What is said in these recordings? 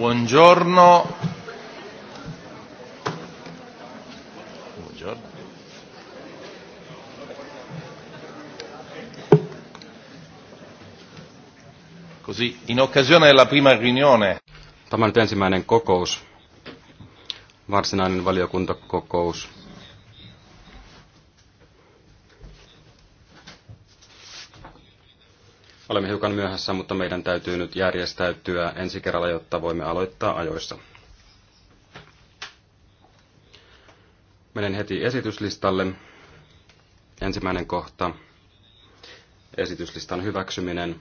Buongiorno. Buongiorno. Così, in occasione della prima riunione. Tämä on ensimmäinen kokous, varsinainen valiokuntakokous Olemme hiukan myöhässä, mutta meidän täytyy nyt järjestäytyä ensi kerralla, jotta voimme aloittaa ajoissa. Menen heti esityslistalle. Ensimmäinen kohta. Esityslistan hyväksyminen.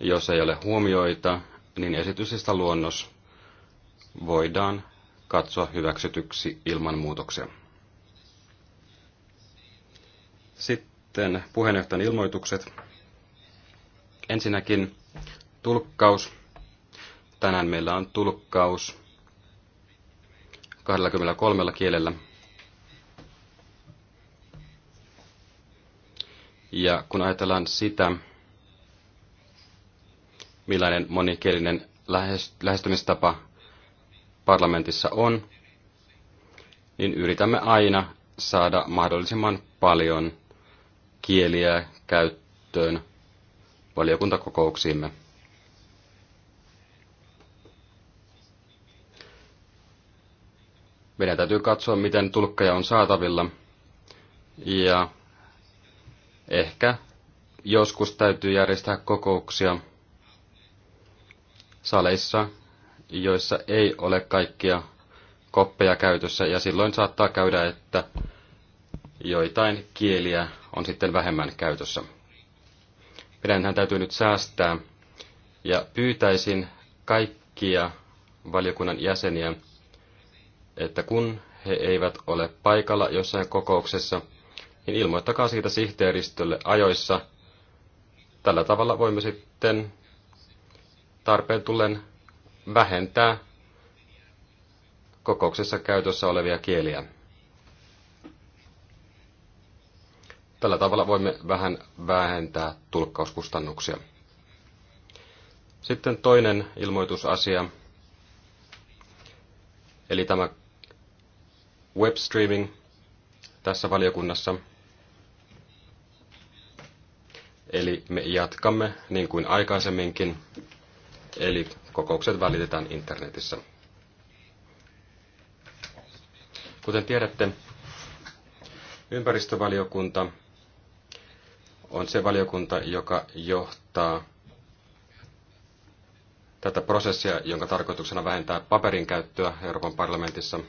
Jos ei ole huomioita, niin esityslistan luonnos voidaan katsoa hyväksytyksi ilman muutoksia. Sitten puheenjohtajan ilmoitukset. Ensinnäkin tulkkaus. Tänään meillä on tulkkaus 23 kielellä. Ja kun ajatellaan sitä, millainen monikielinen lähestymistapa parlamentissa on, niin yritämme aina saada mahdollisimman paljon kieliä käyttöön valiokuntakokouksiimme. Meidän täytyy katsoa, miten tulkkeja on saatavilla. Ja ehkä joskus täytyy järjestää kokouksia saleissa, joissa ei ole kaikkia koppeja käytössä, ja silloin saattaa käydä, että joitain kieliä on sitten vähemmän käytössä hän täytyy nyt säästää. Ja pyytäisin kaikkia valiokunnan jäseniä, että kun he eivät ole paikalla jossain kokouksessa, niin ilmoittakaa siitä sihteeristölle ajoissa. Tällä tavalla voimme sitten tarpeen tullen vähentää kokouksessa käytössä olevia kieliä. Tällä tavalla voimme vähän vähentää tulkkauskustannuksia. Sitten toinen ilmoitusasia, eli tämä webstreaming tässä valiokunnassa. Eli me jatkamme niin kuin aikaisemminkin, eli kokoukset välitetään internetissä. Kuten tiedätte, ympäristövaliokunta on se valiokunta, joka johtaa tätä prosessia, jonka tarkoituksena vähentää paperin käyttöä Euroopan parlamentissa.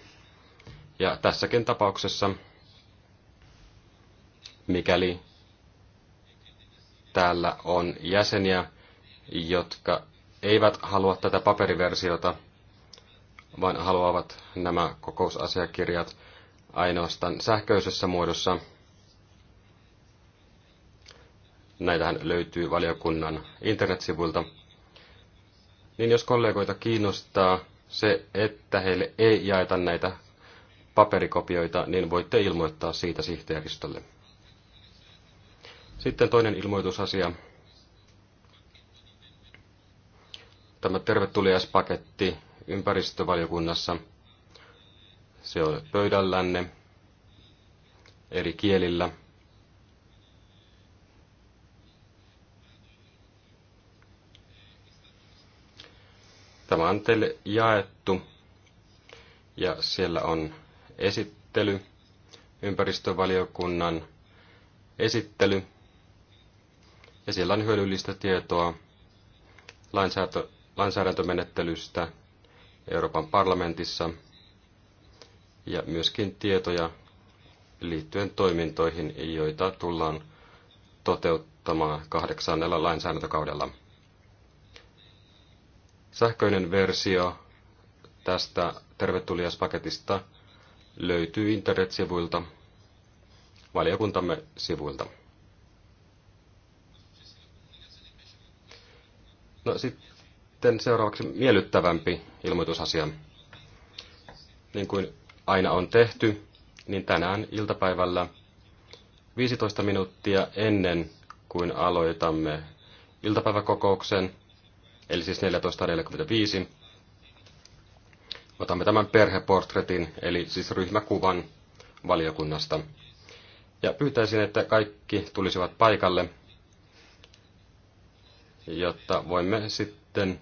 Ja tässäkin tapauksessa, mikäli täällä on jäseniä, jotka eivät halua tätä paperiversiota, vaan haluavat nämä kokousasiakirjat ainoastaan sähköisessä muodossa, näitähän löytyy valiokunnan internetsivuilta. Niin jos kollegoita kiinnostaa se, että heille ei jaeta näitä paperikopioita, niin voitte ilmoittaa siitä sihteeristölle. Sitten toinen ilmoitusasia. Tämä tervetuliaispaketti ympäristövaliokunnassa. Se on pöydällänne eri kielillä. Tämä on teille jaettu ja siellä on esittely, ympäristövaliokunnan esittely ja siellä on hyödyllistä tietoa lainsäätö, lainsäädäntömenettelystä Euroopan parlamentissa ja myöskin tietoja liittyen toimintoihin, joita tullaan toteuttamaan kahdeksannella lainsäädäntökaudella. Sähköinen versio tästä tervetuliaspaketista löytyy internetsivuilta, valiokuntamme sivuilta. No sitten seuraavaksi miellyttävämpi ilmoitusasia. Niin kuin aina on tehty, niin tänään iltapäivällä 15 minuuttia ennen kuin aloitamme iltapäiväkokouksen – eli siis 14.45. Otamme tämän perheportretin, eli siis ryhmäkuvan valiokunnasta. Ja pyytäisin, että kaikki tulisivat paikalle, jotta voimme sitten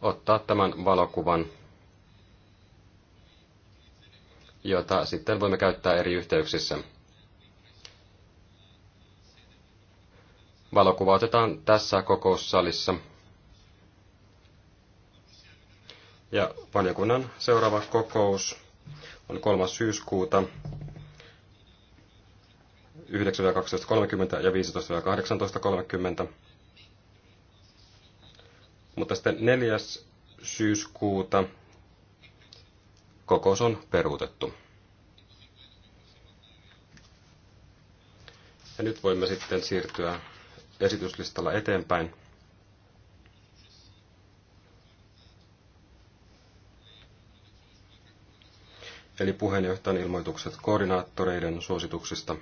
ottaa tämän valokuvan, jota sitten voimme käyttää eri yhteyksissä. Valokuva otetaan tässä kokoussalissa. Ja valiokunnan seuraava kokous on 3. syyskuuta 9.12.30 ja 15.18.30. Mutta sitten 4. syyskuuta kokous on peruutettu. Ja nyt voimme sitten siirtyä esityslistalla eteenpäin. Eli puheenjohtajan ilmoitukset koordinaattoreiden suosituksista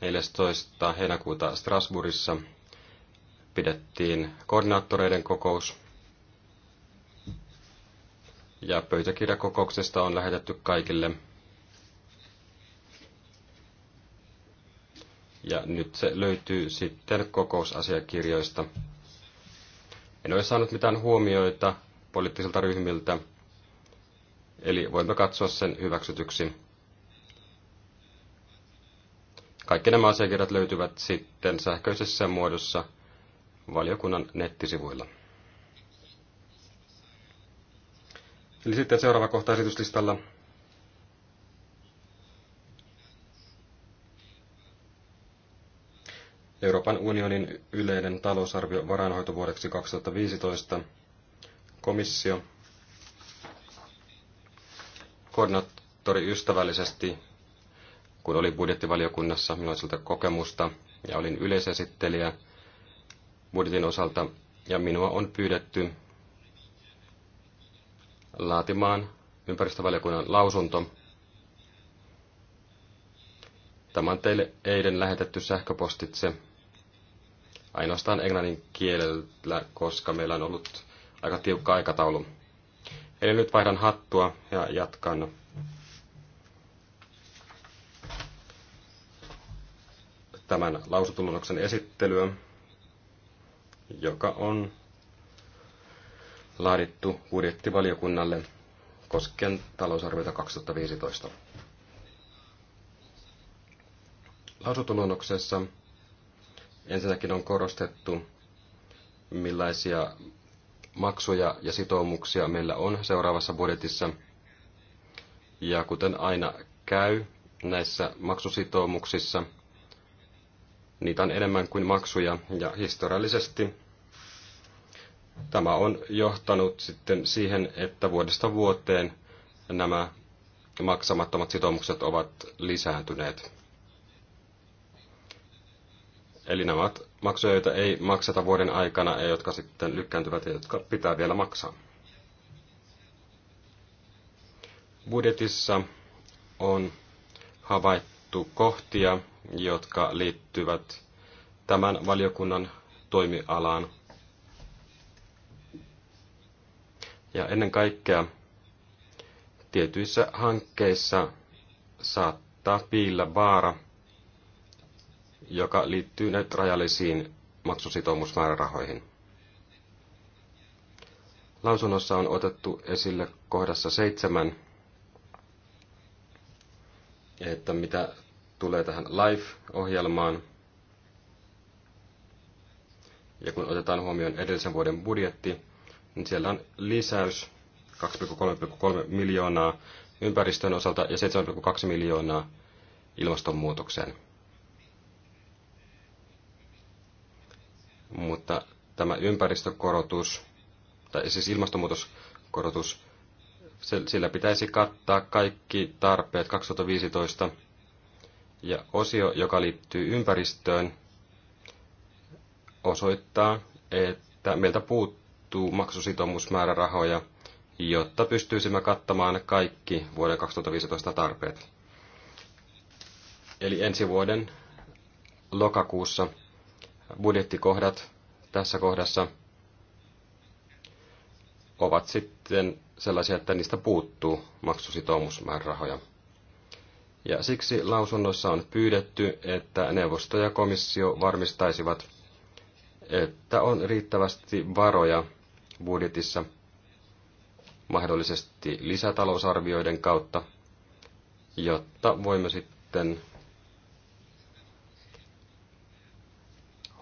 14. heinäkuuta Strasbourgissa pidettiin koordinaattoreiden kokous. Ja pöytäkirjakokouksesta on lähetetty kaikille ja nyt se löytyy sitten kokousasiakirjoista. En ole saanut mitään huomioita poliittisilta ryhmiltä, eli voimme katsoa sen hyväksytyksi. Kaikki nämä asiakirjat löytyvät sitten sähköisessä muodossa valiokunnan nettisivuilla. Eli sitten seuraava kohta esityslistalla Euroopan unionin yleinen talousarvio varainhoitovuodeksi 2015. Komissio koordinaattori ystävällisesti, kun oli budjettivaliokunnassa, minulla oli siltä kokemusta ja olin yleisesittelijä budjetin osalta ja minua on pyydetty laatimaan ympäristövaliokunnan lausunto. Tämä on teille eilen lähetetty sähköpostitse ainoastaan englannin kielellä, koska meillä on ollut aika tiukka aikataulu. Eli nyt vaihdan hattua ja jatkan. tämän lausutulonnoksen esittelyä, joka on laadittu budjettivaliokunnalle koskien talousarviota 2015. Lausutuluonnoksessa Ensinnäkin on korostettu, millaisia maksuja ja sitoumuksia meillä on seuraavassa budjetissa. Ja kuten aina käy näissä maksusitoumuksissa, niitä on enemmän kuin maksuja ja historiallisesti tämä on johtanut sitten siihen, että vuodesta vuoteen nämä maksamattomat sitoumukset ovat lisääntyneet. Eli nämä maksuja, joita ei makseta vuoden aikana ja jotka sitten lykkääntyvät ja jotka pitää vielä maksaa. Budjetissa on havaittu kohtia, jotka liittyvät tämän valiokunnan toimialaan. Ja ennen kaikkea tietyissä hankkeissa saattaa piillä vaara – joka liittyy nyt rajallisiin maksusitoumusmäärärahoihin. Lausunnossa on otettu esille kohdassa seitsemän, että mitä tulee tähän LIFE-ohjelmaan, ja kun otetaan huomioon edellisen vuoden budjetti, niin siellä on lisäys 2,3,3 miljoonaa ympäristön osalta ja 7,2 miljoonaa ilmastonmuutokseen. mutta tämä ympäristökorotus, tai siis ilmastonmuutoskorotus, sillä pitäisi kattaa kaikki tarpeet 2015. Ja osio, joka liittyy ympäristöön, osoittaa, että meiltä puuttuu maksusitoumusmäärärahoja, jotta pystyisimme kattamaan kaikki vuoden 2015 tarpeet. Eli ensi vuoden lokakuussa budjettikohdat tässä kohdassa ovat sitten sellaisia, että niistä puuttuu maksusitoumusmäärärahoja. Ja siksi lausunnoissa on pyydetty, että neuvosto ja komissio varmistaisivat, että on riittävästi varoja budjetissa mahdollisesti lisätalousarvioiden kautta, jotta voimme sitten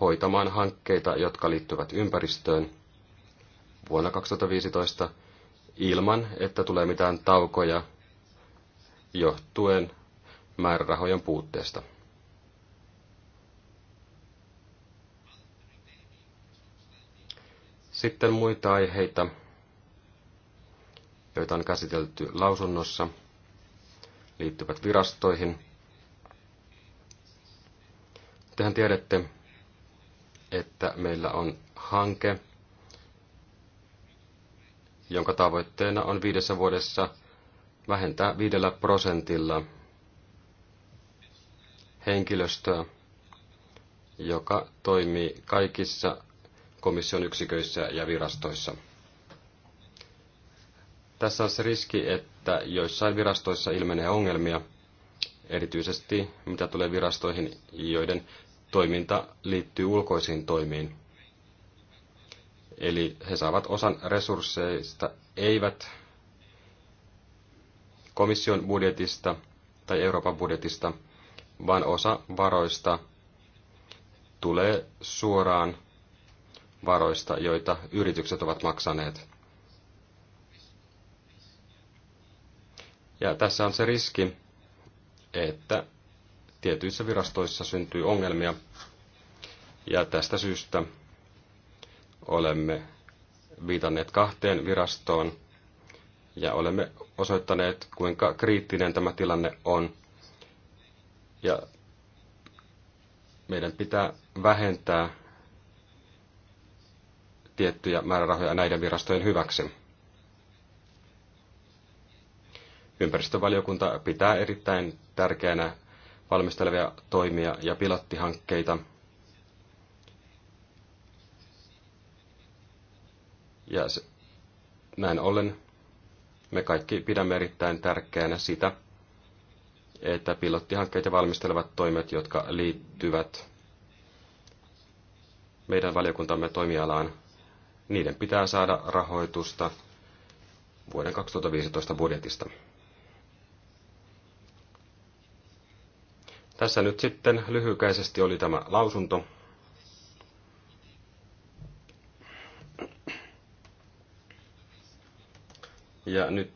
hoitamaan hankkeita, jotka liittyvät ympäristöön vuonna 2015 ilman, että tulee mitään taukoja johtuen määrärahojen puutteesta. Sitten muita aiheita, joita on käsitelty lausunnossa, liittyvät virastoihin. Tehän tiedätte, että meillä on hanke, jonka tavoitteena on viidessä vuodessa vähentää viidellä prosentilla henkilöstöä, joka toimii kaikissa komission yksiköissä ja virastoissa. Tässä on se riski, että joissain virastoissa ilmenee ongelmia, erityisesti mitä tulee virastoihin, joiden toiminta liittyy ulkoisiin toimiin. Eli he saavat osan resursseista, eivät komission budjetista tai Euroopan budjetista, vaan osa varoista tulee suoraan varoista, joita yritykset ovat maksaneet. Ja tässä on se riski, että tietyissä virastoissa syntyy ongelmia. Ja tästä syystä olemme viitanneet kahteen virastoon ja olemme osoittaneet, kuinka kriittinen tämä tilanne on. Ja meidän pitää vähentää tiettyjä määrärahoja näiden virastojen hyväksi. Ympäristövaliokunta pitää erittäin tärkeänä valmistelevia toimia ja pilottihankkeita. Ja se, näin ollen me kaikki pidämme erittäin tärkeänä sitä, että pilottihankkeita valmistelevat toimet, jotka liittyvät meidän valiokuntamme toimialaan, niiden pitää saada rahoitusta vuoden 2015 budjetista. Tässä nyt sitten lyhykäisesti oli tämä lausunto. Ja nyt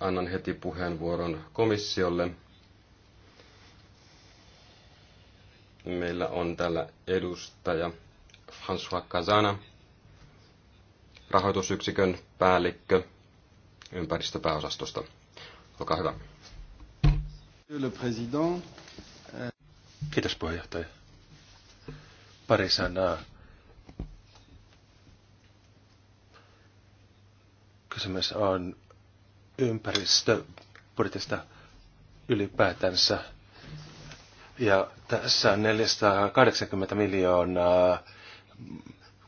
annan heti puheenvuoron komissiolle. Meillä on täällä edustaja François Kazana, rahoitusyksikön päällikkö ympäristöpääosastosta. Olkaa hyvä. Le président. Kiitos puheenjohtaja. Pari sanaa. Kysymys on ympäristöbudjetista ylipäätänsä. Ja tässä on 480 miljoonaa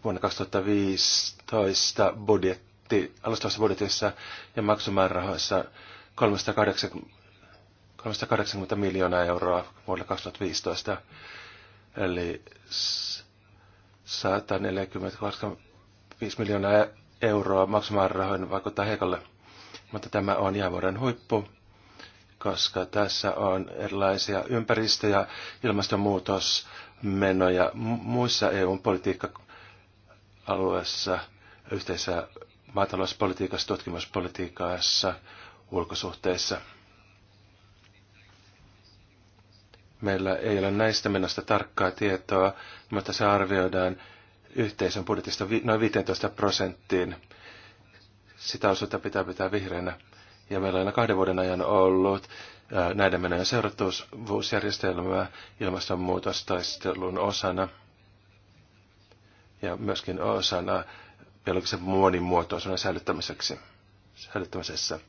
vuonna 2015 budjetti, alustavassa budjetissa ja maksumäärärahoissa 380 380 miljoonaa euroa vuodelle 2015, eli 145 miljoonaa euroa maksumäärärahoin vaikuttaa heikolle. Mutta tämä on jäävuoren huippu, koska tässä on erilaisia ympäristö- ja ilmastonmuutosmenoja muissa EU-politiikka-alueissa, yhteisessä maatalouspolitiikassa, tutkimuspolitiikassa, ulkosuhteissa – Meillä ei ole näistä menosta tarkkaa tietoa, mutta se arvioidaan yhteisön budjetista noin 15 prosenttiin. Sitä osuutta pitää pitää vihreänä. Ja meillä on kahden vuoden ajan ollut näiden menojen seurattavuusjärjestelmää ilmastonmuutostaistelun osana ja myöskin osana biologisen monimuotoisuuden säilyttämiseksi, säilyttämisessä.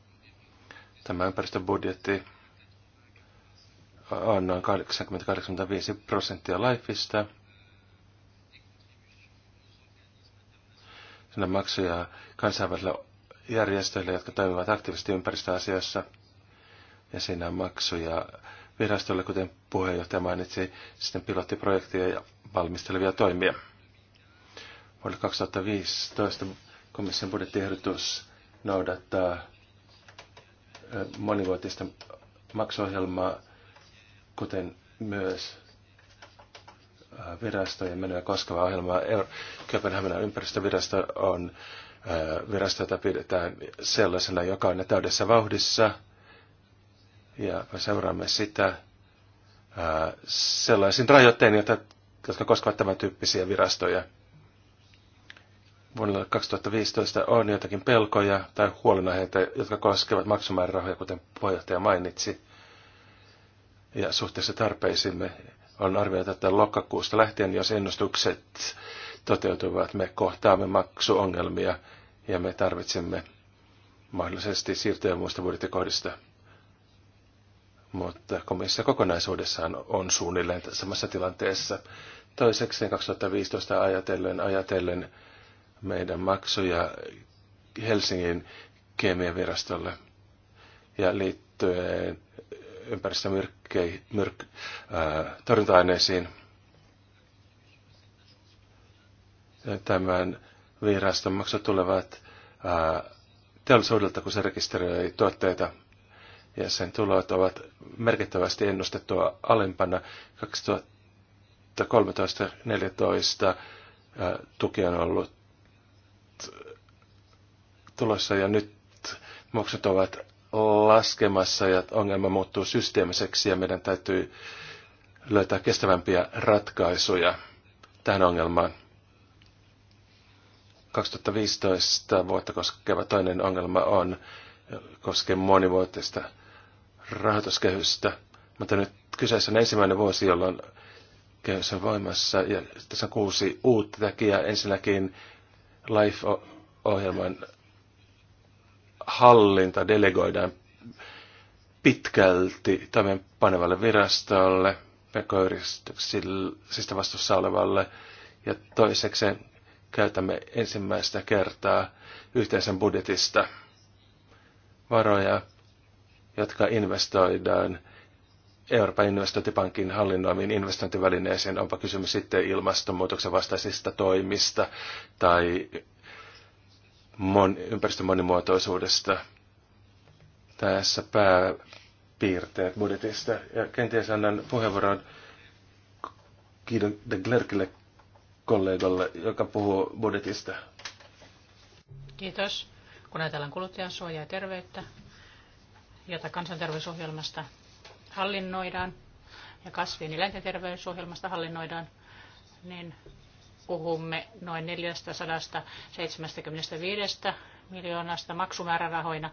Tämä ympäristöbudjetti budjetti annoin 80-85 prosenttia Lifeista. Sinä maksuja kansainvälisille järjestöille, jotka toimivat aktiivisesti ympäristöasiassa, Ja siinä on maksuja virastolle, kuten puheenjohtaja mainitsi, sitten pilottiprojekteja ja valmistelevia toimia. Vuonna 2015 komission budjettiehdotus noudattaa monivuotista maksuohjelmaa kuten myös virastojen menoja koskeva ohjelma. Kööpenhaminan ympäristövirasto on virasto, jota pidetään sellaisena, joka on täydessä vauhdissa. Ja me seuraamme sitä sellaisin rajoittein, jotka koskevat tämän tyyppisiä virastoja. Vuonna 2015 on joitakin pelkoja tai huolenaiheita, jotka koskevat maksumäärärahoja, kuten puheenjohtaja mainitsi ja suhteessa tarpeisimme on arvioitu, että lokakuusta lähtien, jos ennustukset toteutuvat, me kohtaamme maksuongelmia ja me tarvitsemme mahdollisesti siirtoja muista budjettikohdista. Mutta komissio kokonaisuudessaan on suunnilleen samassa tilanteessa. Toiseksi 2015 ajatellen, ajatellen meidän maksuja Helsingin kemiavirastolle ja liittyen ympäristötorjunta-aineisiin. Tämän viraston maksut tulevat teollisuudelta, kun se rekisteröi tuotteita. Ja sen tulot ovat merkittävästi ennustettua alempana 2013-2014 tuki on ollut tulossa ja nyt maksut ovat laskemassa ja ongelma muuttuu systeemiseksi ja meidän täytyy löytää kestävämpiä ratkaisuja tähän ongelmaan. 2015 vuotta koskeva toinen ongelma on, koskee monivuotista rahoituskehystä, mutta nyt kyseessä on ensimmäinen vuosi, jolloin kehys on voimassa ja tässä on kuusi uutta tekijää. Ensinnäkin LIFE-ohjelman hallinta delegoidaan pitkälti tämän panevalle virastolle, pk-yrityksistä vastuussa olevalle ja toiseksi käytämme ensimmäistä kertaa yhteisen budjetista varoja, jotka investoidaan Euroopan investointipankin hallinnoimiin investointivälineisiin, onpa kysymys sitten ilmastonmuutoksen vastaisista toimista tai mon, ympäristön monimuotoisuudesta. Tässä pääpiirteet budjetista. Ja kenties annan puheenvuoron Kiidon de Glerkille kollegalle, joka puhuu budjetista. Kiitos. Kun ajatellaan kuluttajan suojaa ja terveyttä, jota kansanterveysohjelmasta hallinnoidaan ja kasvien ja terveysohjelmasta hallinnoidaan, niin puhumme noin 475 miljoonasta maksumäärärahoina.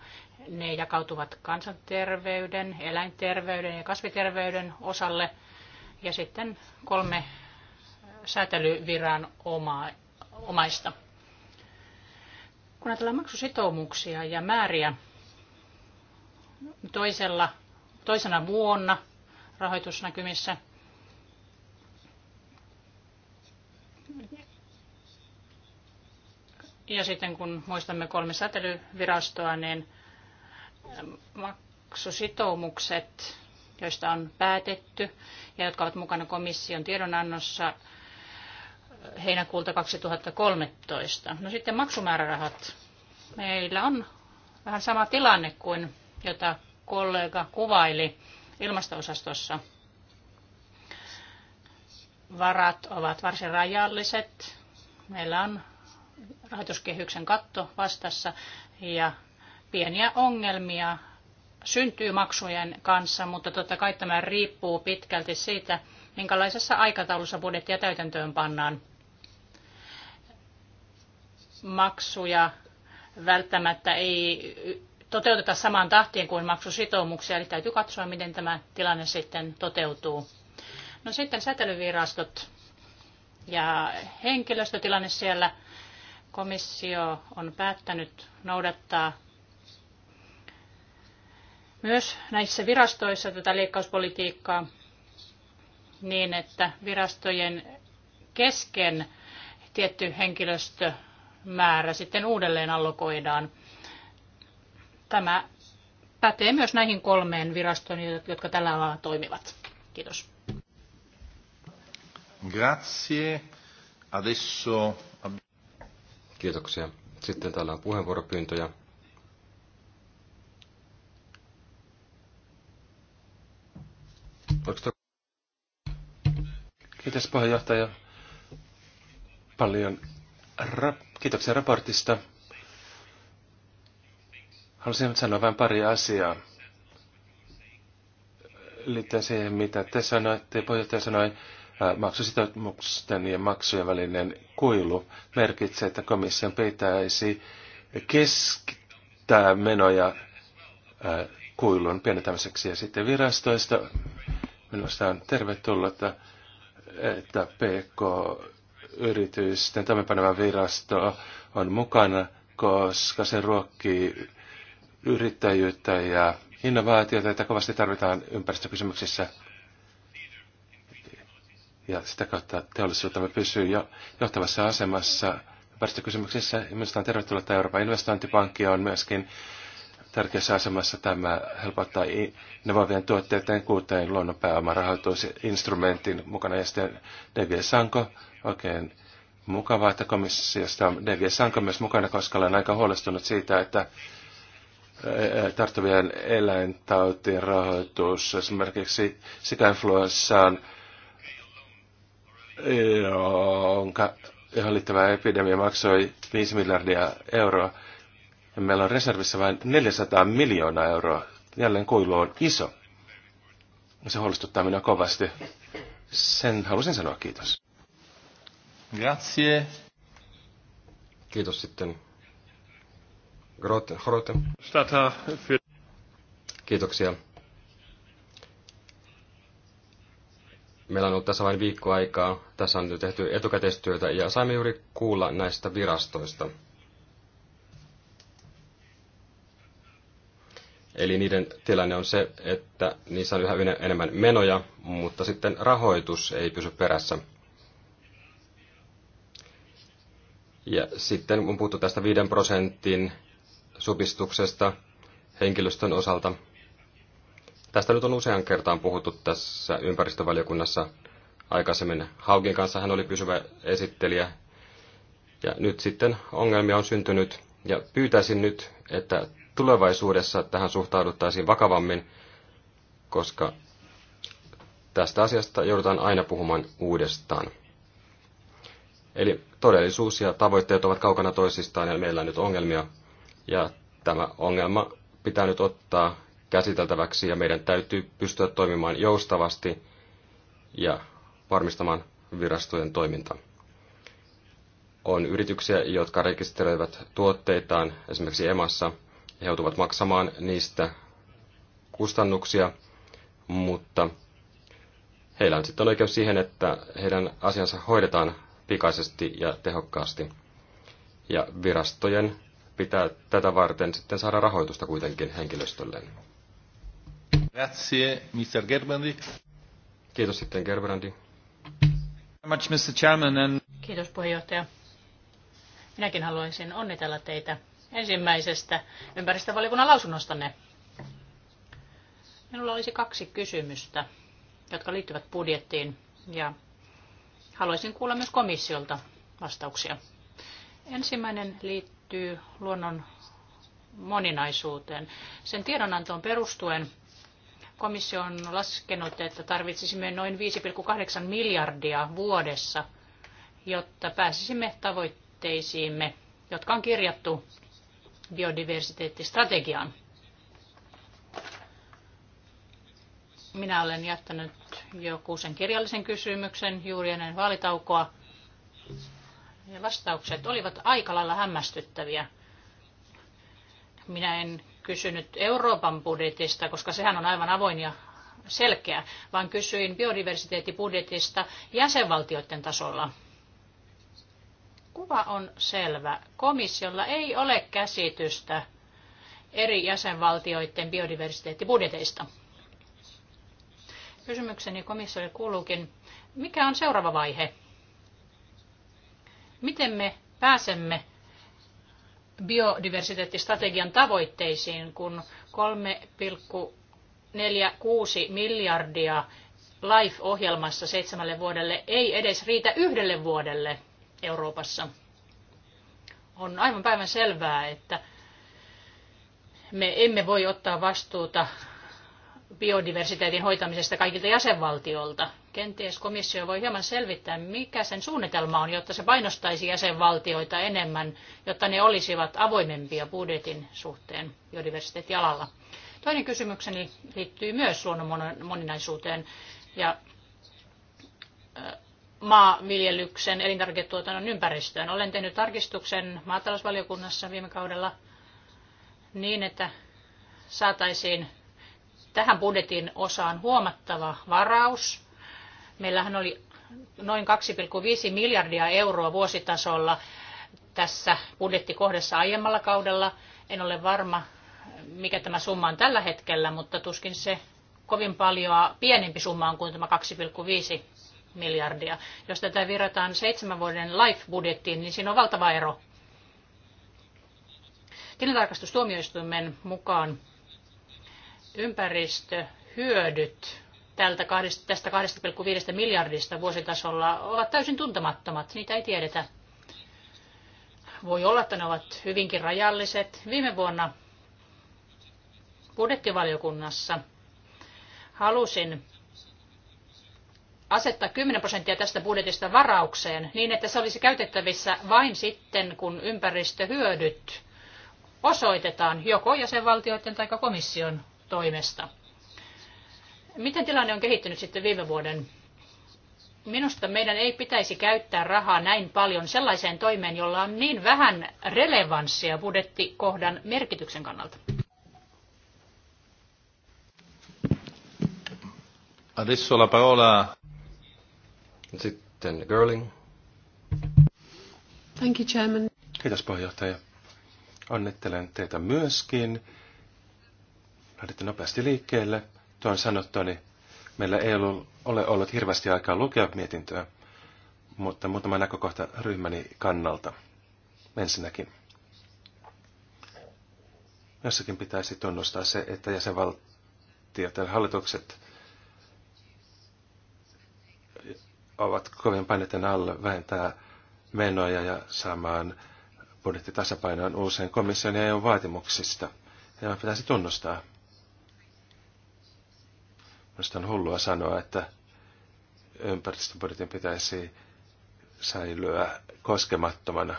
Ne jakautuvat kansanterveyden, eläinterveyden ja kasviterveyden osalle ja sitten kolme säätelyviranomaista. omaista. Kun ajatellaan maksusitoumuksia ja määriä toisella, toisena vuonna rahoitusnäkymissä, Ja sitten kun muistamme kolme säteilyvirastoa, niin ähm, maksusitoumukset, joista on päätetty ja jotka ovat mukana komission tiedonannossa äh, heinäkuulta 2013. No sitten maksumäärärahat. Meillä on vähän sama tilanne kuin jota kollega kuvaili ilmastoosastossa. Varat ovat varsin rajalliset. Meillä on rahoituskehyksen katto vastassa ja pieniä ongelmia syntyy maksujen kanssa, mutta totta kai tämä riippuu pitkälti siitä, minkälaisessa aikataulussa budjettia täytäntöön pannaan. Maksuja välttämättä ei toteuteta samaan tahtiin kuin maksusitoumuksia, eli täytyy katsoa, miten tämä tilanne sitten toteutuu. No sitten säteilyvirastot ja henkilöstötilanne siellä – komissio on päättänyt noudattaa myös näissä virastoissa tätä leikkauspolitiikkaa niin, että virastojen kesken tietty henkilöstömäärä sitten uudelleen allokoidaan. Tämä pätee myös näihin kolmeen virastoon, jotka tällä alalla toimivat. Kiitos. Grazie. Adesso... Kiitoksia. Sitten täällä on puheenvuoropyyntöjä. Oliko Kiitos puheenjohtaja. Paljon ra- kiitoksia raportista. Haluaisin sanoa vain pari asiaa liittyen siihen, mitä te sanoitte, puheenjohtaja sanoi maksusitoumusten ja maksujen välinen kuilu merkitsee, että komission pitäisi keskittää menoja kuilun pienentämiseksi. Ja sitten virastoista minusta on tervetullut, että PK-yritysten toimenpaneva virasto on mukana, koska se ruokkii yrittäjyyttä ja innovaatioita, että kovasti tarvitaan ympäristökysymyksissä – ja sitä kautta teollisuutemme pysyy jo johtavassa asemassa ympäristökysymyksissä. Minusta on tervetullut, että Euroopan investointipankki on myöskin tärkeässä asemassa. Tämä helpottaa innovaavien tuotteiden kuuteen luonnonpääoman rahoitusinstrumentin mukana. Ja sitten DG Sanko, oikein mukavaa, että komissiosta on DG Sanko myös mukana, koska olen aika huolestunut siitä, että tarttuvien eläintautien rahoitus, esimerkiksi sikainfluenssaan jonka johon liittyvä epidemia maksoi 5 miljardia euroa. Ja meillä on reservissa vain 400 miljoonaa euroa. Jälleen kuilu on iso. Se huolestuttaa minua kovasti. Sen halusin sanoa kiitos. Grazie. Kiitos sitten. Grote, Grote. Kiitoksia Meillä on ollut tässä vain viikko aikaa. Tässä on tehty etukäteistyötä ja saimme juuri kuulla näistä virastoista. Eli niiden tilanne on se, että niissä on yhä enemmän menoja, mutta sitten rahoitus ei pysy perässä. Ja sitten on puhuttu tästä 5 prosentin supistuksesta henkilöstön osalta, Tästä nyt on usean kertaan puhuttu tässä ympäristövaliokunnassa aikaisemmin. Haukin kanssa hän oli pysyvä esittelijä. Ja nyt sitten ongelmia on syntynyt. Ja pyytäisin nyt, että tulevaisuudessa tähän suhtauduttaisiin vakavammin, koska tästä asiasta joudutaan aina puhumaan uudestaan. Eli todellisuus ja tavoitteet ovat kaukana toisistaan ja meillä on nyt ongelmia. Ja tämä ongelma pitää nyt ottaa käsiteltäväksi ja meidän täytyy pystyä toimimaan joustavasti ja varmistamaan virastojen toiminta. On yrityksiä, jotka rekisteröivät tuotteitaan esimerkiksi emassa ja joutuvat maksamaan niistä kustannuksia, mutta heillä on sitten oikeus siihen, että heidän asiansa hoidetaan pikaisesti ja tehokkaasti. Ja virastojen pitää tätä varten sitten saada rahoitusta kuitenkin henkilöstölleen. Grazie, Mr. Kiitos sitten, Gerbrandi. Much, Mr. Chairman, and... Kiitos puheenjohtaja. Minäkin haluaisin onnitella teitä ensimmäisestä ympäristövaliokunnan lausunnostanne. Minulla olisi kaksi kysymystä, jotka liittyvät budjettiin ja haluaisin kuulla myös komissiolta vastauksia. Ensimmäinen liittyy luonnon moninaisuuteen. Sen tiedonantoon perustuen Komissio on laskenut, että tarvitsisimme noin 5,8 miljardia vuodessa, jotta pääsisimme tavoitteisiimme, jotka on kirjattu biodiversiteettistrategiaan. Minä olen jättänyt joku sen kirjallisen kysymyksen juuri ennen vaalitaukoa. Ja vastaukset olivat aika lailla hämmästyttäviä. Minä en kysynyt Euroopan budjetista, koska sehän on aivan avoin ja selkeä, vaan kysyin biodiversiteettibudjetista jäsenvaltioiden tasolla. Kuva on selvä. Komissiolla ei ole käsitystä eri jäsenvaltioiden biodiversiteettibudjeteista. Kysymykseni komissiolle kuuluukin, mikä on seuraava vaihe? Miten me pääsemme biodiversiteettistrategian tavoitteisiin, kun 3,46 miljardia LIFE-ohjelmassa seitsemälle vuodelle ei edes riitä yhdelle vuodelle Euroopassa. On aivan päivän selvää, että me emme voi ottaa vastuuta biodiversiteetin hoitamisesta kaikilta jäsenvaltioilta. Kenties komissio voi hieman selvittää, mikä sen suunnitelma on, jotta se painostaisi jäsenvaltioita enemmän, jotta ne olisivat avoimempia budjetin suhteen biodiversiteettialalla. Toinen kysymykseni liittyy myös luonnon moninaisuuteen ja maanviljelyksen, elintarviketuotannon ympäristöön. Olen tehnyt tarkistuksen maatalousvaliokunnassa viime kaudella niin, että saataisiin tähän budjetin osaan huomattava varaus Meillähän oli noin 2,5 miljardia euroa vuositasolla tässä budjettikohdassa aiemmalla kaudella. En ole varma, mikä tämä summa on tällä hetkellä, mutta tuskin se kovin paljon pienempi summa on kuin tämä 2,5 miljardia. Jos tätä virrataan seitsemän vuoden LIFE-budjettiin, niin siinä on valtava ero. Tilintarkastustuomioistuimen mukaan ympäristöhyödyt tältä, tästä 2,5 miljardista vuositasolla ovat täysin tuntemattomat. Niitä ei tiedetä. Voi olla, että ne ovat hyvinkin rajalliset. Viime vuonna budjettivaliokunnassa halusin asettaa 10 prosenttia tästä budjetista varaukseen niin, että se olisi käytettävissä vain sitten, kun ympäristöhyödyt osoitetaan joko jäsenvaltioiden tai komission toimesta. Miten tilanne on kehittynyt sitten viime vuoden? Minusta meidän ei pitäisi käyttää rahaa näin paljon sellaiseen toimeen, jolla on niin vähän relevanssia budjettikohdan merkityksen kannalta. Adesso la parola. Sitten Girling. Thank you, Chairman. Kiitos puheenjohtaja. Onnittelen teitä myöskin. Lähdette nopeasti liikkeelle tuon niin meillä ei ollut, ole ollut hirveästi aikaa lukea mietintöä, mutta muutama näkökohta ryhmäni kannalta. Ensinnäkin. Jossakin pitäisi tunnustaa se, että jäsenvaltiot ja hallitukset ovat kovin paineten alle vähentää menoja ja saamaan budjettitasapainoon uusien komission ja eu vaatimuksista. Ja pitäisi tunnustaa. Minusta on hullua sanoa, että ympäristöbudjetin pitäisi säilyä koskemattomana.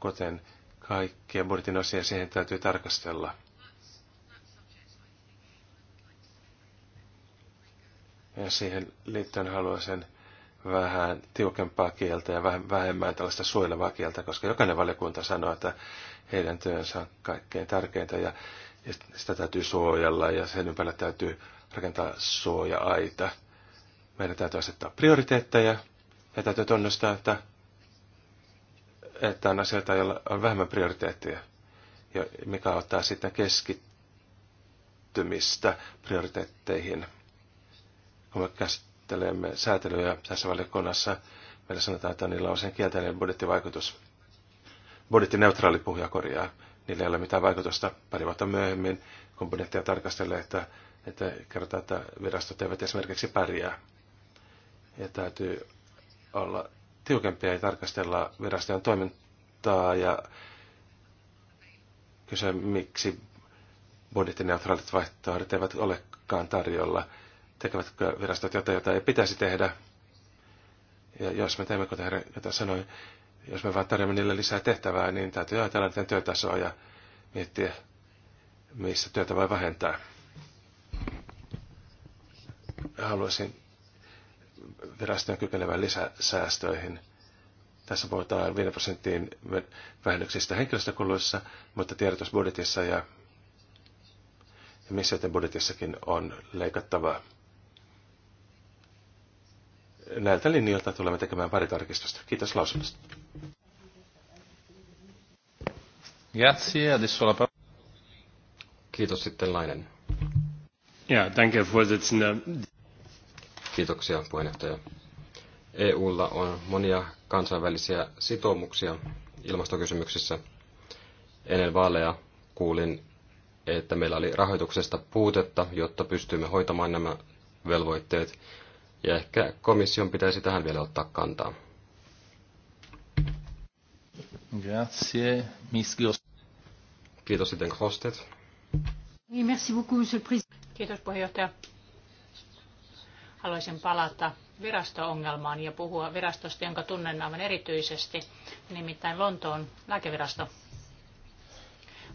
Kuten kaikkia budjetin osia siihen täytyy tarkastella. Ja siihen liittyen haluaisin vähän tiukempaa kieltä ja vähemmän tällaista suojelevaa kieltä, koska jokainen valiokunta sanoo, että heidän työnsä on kaikkein tärkeintä ja ja sitä täytyy suojella ja sen ympärillä täytyy rakentaa suoja-aita. Meidän täytyy asettaa prioriteetteja ja täytyy tunnustaa, että, että on asioita, joilla on vähemmän prioriteetteja, ja mikä ottaa sitten keskittymistä prioriteetteihin. Kun me käsittelemme säätelyjä tässä valiokunnassa, meillä sanotaan, että niillä on sen kielteinen budjettivaikutus. Budjettineutraali puhuja korjaa niillä ei ole mitään vaikutusta. Pari vuotta myöhemmin komponentteja tarkastelee, että, että kerrotaan, että virastot eivät esimerkiksi pärjää. Ja täytyy olla tiukempia ja tarkastella virastojen toimintaa ja kysyä, miksi budjettineutraalit vaihtoehdot eivät olekaan tarjolla. Tekevätkö virastot jotain, jota ei pitäisi tehdä? Ja jos me teemme, kuten herra jota sanoi, jos me vaan tarjoamme niille lisää tehtävää, niin täytyy ajatella niiden työtasoa ja miettiä, missä työtä voi vähentää. Haluaisin virastojen kykenevän lisäsäästöihin. Tässä puhutaan 5 prosenttiin vähennyksistä henkilöstökuluissa, mutta tiedotusbudjetissa ja, ja missioiden budjetissakin on leikattavaa. Näiltä linjoilta tulemme tekemään pari tarkistusta. Kiitos lausunnosta. Grazie, adesso la parola. Kiitos sitten Lainen. Ja, danke, Vorsitzender. Kiitoksia, puheenjohtaja. EUlla on monia kansainvälisiä sitoumuksia ilmastokysymyksissä. Ennen vaaleja kuulin, että meillä oli rahoituksesta puutetta, jotta pystyimme hoitamaan nämä velvoitteet, ja ehkä komission pitäisi tähän vielä ottaa kantaa. Grazie, Miss Kiitos sitten Krostet. Niin, Kiitos puheenjohtaja. Haluaisin palata virasto-ongelmaan ja puhua virastosta, jonka tunnen aivan erityisesti, nimittäin Lontoon lääkevirasto.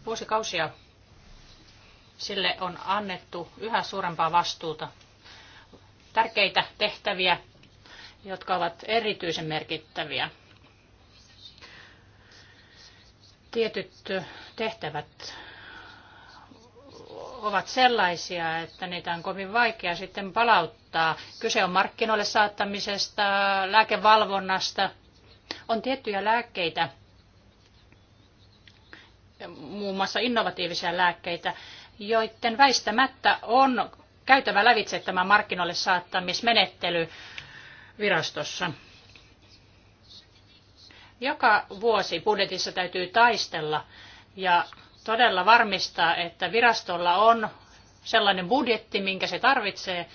Vuosikausia sille on annettu yhä suurempaa vastuuta, tärkeitä tehtäviä, jotka ovat erityisen merkittäviä. Tietyt tehtävät ovat sellaisia, että niitä on kovin vaikea sitten palauttaa. Kyse on markkinoille saattamisesta, lääkevalvonnasta. On tiettyjä lääkkeitä, muun muassa innovatiivisia lääkkeitä, joiden väistämättä on käytävä lävitse tämä markkinoille saattamismenettely virastossa. Joka vuosi budjetissa täytyy taistella ja todella varmistaa, että virastolla on sellainen budjetti, minkä se tarvitsee.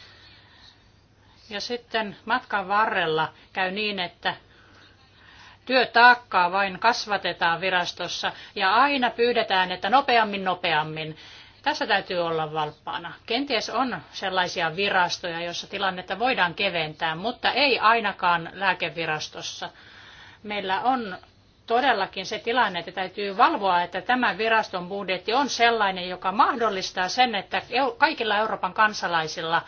Ja sitten matkan varrella käy niin, että työtaakkaa vain kasvatetaan virastossa ja aina pyydetään, että nopeammin, nopeammin. Tässä täytyy olla valppaana. Kenties on sellaisia virastoja, joissa tilannetta voidaan keventää, mutta ei ainakaan lääkevirastossa. Meillä on todellakin se tilanne, että täytyy valvoa, että tämä viraston budjetti on sellainen, joka mahdollistaa sen, että kaikilla Euroopan kansalaisilla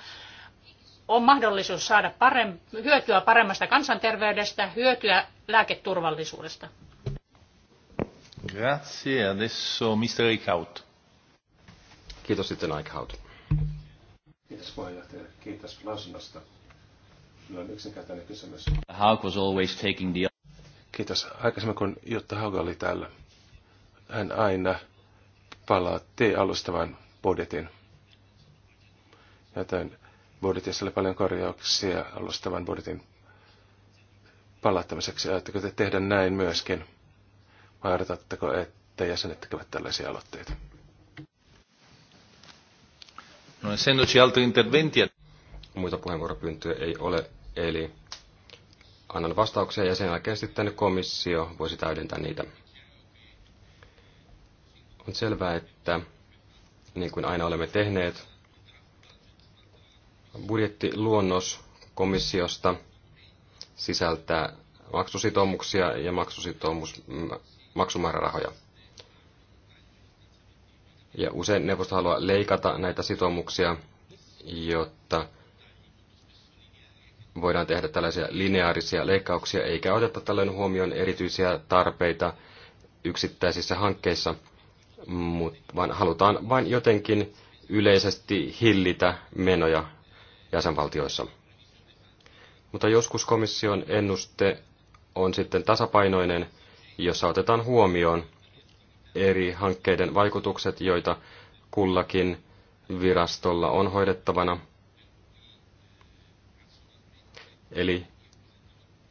on mahdollisuus saada parem- hyötyä paremmasta kansanterveydestä, hyötyä lääketurvallisuudesta. Grazie. Adesso Mr. Eichhout. Kiitos sitten Eichhout. Kiitos puheenjohtaja. Kiitos lausunnosta. Minulla on yksinkertainen kysymys. Hauk was always taking the Kiitos. Aikaisemmin kun Jutta Hauga oli täällä, hän aina palaa T-alustavan budjetin. Joten budjetissa oli paljon korjauksia alustavan budjetin palauttamiseksi. Ajatteko te tehdä näin myöskin? Vai odotatteko, että jäsenet tekevät tällaisia aloitteita? No essendoci altri interventi. Muita puheenvuoropyyntöjä ei ole, eli annan vastauksia ja sen jälkeen sitten komissio voisi täydentää niitä. On selvää, että niin kuin aina olemme tehneet, budjettiluonnos komissiosta sisältää maksusitoumuksia ja maksusitoumus, maksumäärärahoja. Ja usein neuvosto haluaa leikata näitä sitoumuksia, jotta voidaan tehdä tällaisia lineaarisia leikkauksia, eikä oteta tällöin huomioon erityisiä tarpeita yksittäisissä hankkeissa, vaan halutaan vain jotenkin yleisesti hillitä menoja jäsenvaltioissa. Mutta joskus komission ennuste on sitten tasapainoinen, jossa otetaan huomioon eri hankkeiden vaikutukset, joita kullakin virastolla on hoidettavana – Eli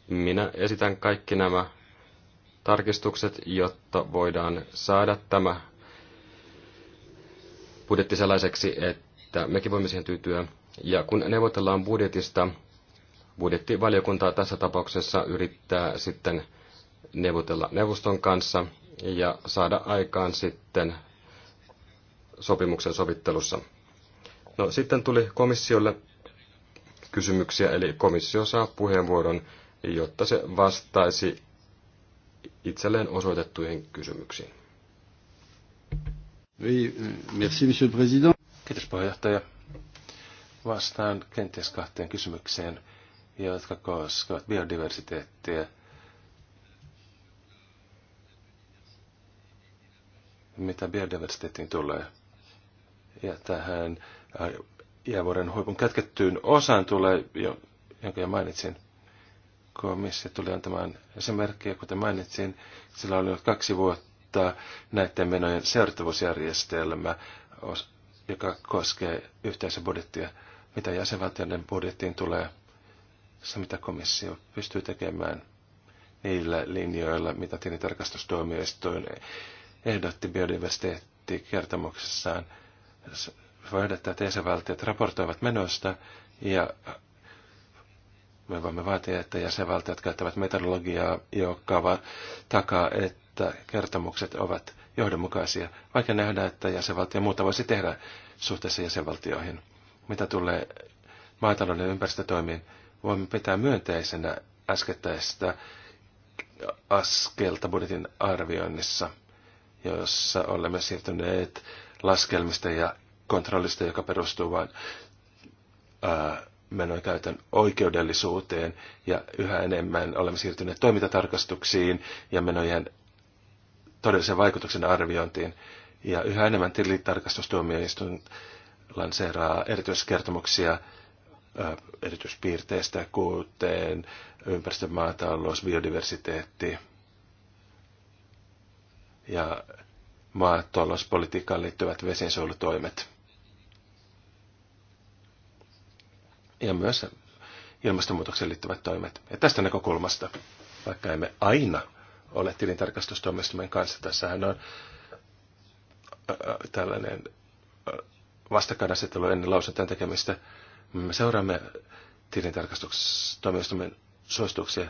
minä esitän kaikki nämä tarkistukset, jotta voidaan saada tämä budjetti sellaiseksi, että mekin voimme siihen tyytyä. Ja kun neuvotellaan budjetista, budjettivaliokunta tässä tapauksessa yrittää sitten neuvotella neuvoston kanssa ja saada aikaan sitten sopimuksen sovittelussa. No sitten tuli komissiolle kysymyksiä, eli komissio saa puheenvuoron, jotta se vastaisi itselleen osoitettuihin kysymyksiin. Oui, merci, monsieur le président. Kiitos puheenjohtaja. Vastaan kenties kahteen kysymykseen, jotka koskevat biodiversiteettiä. Mitä biodiversiteettiin tulee ja tähän äh, jäävuoren huipun kätkettyyn osaan tulee, jonka jo mainitsin. Komissio tuli antamaan merkki, kuten mainitsin. Sillä oli ollut kaksi vuotta näiden menojen seurattavuusjärjestelmä, joka koskee yhteisöbudjettia. Mitä jäsenvaltioiden budjettiin tulee, se mitä komissio pystyy tekemään niillä linjoilla, mitä tilintarkastustuomioistuin ehdotti biodiversiteettikertomuksessaan vaadetta, että jäsenvaltiot raportoivat menosta ja me voimme vaatia, että jäsenvaltiot käyttävät metodologiaa, joka takaa, että kertomukset ovat johdonmukaisia, vaikka nähdä, että jäsenvaltio muuta voisi tehdä suhteessa jäsenvaltioihin. Mitä tulee maatalouden ja ympäristötoimiin, voimme pitää myönteisenä äskettäistä askelta budjetin arvioinnissa, jossa olemme siirtyneet laskelmista ja kontrollista, joka perustuu vain menokäytön oikeudellisuuteen ja yhä enemmän olemme siirtyneet toimintatarkastuksiin ja menojen todellisen vaikutuksen arviointiin. Ja yhä enemmän tilitarkastustuomioistuin lanseeraa erityiskertomuksia erityispiirteistä, kuuteen, ympäristömaatalous, biodiversiteetti ja maatalouspolitiikkaan liittyvät vesiensuojelutoimet. ja myös ilmastonmuutokseen liittyvät toimet. Ja tästä näkökulmasta, vaikka emme aina ole tilintarkastustuomioistuimen kanssa, tässähän on tällainen vastakkainasettelu ennen lausuntojen tekemistä. Me seuraamme tilintarkastustuomioistuimen suosituksia.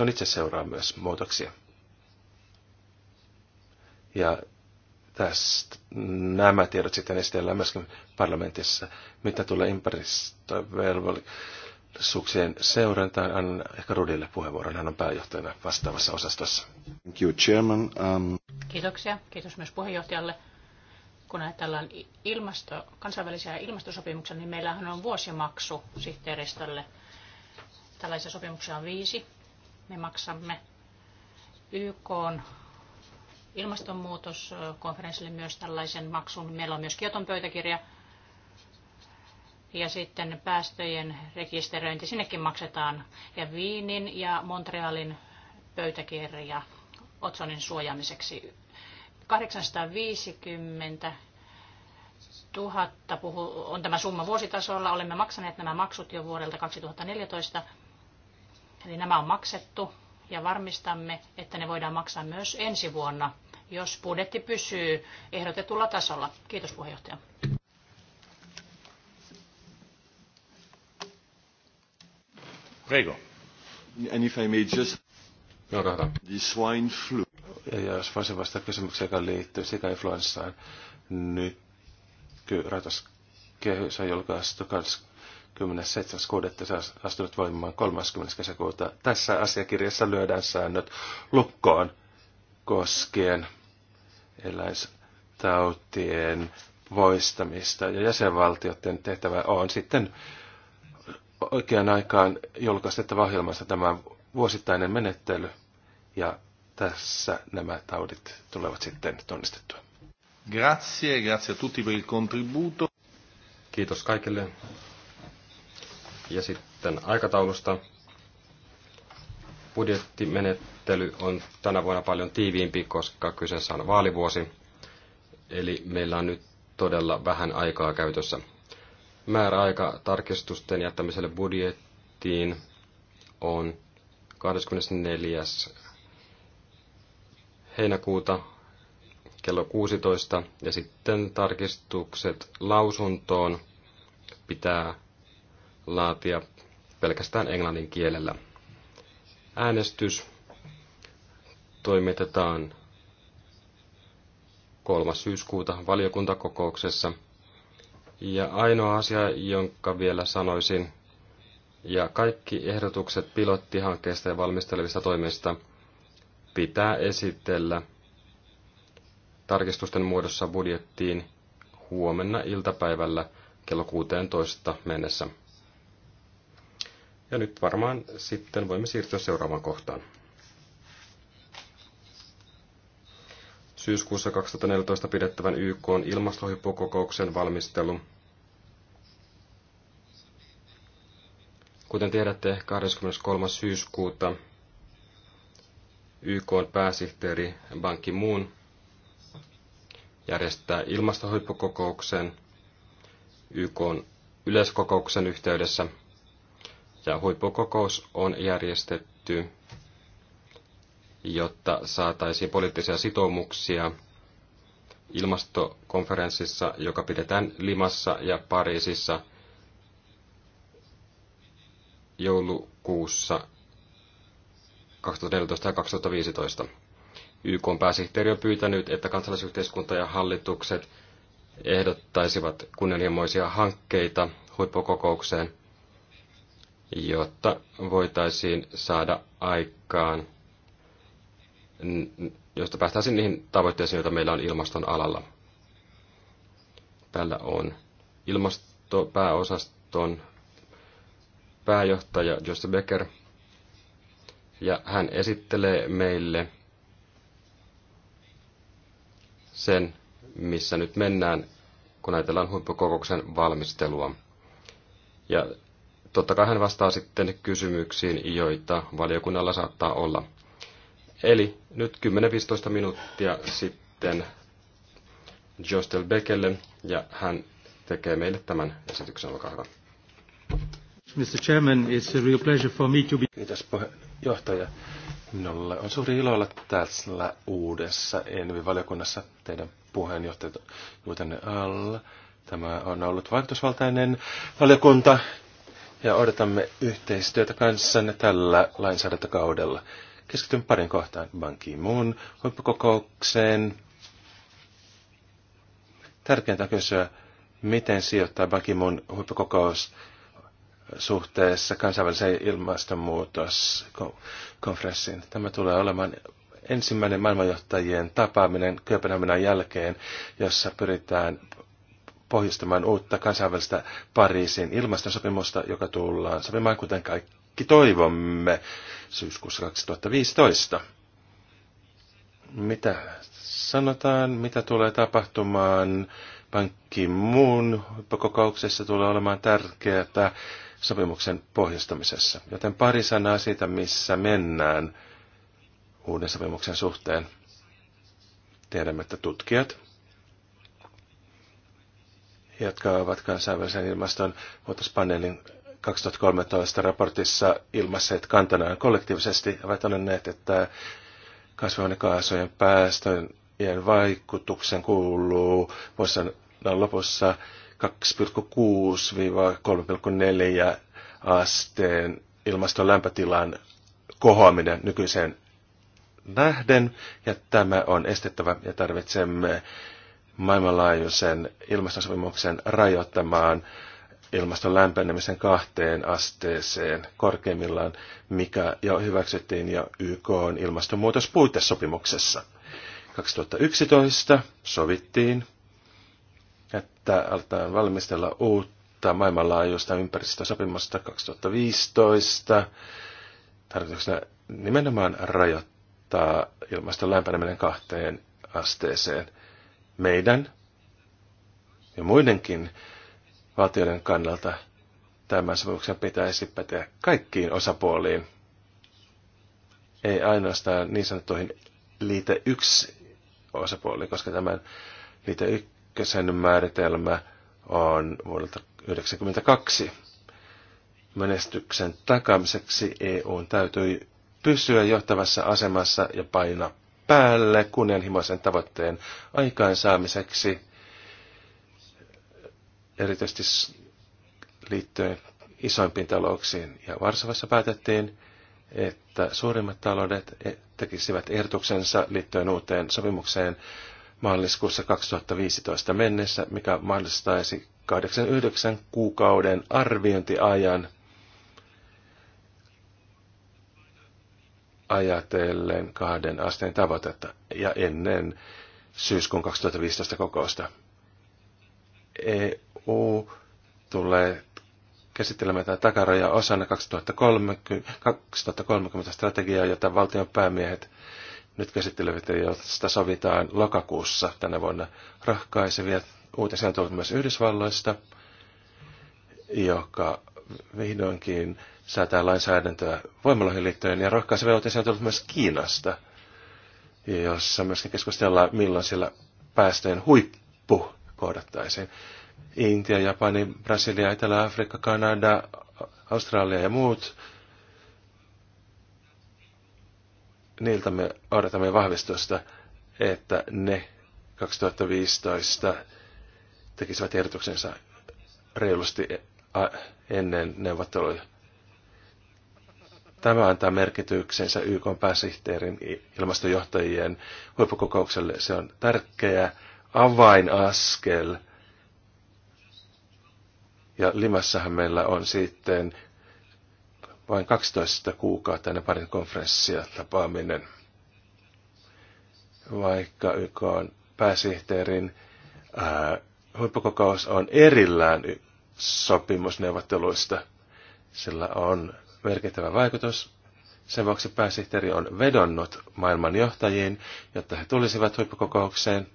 on itse seuraa myös muutoksia. Ja tästä, nämä tiedot sitten esitellään myöskin parlamentissa. Mitä tulee ympäristövelvollisuuksien seurantaan, annan ehkä Rudille puheenvuoron. Hän on pääjohtajana vastaavassa osastossa. Thank you, chairman. Um... Kiitoksia. Kiitos myös puheenjohtajalle. Kun ajatellaan ilmasto, kansainvälisiä ilmastosopimuksia, niin meillähän on vuosimaksu sihteeristölle. Tällaisia sopimuksia on viisi. Me maksamme YK on ilmastonmuutoskonferenssille myös tällaisen maksun. Meillä on myös Kioton pöytäkirja ja sitten päästöjen rekisteröinti. Sinnekin maksetaan ja Viinin ja Montrealin pöytäkirja otsonin suojaamiseksi. 850 000 puhu, on tämä summa vuositasolla. Olemme maksaneet nämä maksut jo vuodelta 2014. Eli nämä on maksettu ja varmistamme, että ne voidaan maksaa myös ensi vuonna jos budjetti pysyy ehdotetulla tasolla. Kiitos puheenjohtaja. Rego, And if I may just... No, rata. The swine flu. Ja jos voisin vastata kysymykseen, joka liittyy sikainfluenssaan, kehys on julkaistu 27.6. astunut voimaan 30. kesäkuuta. Tässä asiakirjassa lyödään säännöt lukkoon koskien eläistautien voistamista Ja jäsenvaltioiden tehtävä on sitten oikeaan aikaan julkaistettava ohjelmassa tämä vuosittainen menettely. Ja tässä nämä taudit tulevat sitten tunnistettua. Grazie, grazie a tutti per il contributo. Kiitos kaikille. Ja sitten aikataulusta budjettimenettely on tänä vuonna paljon tiiviimpi, koska kyseessä on vaalivuosi. Eli meillä on nyt todella vähän aikaa käytössä. Määräaika tarkistusten jättämiselle budjettiin on 24. heinäkuuta kello 16 ja sitten tarkistukset lausuntoon pitää laatia pelkästään englannin kielellä. Äänestys toimitetaan 3. syyskuuta valiokuntakokouksessa. Ja ainoa asia, jonka vielä sanoisin, ja kaikki ehdotukset pilottihankkeista ja valmistelevista toimista pitää esitellä tarkistusten muodossa budjettiin huomenna iltapäivällä kello 16 mennessä. Ja nyt varmaan sitten voimme siirtyä seuraavaan kohtaan. Syyskuussa 2014 pidettävän YK ilmastohuippukokouksen valmistelu. Kuten tiedätte, 23. syyskuuta YK pääsihteeri Ban Ki-moon järjestää ilmastohuippukokouksen YK yleiskokouksen yhteydessä – ja huippukokous on järjestetty, jotta saataisiin poliittisia sitoumuksia ilmastokonferenssissa, joka pidetään Limassa ja Pariisissa joulukuussa 2014 ja 2015. YK pääsihteeri on pyytänyt, että kansalaisyhteiskunta ja hallitukset ehdottaisivat kunnianhimoisia hankkeita huippukokoukseen – jotta voitaisiin saada aikaan, josta päästäisiin niihin tavoitteisiin, joita meillä on ilmaston alalla. Tällä on ilmastopääosaston pääjohtaja Joseph Becker, ja hän esittelee meille sen, missä nyt mennään, kun ajatellaan huippukokouksen valmistelua. Ja totta kai hän vastaa sitten kysymyksiin, joita valiokunnalla saattaa olla. Eli nyt 10-15 minuuttia sitten Jostel Bekelle, ja hän tekee meille tämän esityksen. Olkaa hyvä. Mr. Chairman, it's a real pleasure for me to be... Kiitos puheenjohtaja. Minulle on suuri ilo olla tässä uudessa ENVI-valiokunnassa teidän puheenjohtajuutenne alla. Tämä on ollut vaikutusvaltainen valiokunta ja odotamme yhteistyötä kanssanne tällä lainsäädäntökaudella. Keskityn parin kohtaan Ban Ki-moon huippukokoukseen. Tärkeintä kysyä, miten sijoittaa Ban Ki-moon huippukokous suhteessa kansainväliseen ilmastonmuutoskonferenssiin. Tämä tulee olemaan ensimmäinen maailmanjohtajien tapaaminen Kööpenhaminan jälkeen, jossa pyritään pohjustamaan uutta kansainvälistä Pariisin ilmastosopimusta, joka tullaan sopimaan, kuten kaikki toivomme, syyskuussa 2015. Mitä sanotaan, mitä tulee tapahtumaan Pankki muun kokouksessa tulee olemaan tärkeää sopimuksen pohjustamisessa. Joten pari sanaa siitä, missä mennään uuden sopimuksen suhteen. Tiedämme, että tutkijat, jotka ovat kansainvälisen ilmastonmuutospaneelin 2013 raportissa ilmaisseet kantanaan kollektiivisesti, ovat todenneet, että kasvihuonekaasujen päästöjen vaikutuksen kuuluu vuosina lopussa 2,6-3,4 asteen ilmaston lämpötilan kohoaminen nykyiseen nähden, ja tämä on estettävä, ja tarvitsemme maailmanlaajuisen ilmastosopimuksen rajoittamaan ilmaston lämpenemisen kahteen asteeseen korkeimmillaan, mikä jo hyväksyttiin jo YK on ilmastonmuutospuitesopimuksessa. 2011 sovittiin, että aletaan valmistella uutta maailmanlaajuista ympäristösopimusta 2015. Tarkoituksena nimenomaan rajoittaa ilmaston lämpeneminen kahteen asteeseen – meidän ja muidenkin valtioiden kannalta tämän sopimuksen pitäisi päteä kaikkiin osapuoliin, ei ainoastaan niin sanottuihin liite yksi osapuoliin, koska tämän liite ykkösen määritelmä on vuodelta 1992. Menestyksen takamiseksi EUn täytyy pysyä johtavassa asemassa ja painaa päälle kunnianhimoisen tavoitteen aikaansaamiseksi, erityisesti liittyen isoimpiin talouksiin. Ja Varsovassa päätettiin, että suurimmat taloudet e- tekisivät ehdotuksensa liittyen uuteen sopimukseen maaliskuussa 2015 mennessä, mikä mahdollistaisi 89 kuukauden arviointiajan – ajatellen kahden asteen tavoitetta ja ennen syyskuun 2015 kokousta. EU tulee käsittelemään tämä takaraja osana 2030, 2030 strategiaa, jota valtion päämiehet nyt käsittelevät josta sovitaan lokakuussa tänä vuonna rahkaisevia uutisia on tullut myös Yhdysvalloista, joka vihdoinkin säätää lainsäädäntöä voimaloihin liittyen, ja rohkaiseva uutisia on tullut myös Kiinasta, jossa myöskin keskustellaan, milloin siellä päästöjen huippu kohdattaisiin. Intia, Japani, Brasilia, Etelä-Afrikka, Kanada, Australia ja muut. Niiltä me odotamme vahvistusta, että ne 2015 tekisivät ehdotuksensa reilusti ennen neuvotteluja Tämä antaa merkityksensä YK pääsihteerin ilmastojohtajien huippukokoukselle. Se on tärkeä avainaskel. Ja Limassahan meillä on sitten vain 12 kuukautta ennen parin konferenssia tapaaminen. Vaikka YK on pääsihteerin ää, huippukokous on erillään sopimusneuvotteluista, sillä on merkittävä vaikutus. Sen vuoksi pääsihteeri on vedonnut maailman johtajiin, jotta he tulisivat huippukokoukseen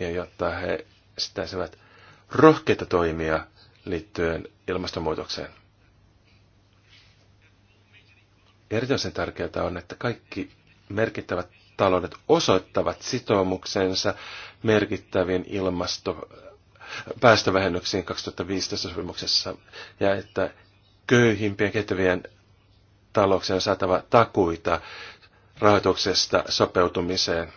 ja jotta he sitäisivät rohkeita toimia liittyen ilmastonmuutokseen. Erityisen tärkeää on, että kaikki merkittävät taloudet osoittavat sitoumuksensa merkittäviin ilmasto päästövähennyksiin 2015 sopimuksessa ja että köyhimpien kehittävien talouksien saatava takuita rahoituksesta sopeutumiseen.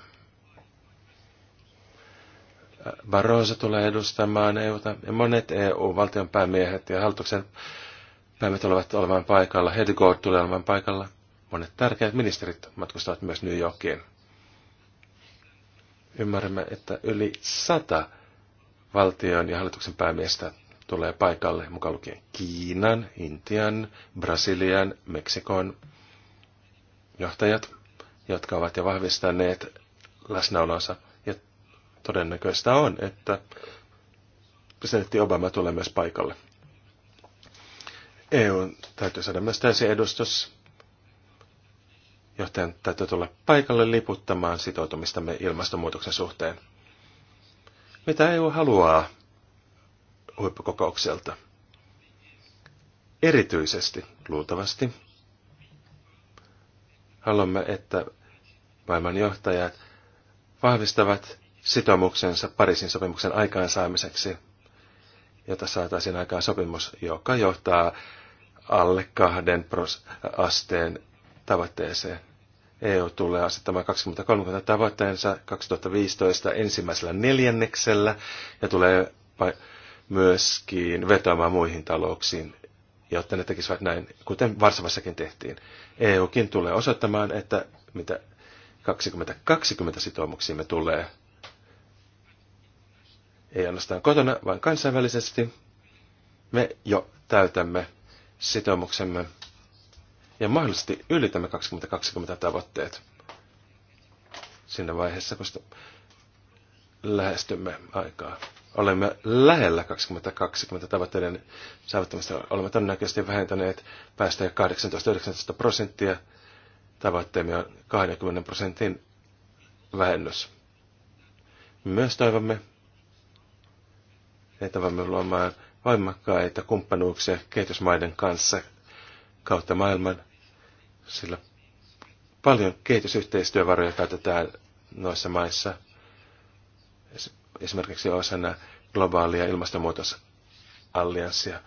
Barroso tulee edustamaan EUta ja monet EU-valtion päämiehet ja hallituksen päämiehet tulevat olemaan paikalla. Hedegaard tulee olemaan paikalla. Monet tärkeät ministerit matkustavat myös New Yorkiin. Ymmärrämme, että yli sata valtion ja hallituksen päämiestä tulee paikalle, mukaan lukien Kiinan, Intian, Brasilian, Meksikon johtajat, jotka ovat jo vahvistaneet läsnäolonsa. Ja todennäköistä on, että presidentti Obama tulee myös paikalle. EU täytyy saada myös täysin edustus. Johtajan täytyy tulla paikalle liputtamaan sitoutumistamme ilmastonmuutoksen suhteen. Mitä EU haluaa huippukokoukselta. Erityisesti, luultavasti, haluamme, että maailman johtajat vahvistavat sitoumuksensa Pariisin sopimuksen aikaansaamiseksi, jota saataisiin aikaan sopimus, joka johtaa alle kahden asteen tavoitteeseen. EU tulee asettamaan 2030 tavoitteensa 2015 ensimmäisellä neljänneksellä ja tulee myöskin vetoamaan muihin talouksiin, jotta ne tekisivät näin, kuten Varsavassakin tehtiin. EUkin tulee osoittamaan, että mitä 2020 sitoumuksiimme tulee, ei ainoastaan kotona, vaan kansainvälisesti, me jo täytämme sitoumuksemme ja mahdollisesti ylitämme 2020 tavoitteet siinä vaiheessa, koska lähestymme aikaa. Olemme lähellä 2020 tavoitteiden saavuttamista. Olemme todennäköisesti vähentäneet päästöjä 18-19 prosenttia. Tavoitteemme on 20 prosentin vähennys. Myös toivomme, että voimme luomaan voimakkaita kumppanuuksia kehitysmaiden kanssa kautta maailman, sillä paljon kehitysyhteistyövaroja käytetään noissa maissa – esimerkiksi osana globaalia ilmastonmuutosallianssia.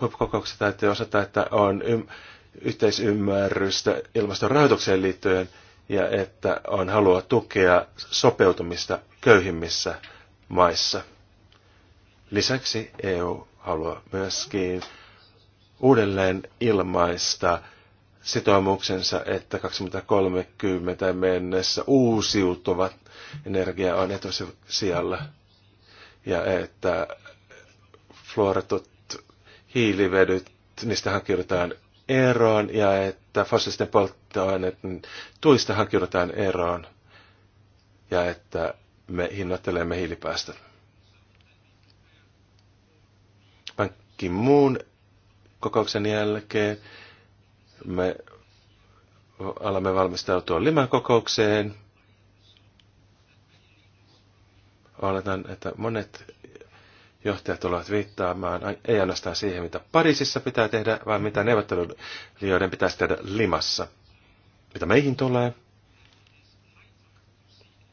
Huippukokouksessa täytyy osata, että on ym- yhteisymmärrystä ilmastonrahoitukseen liittyen ja että on halua tukea sopeutumista köyhimmissä maissa. Lisäksi EU haluaa myöskin uudelleen ilmaista sitoumuksensa, että 2030 mennessä uusiutuvat energia on etusijalla ja että fluoratut hiilivedyt, niistä hankiudutaan eroon ja että fossiilisten polttoaineiden tuista hankiudutaan eroon ja että me hinnoittelemme hiilipäästöt. Pankki muun kokouksen jälkeen me alamme valmistautua Liman kokoukseen. Oletan, että monet johtajat tulevat viittaamaan ei ainoastaan siihen, mitä Pariisissa pitää tehdä, vaan mitä neuvottelijoiden pitäisi tehdä Limassa. Mitä meihin tulee,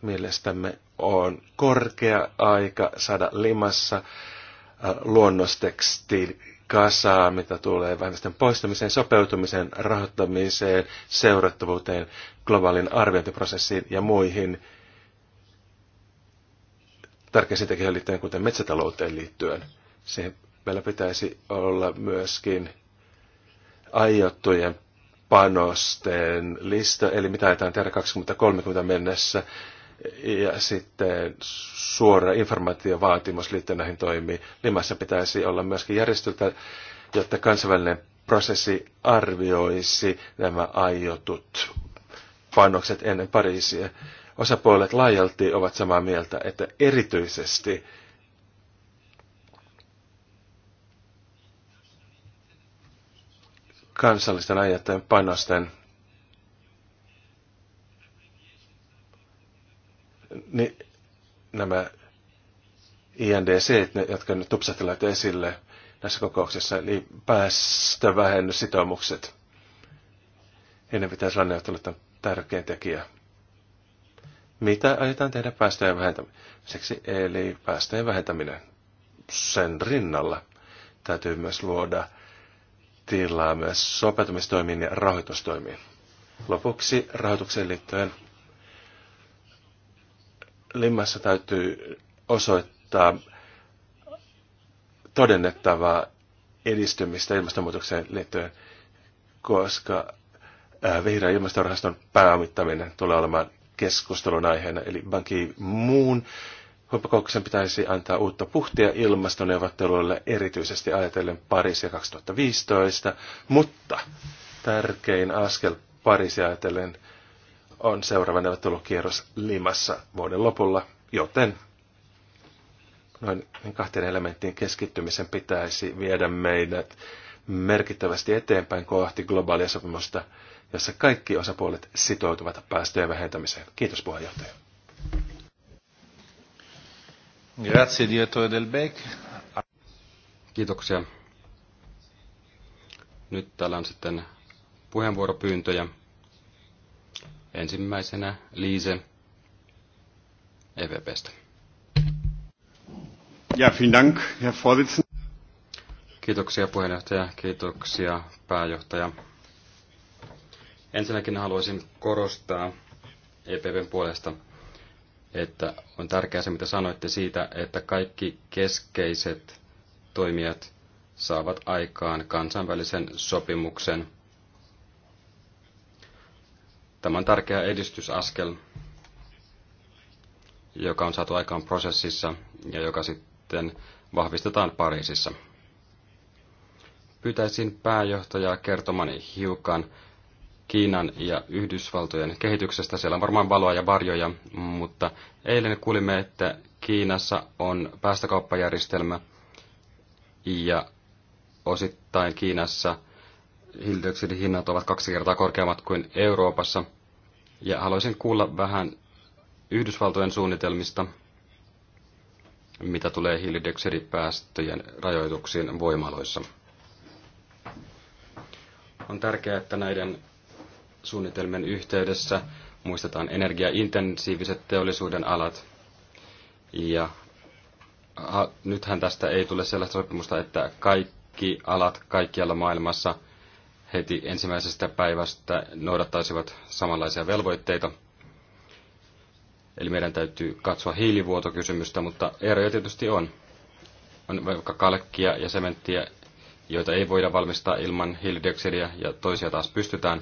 mielestämme on korkea aika saada Limassa äh, luonnostekstiili kasaa, mitä tulee vähemmistön poistamiseen, sopeutumiseen, rahoittamiseen, seurattavuuteen, globaalin arviointiprosessiin ja muihin tärkeisiin tekijöihin liittyen, kuten metsätalouteen liittyen. Siihen meillä pitäisi olla myöskin aiottujen panosten lista, eli mitä ajetaan tehdä 2030 mennessä ja sitten suora informaatiovaatimus liittyen näihin toimiin. Limassa pitäisi olla myöskin järjestöltä, jotta kansainvälinen prosessi arvioisi nämä aiotut panokset ennen Pariisia. Osapuolet laajalti ovat samaa mieltä, että erityisesti kansallisten ajattelun panosten niin nämä INDC, jotka nyt tupsahtelevat esille näissä kokouksissa, eli niin päästövähennyssitoumukset. ne pitäisi olla neuvottelut tärkeä tekijä. Mitä aiotaan tehdä päästöjen vähentämiseksi? Eli päästöjen vähentäminen sen rinnalla täytyy myös luoda tilaa myös sopeutumistoimiin ja rahoitustoimiin. Lopuksi rahoitukseen liittyen limmassa täytyy osoittaa todennettavaa edistymistä ilmastonmuutokseen liittyen, koska äh, vihreän ilmastorahaston pääomittaminen tulee olemaan keskustelun aiheena, eli Banki muun huippukokouksen pitäisi antaa uutta puhtia ilmastoneuvotteluille, erityisesti ajatellen Pariisia 2015, mutta tärkein askel Pariisia ajatellen – on seuraava neuvottelukierros Limassa vuoden lopulla, joten noin kahteen elementtiin keskittymisen pitäisi viedä meidät merkittävästi eteenpäin kohti globaalia sopimusta, jossa kaikki osapuolet sitoutuvat päästöjen vähentämiseen. Kiitos puheenjohtaja. Grazie, del Edelbeck. Kiitoksia. Nyt täällä on sitten puheenvuoropyyntöjä. Ensimmäisenä Liise EVPstä. Ja, vielen Dank, Herr Vorsitzender. Kiitoksia puheenjohtaja, kiitoksia pääjohtaja. Ensinnäkin haluaisin korostaa EPPn puolesta, että on tärkeää se, mitä sanoitte siitä, että kaikki keskeiset toimijat saavat aikaan kansainvälisen sopimuksen – Tämä on tärkeä edistysaskel, joka on saatu aikaan prosessissa ja joka sitten vahvistetaan Pariisissa. Pyytäisin pääjohtajaa kertomaan hiukan Kiinan ja Yhdysvaltojen kehityksestä. Siellä on varmaan valoa ja varjoja, mutta eilen kuulimme, että Kiinassa on päästökauppajärjestelmä ja osittain Kiinassa – hinnat ovat kaksi kertaa korkeammat kuin Euroopassa. Ja haluaisin kuulla vähän Yhdysvaltojen suunnitelmista, mitä tulee hiilidioksidipäästöjen rajoituksiin voimaloissa. On tärkeää, että näiden suunnitelmien yhteydessä muistetaan energiaintensiiviset teollisuuden alat. Ja nythän tästä ei tule sellaista sopimusta, että kaikki alat kaikkialla maailmassa – heti ensimmäisestä päivästä noudattaisivat samanlaisia velvoitteita. Eli meidän täytyy katsoa hiilivuotokysymystä, mutta eroja tietysti on. On vaikka kalkkia ja sementtiä, joita ei voida valmistaa ilman hiilidioksidia ja toisia taas pystytään.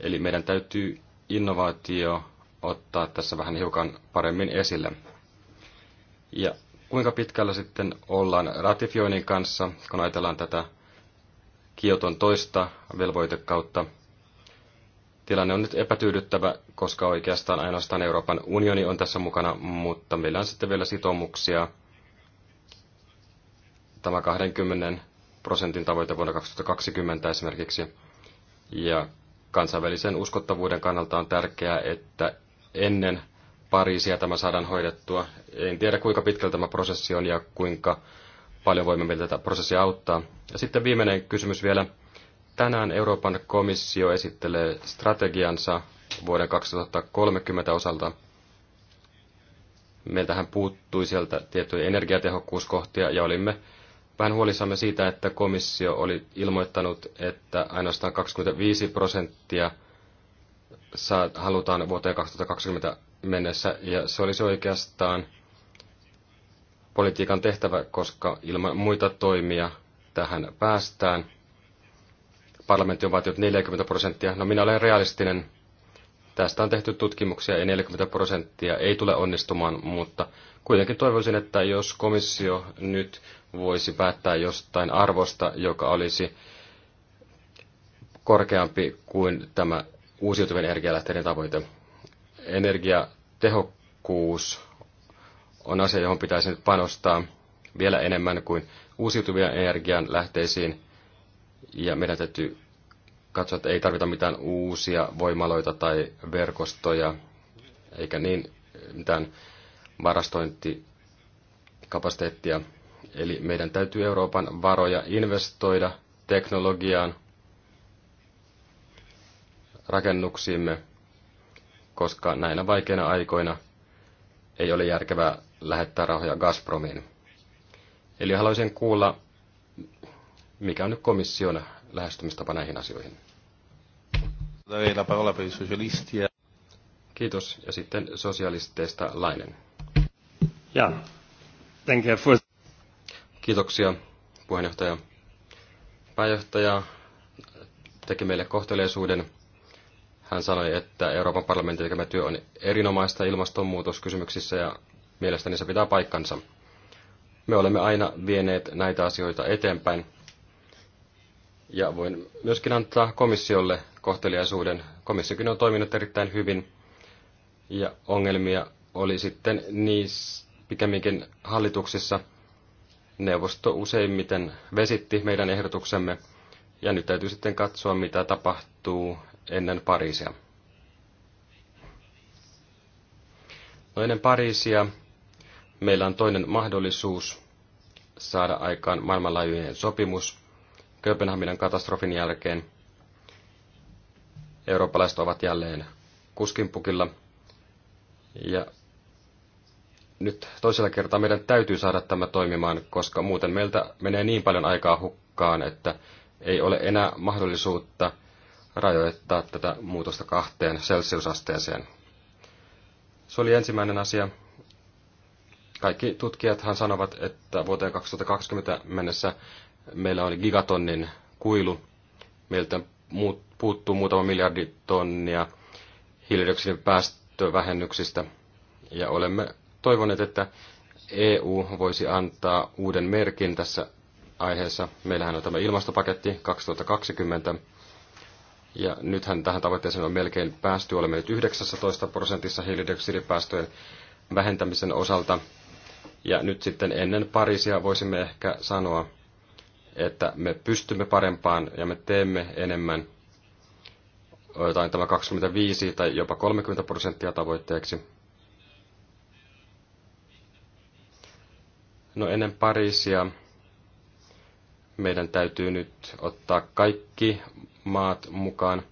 Eli meidän täytyy innovaatio ottaa tässä vähän hiukan paremmin esille. Ja kuinka pitkällä sitten ollaan ratifioinnin kanssa, kun ajatellaan tätä Kioton toista velvoitekautta. Tilanne on nyt epätyydyttävä, koska oikeastaan ainoastaan Euroopan unioni on tässä mukana, mutta meillä on sitten vielä sitoumuksia. Tämä 20 prosentin tavoite vuonna 2020 esimerkiksi. Ja kansainvälisen uskottavuuden kannalta on tärkeää, että ennen Pariisia tämä saadaan hoidettua. En tiedä, kuinka pitkällä tämä prosessi on ja kuinka paljon voimme meitä tätä prosessia auttaa. Ja sitten viimeinen kysymys vielä. Tänään Euroopan komissio esittelee strategiansa vuoden 2030 osalta. Meiltähän puuttui sieltä tiettyjä energiatehokkuuskohtia ja olimme vähän huolissamme siitä, että komissio oli ilmoittanut, että ainoastaan 25 prosenttia halutaan vuoteen 2020 mennessä ja se olisi oikeastaan politiikan tehtävä, koska ilman muita toimia tähän päästään. Parlamentti on vaatinut 40 prosenttia. No minä olen realistinen. Tästä on tehty tutkimuksia ja 40 prosenttia ei tule onnistumaan, mutta kuitenkin toivoisin, että jos komissio nyt voisi päättää jostain arvosta, joka olisi korkeampi kuin tämä uusiutuvien energialähteiden tavoite. Energiatehokkuus on asia, johon pitäisi nyt panostaa vielä enemmän kuin uusiutuvia energian lähteisiin. Ja meidän täytyy katsoa, että ei tarvita mitään uusia voimaloita tai verkostoja, eikä niin mitään varastointikapasiteettia. Eli meidän täytyy Euroopan varoja investoida teknologiaan, rakennuksiimme, koska näinä vaikeina aikoina ei ole järkevää lähettää rahoja Gazpromiin. Eli haluaisin kuulla, mikä on nyt komission lähestymistapa näihin asioihin. Kiitos. Ja sitten sosialisteista Lainen. Ja, Kiitoksia, puheenjohtaja. Pääjohtaja teki meille kohteleisuuden. Hän sanoi, että Euroopan parlamentin tekemä työ on erinomaista ilmastonmuutoskysymyksissä ja Mielestäni se pitää paikkansa. Me olemme aina vieneet näitä asioita eteenpäin. Ja voin myöskin antaa komissiolle kohteliaisuuden. Komissiokin on toiminut erittäin hyvin. Ja ongelmia oli sitten niissä pikemminkin hallituksissa. Neuvosto useimmiten vesitti meidän ehdotuksemme. Ja nyt täytyy sitten katsoa, mitä tapahtuu ennen Pariisia. No ennen Pariisia meillä on toinen mahdollisuus saada aikaan maailmanlaajuinen sopimus Kööpenhaminan katastrofin jälkeen. Eurooppalaiset ovat jälleen kuskinpukilla. Ja nyt toisella kertaa meidän täytyy saada tämä toimimaan, koska muuten meiltä menee niin paljon aikaa hukkaan, että ei ole enää mahdollisuutta rajoittaa tätä muutosta kahteen celsiusasteeseen. Se oli ensimmäinen asia. Kaikki tutkijathan sanovat, että vuoteen 2020 mennessä meillä on gigatonnin kuilu. Meiltä puuttuu muutama miljardi tonnia hiilidioksidin päästövähennyksistä. Ja olemme toivoneet, että EU voisi antaa uuden merkin tässä aiheessa. Meillähän on tämä ilmastopaketti 2020. Ja nythän tähän tavoitteeseen on melkein päästy. Olemme nyt 19 prosentissa hiilidioksidipäästöjen vähentämisen osalta ja nyt sitten ennen Pariisia voisimme ehkä sanoa, että me pystymme parempaan ja me teemme enemmän jotain tämä 25 tai jopa 30 prosenttia tavoitteeksi. No ennen Pariisia meidän täytyy nyt ottaa kaikki maat mukaan.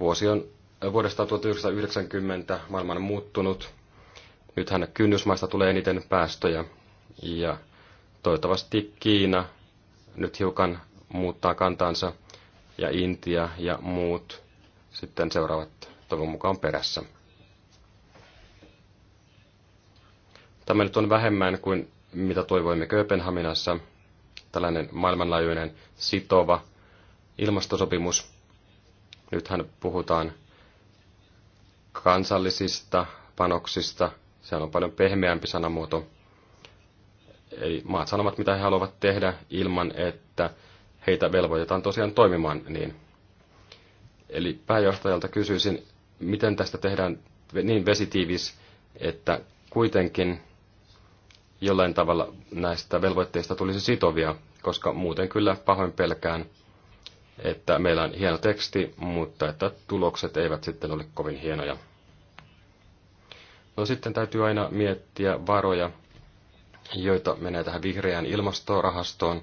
Vuosi on vuodesta 1990 maailma on muuttunut Nythän kynnysmaista tulee eniten päästöjä ja toivottavasti Kiina nyt hiukan muuttaa kantaansa ja Intia ja muut sitten seuraavat toivon mukaan perässä. Tämä nyt on vähemmän kuin mitä toivoimme Kööpenhaminassa, tällainen maailmanlaajuinen sitova ilmastosopimus. Nythän puhutaan kansallisista panoksista Sehän on paljon pehmeämpi sanamuoto. Eli maat sanovat, mitä he haluavat tehdä ilman, että heitä velvoitetaan tosiaan toimimaan niin. Eli pääjohtajalta kysyisin, miten tästä tehdään niin vesitiivis, että kuitenkin jollain tavalla näistä velvoitteista tulisi sitovia, koska muuten kyllä pahoin pelkään, että meillä on hieno teksti, mutta että tulokset eivät sitten ole kovin hienoja. No sitten täytyy aina miettiä varoja, joita menee tähän vihreään ilmastorahastoon.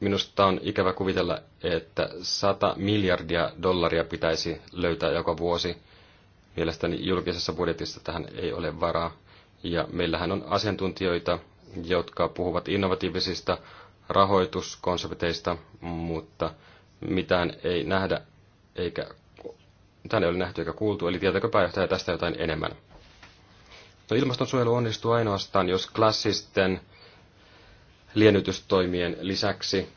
Minusta on ikävä kuvitella, että 100 miljardia dollaria pitäisi löytää joka vuosi. Mielestäni julkisessa budjetissa tähän ei ole varaa. Ja meillähän on asiantuntijoita, jotka puhuvat innovatiivisista rahoituskonsepteista, mutta mitään ei nähdä eikä Tänne ei ole nähty eikä kuultu, eli tietääkö pääjohtaja tästä jotain enemmän? No ilmastonsuojelu onnistuu ainoastaan, jos klassisten liennytystoimien lisäksi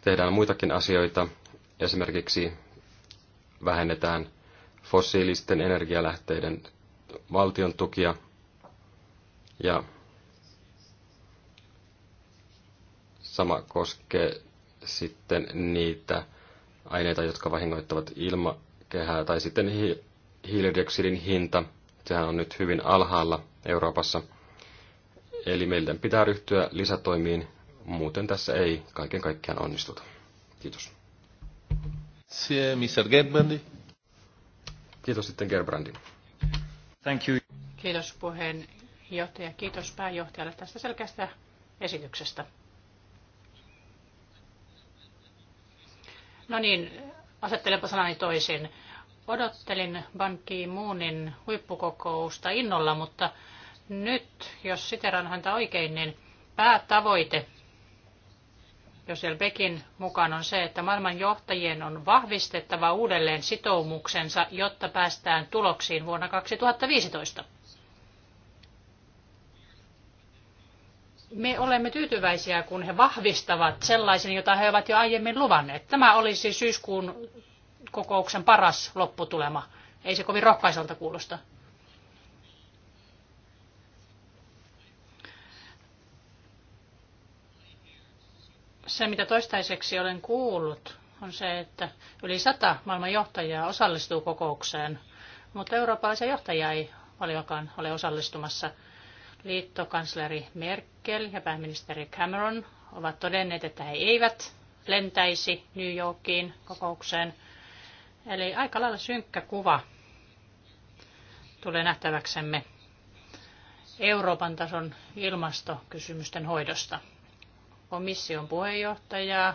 tehdään muitakin asioita. Esimerkiksi vähennetään fossiilisten energialähteiden valtion tukia ja sama koskee sitten niitä aineita, jotka vahingoittavat ilma, kehää, tai sitten hi- hiilidioksidin hinta, sehän on nyt hyvin alhaalla Euroopassa. Eli meidän pitää ryhtyä lisätoimiin, muuten tässä ei kaiken kaikkiaan onnistuta. Kiitos. Mr. Gerbrandi. Kiitos sitten Gerbrandi. Thank you. Kiitos puheenjohtaja. Kiitos pääjohtajalle tästä selkeästä esityksestä. No niin, asettelenpa sanani toisin. Odottelin Ban Ki-moonin huippukokousta innolla, mutta nyt, jos siteran häntä oikein, niin päätavoite, jos Elbekin mukaan on se, että maailman johtajien on vahvistettava uudelleen sitoumuksensa, jotta päästään tuloksiin vuonna 2015. me olemme tyytyväisiä, kun he vahvistavat sellaisen, jota he ovat jo aiemmin luvanneet. Tämä olisi syyskuun kokouksen paras lopputulema. Ei se kovin rohkaiselta kuulosta. Se, mitä toistaiseksi olen kuullut, on se, että yli sata maailman johtajaa osallistuu kokoukseen, mutta eurooppalaisia johtajia ei paljonkaan ole osallistumassa – Liittokansleri Merkel ja pääministeri Cameron ovat todenneet, että he eivät lentäisi New Yorkiin kokoukseen. Eli aika lailla synkkä kuva tulee nähtäväksemme Euroopan tason ilmastokysymysten hoidosta. Komission puheenjohtajaa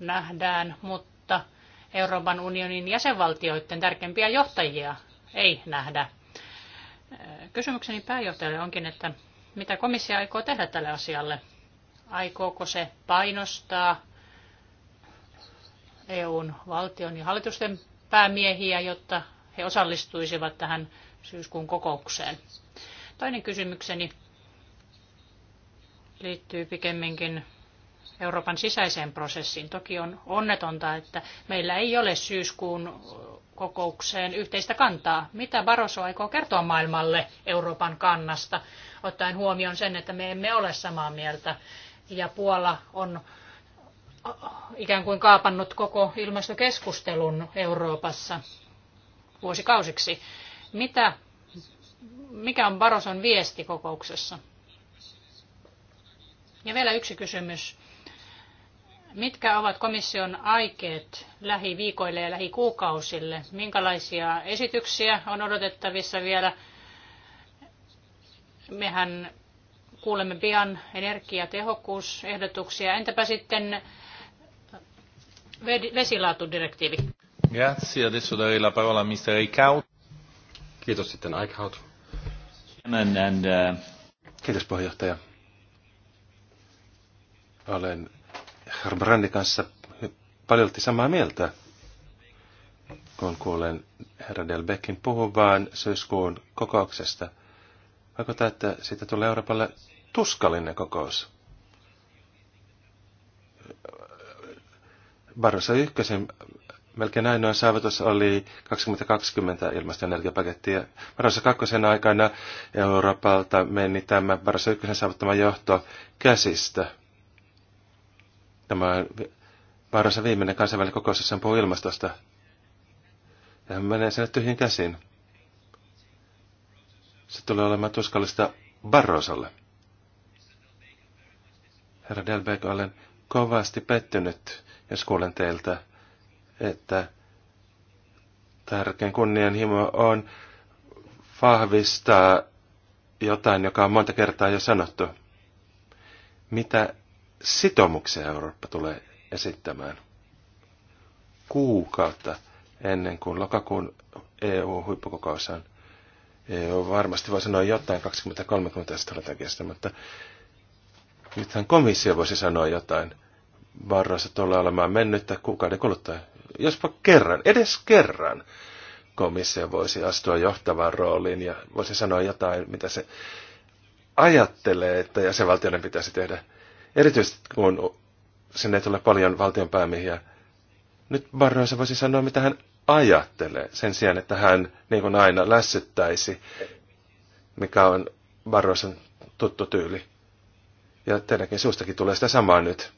nähdään, mutta Euroopan unionin jäsenvaltioiden tärkeimpiä johtajia ei nähdä. Kysymykseni pääjohtajalle onkin, että mitä komissio aikoo tehdä tälle asialle? Aikooko se painostaa EUn valtion ja hallitusten päämiehiä, jotta he osallistuisivat tähän syyskuun kokoukseen? Toinen kysymykseni liittyy pikemminkin Euroopan sisäiseen prosessiin. Toki on onnetonta, että meillä ei ole syyskuun kokoukseen yhteistä kantaa. Mitä Barroso aikoo kertoa maailmalle Euroopan kannasta, ottaen huomioon sen, että me emme ole samaa mieltä ja Puola on ikään kuin kaapannut koko ilmastokeskustelun Euroopassa vuosikausiksi. Mitä, mikä on Baroson viesti kokouksessa? Ja vielä yksi kysymys Mitkä ovat komission aikeet lähiviikoille ja lähikuukausille? Minkälaisia esityksiä on odotettavissa vielä? Mehän kuulemme pian energiatehokkuusehdotuksia. Entäpä sitten vesilaatudirektiivi? Grazie. Adesso darei la parola a Mr. Eichhout. Kiitos sitten Eichhout. And, uh... Kiitos puheenjohtaja. Olen Gerbrandi kanssa paljolti samaa mieltä, kun kuulen herra Delbeckin puhuvan syyskuun kokouksesta. Vaikuttaa, että siitä tulee Euroopalle tuskallinen kokous. Barossa ykkösen melkein ainoa saavutus oli 2020 ilmasto- Ja Barossa kakkosen aikana Euroopalta meni tämä Barossa ykkösen saavuttama johto käsistä. Tämä on viimeinen kansainvälinen kokous, jossa puhuu ilmastosta. Ja hän menee sinne tyhjin käsin. Se tulee olemaan tuskallista Barrosolle. Herra Delbeck, olen kovasti pettynyt, jos kuulen teiltä, että tärkein kunnianhimo on vahvistaa jotain, joka on monta kertaa jo sanottu. Mitä sitoumuksia Eurooppa tulee esittämään kuukautta ennen kuin lokakuun EU-huippukokous on. EU varmasti voi sanoa jotain 2030 strategiasta, mutta nythän komissio voisi sanoa jotain. Varrassa tulee olemaan mennyttä kuukauden kuluttua. Jospa kerran, edes kerran, komissio voisi astua johtavaan rooliin ja voisi sanoa jotain, mitä se ajattelee, että jäsenvaltioiden pitäisi tehdä – Erityisesti kun sinne tulee paljon valtionpäämiehiä. Nyt Barroisa voisi sanoa, mitä hän ajattelee, sen sijaan, että hän niin kuin aina lässyttäisi, mikä on Barroisen tuttu tyyli. Ja teidänkin suustakin tulee sitä samaa nyt.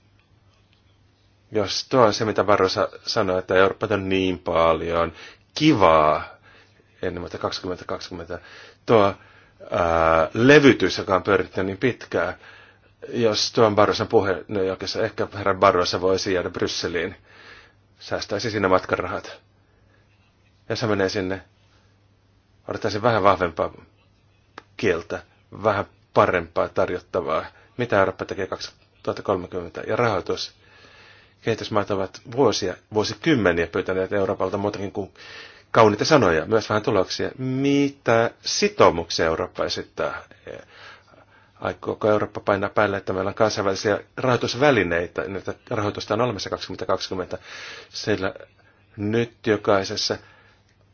Jos tuo on se, mitä Barrosa sanoi, että Eurooppa on niin paljon kivaa ennen vuotta 2020, tuo ää, levytys, joka on pyörittänyt niin pitkään, jos tuon Barrosen puheenjohtajassa no ehkä herra Barrosa voisi jäädä Brysseliin, säästäisi sinne matkarahat. Ja se menee sinne, odottaisin vähän vahvempaa kieltä, vähän parempaa tarjottavaa. Mitä Eurooppa tekee 2030? Ja rahoitus. Kehitysmaat ovat vuosia, vuosikymmeniä pyytäneet Euroopalta muutakin kuin kauniita sanoja, myös vähän tuloksia. Mitä sitoumuksia Eurooppa esittää aikooko Eurooppa painaa päälle, että meillä on kansainvälisiä rahoitusvälineitä, niin että rahoitusta on olemassa 2020, sillä nyt jokaisessa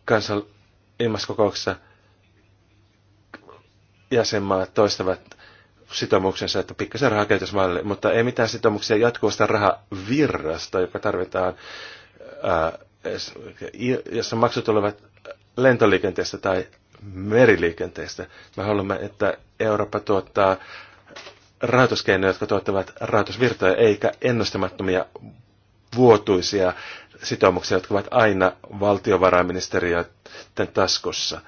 kansan ilmaskokouksessa jäsenmaat toistavat sitoumuksensa, että pikkasen rahaa mutta ei mitään sitoumuksia jatkuvasta rahavirrasta, joka tarvitaan, ää, jossa maksut tulevat lentoliikenteestä tai meriliikenteestä. Me haluamme, että Eurooppa tuottaa rahoituskeinoja, jotka tuottavat rahoitusvirtoja, eikä ennustamattomia vuotuisia sitoumuksia, jotka ovat aina valtiovarainministeriöiden taskussa.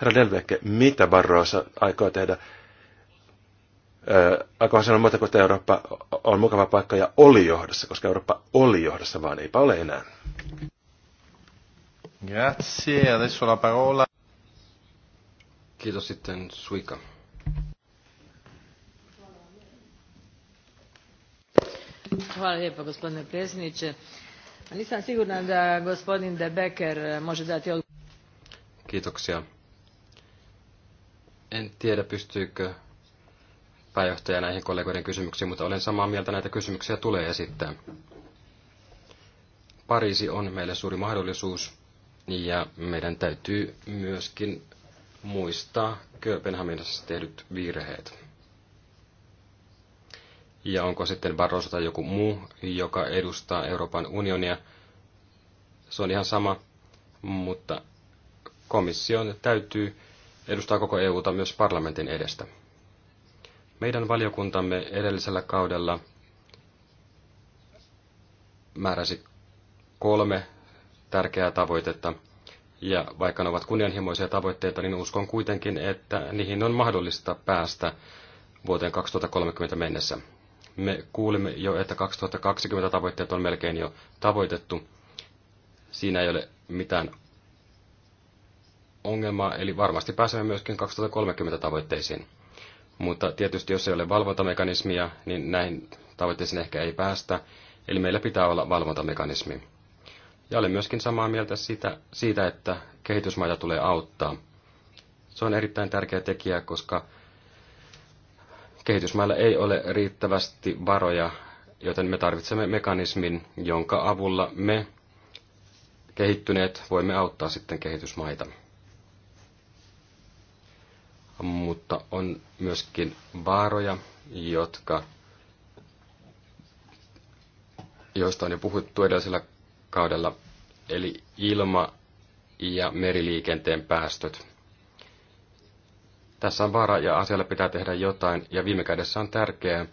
Herra Delveke, mitä Barroso aikoo tehdä? Aikoo sanoa muuta kuin, että Eurooppa on mukava paikka ja oli johdossa, koska Eurooppa oli johdossa, vaan eipä ole enää. Grazie. Adesso la parola Kiitos sitten Suika. Hvala lijepo gospodine predsjedniče. Nisam sigurna da gospodin De Becker eh, može dati odgovor. Kiitoksia. En tiedä, pystyykö pääjohtaja näihin kollegoiden kysymyksiin, mutta olen samaa mieltä, näitä kysymyksiä tulee esittää. Pariisi on meille suuri mahdollisuus ja meidän täytyy myöskin muistaa Kööpenhaminassa tehdyt virheet. Ja onko sitten Barroso tai joku muu, joka edustaa Euroopan unionia, se on ihan sama, mutta komission täytyy edustaa koko EUta myös parlamentin edestä. Meidän valiokuntamme edellisellä kaudella määräsi kolme tärkeää tavoitetta – ja vaikka ne ovat kunnianhimoisia tavoitteita, niin uskon kuitenkin, että niihin on mahdollista päästä vuoteen 2030 mennessä. Me kuulimme jo, että 2020 tavoitteet on melkein jo tavoitettu. Siinä ei ole mitään ongelmaa, eli varmasti pääsemme myöskin 2030 tavoitteisiin. Mutta tietysti jos ei ole valvontamekanismia, niin näihin tavoitteisiin ehkä ei päästä, eli meillä pitää olla valvontamekanismi. Ja olen myöskin samaa mieltä siitä, siitä, että kehitysmaita tulee auttaa. Se on erittäin tärkeä tekijä, koska kehitysmailla ei ole riittävästi varoja, joten me tarvitsemme mekanismin, jonka avulla me kehittyneet voimme auttaa sitten kehitysmaita. Mutta on myöskin vaaroja, jotka, joista on jo puhuttu edellisellä kaudella eli ilma- ja meriliikenteen päästöt. Tässä on vaara ja asialle pitää tehdä jotain, ja viime kädessä on tärkeää,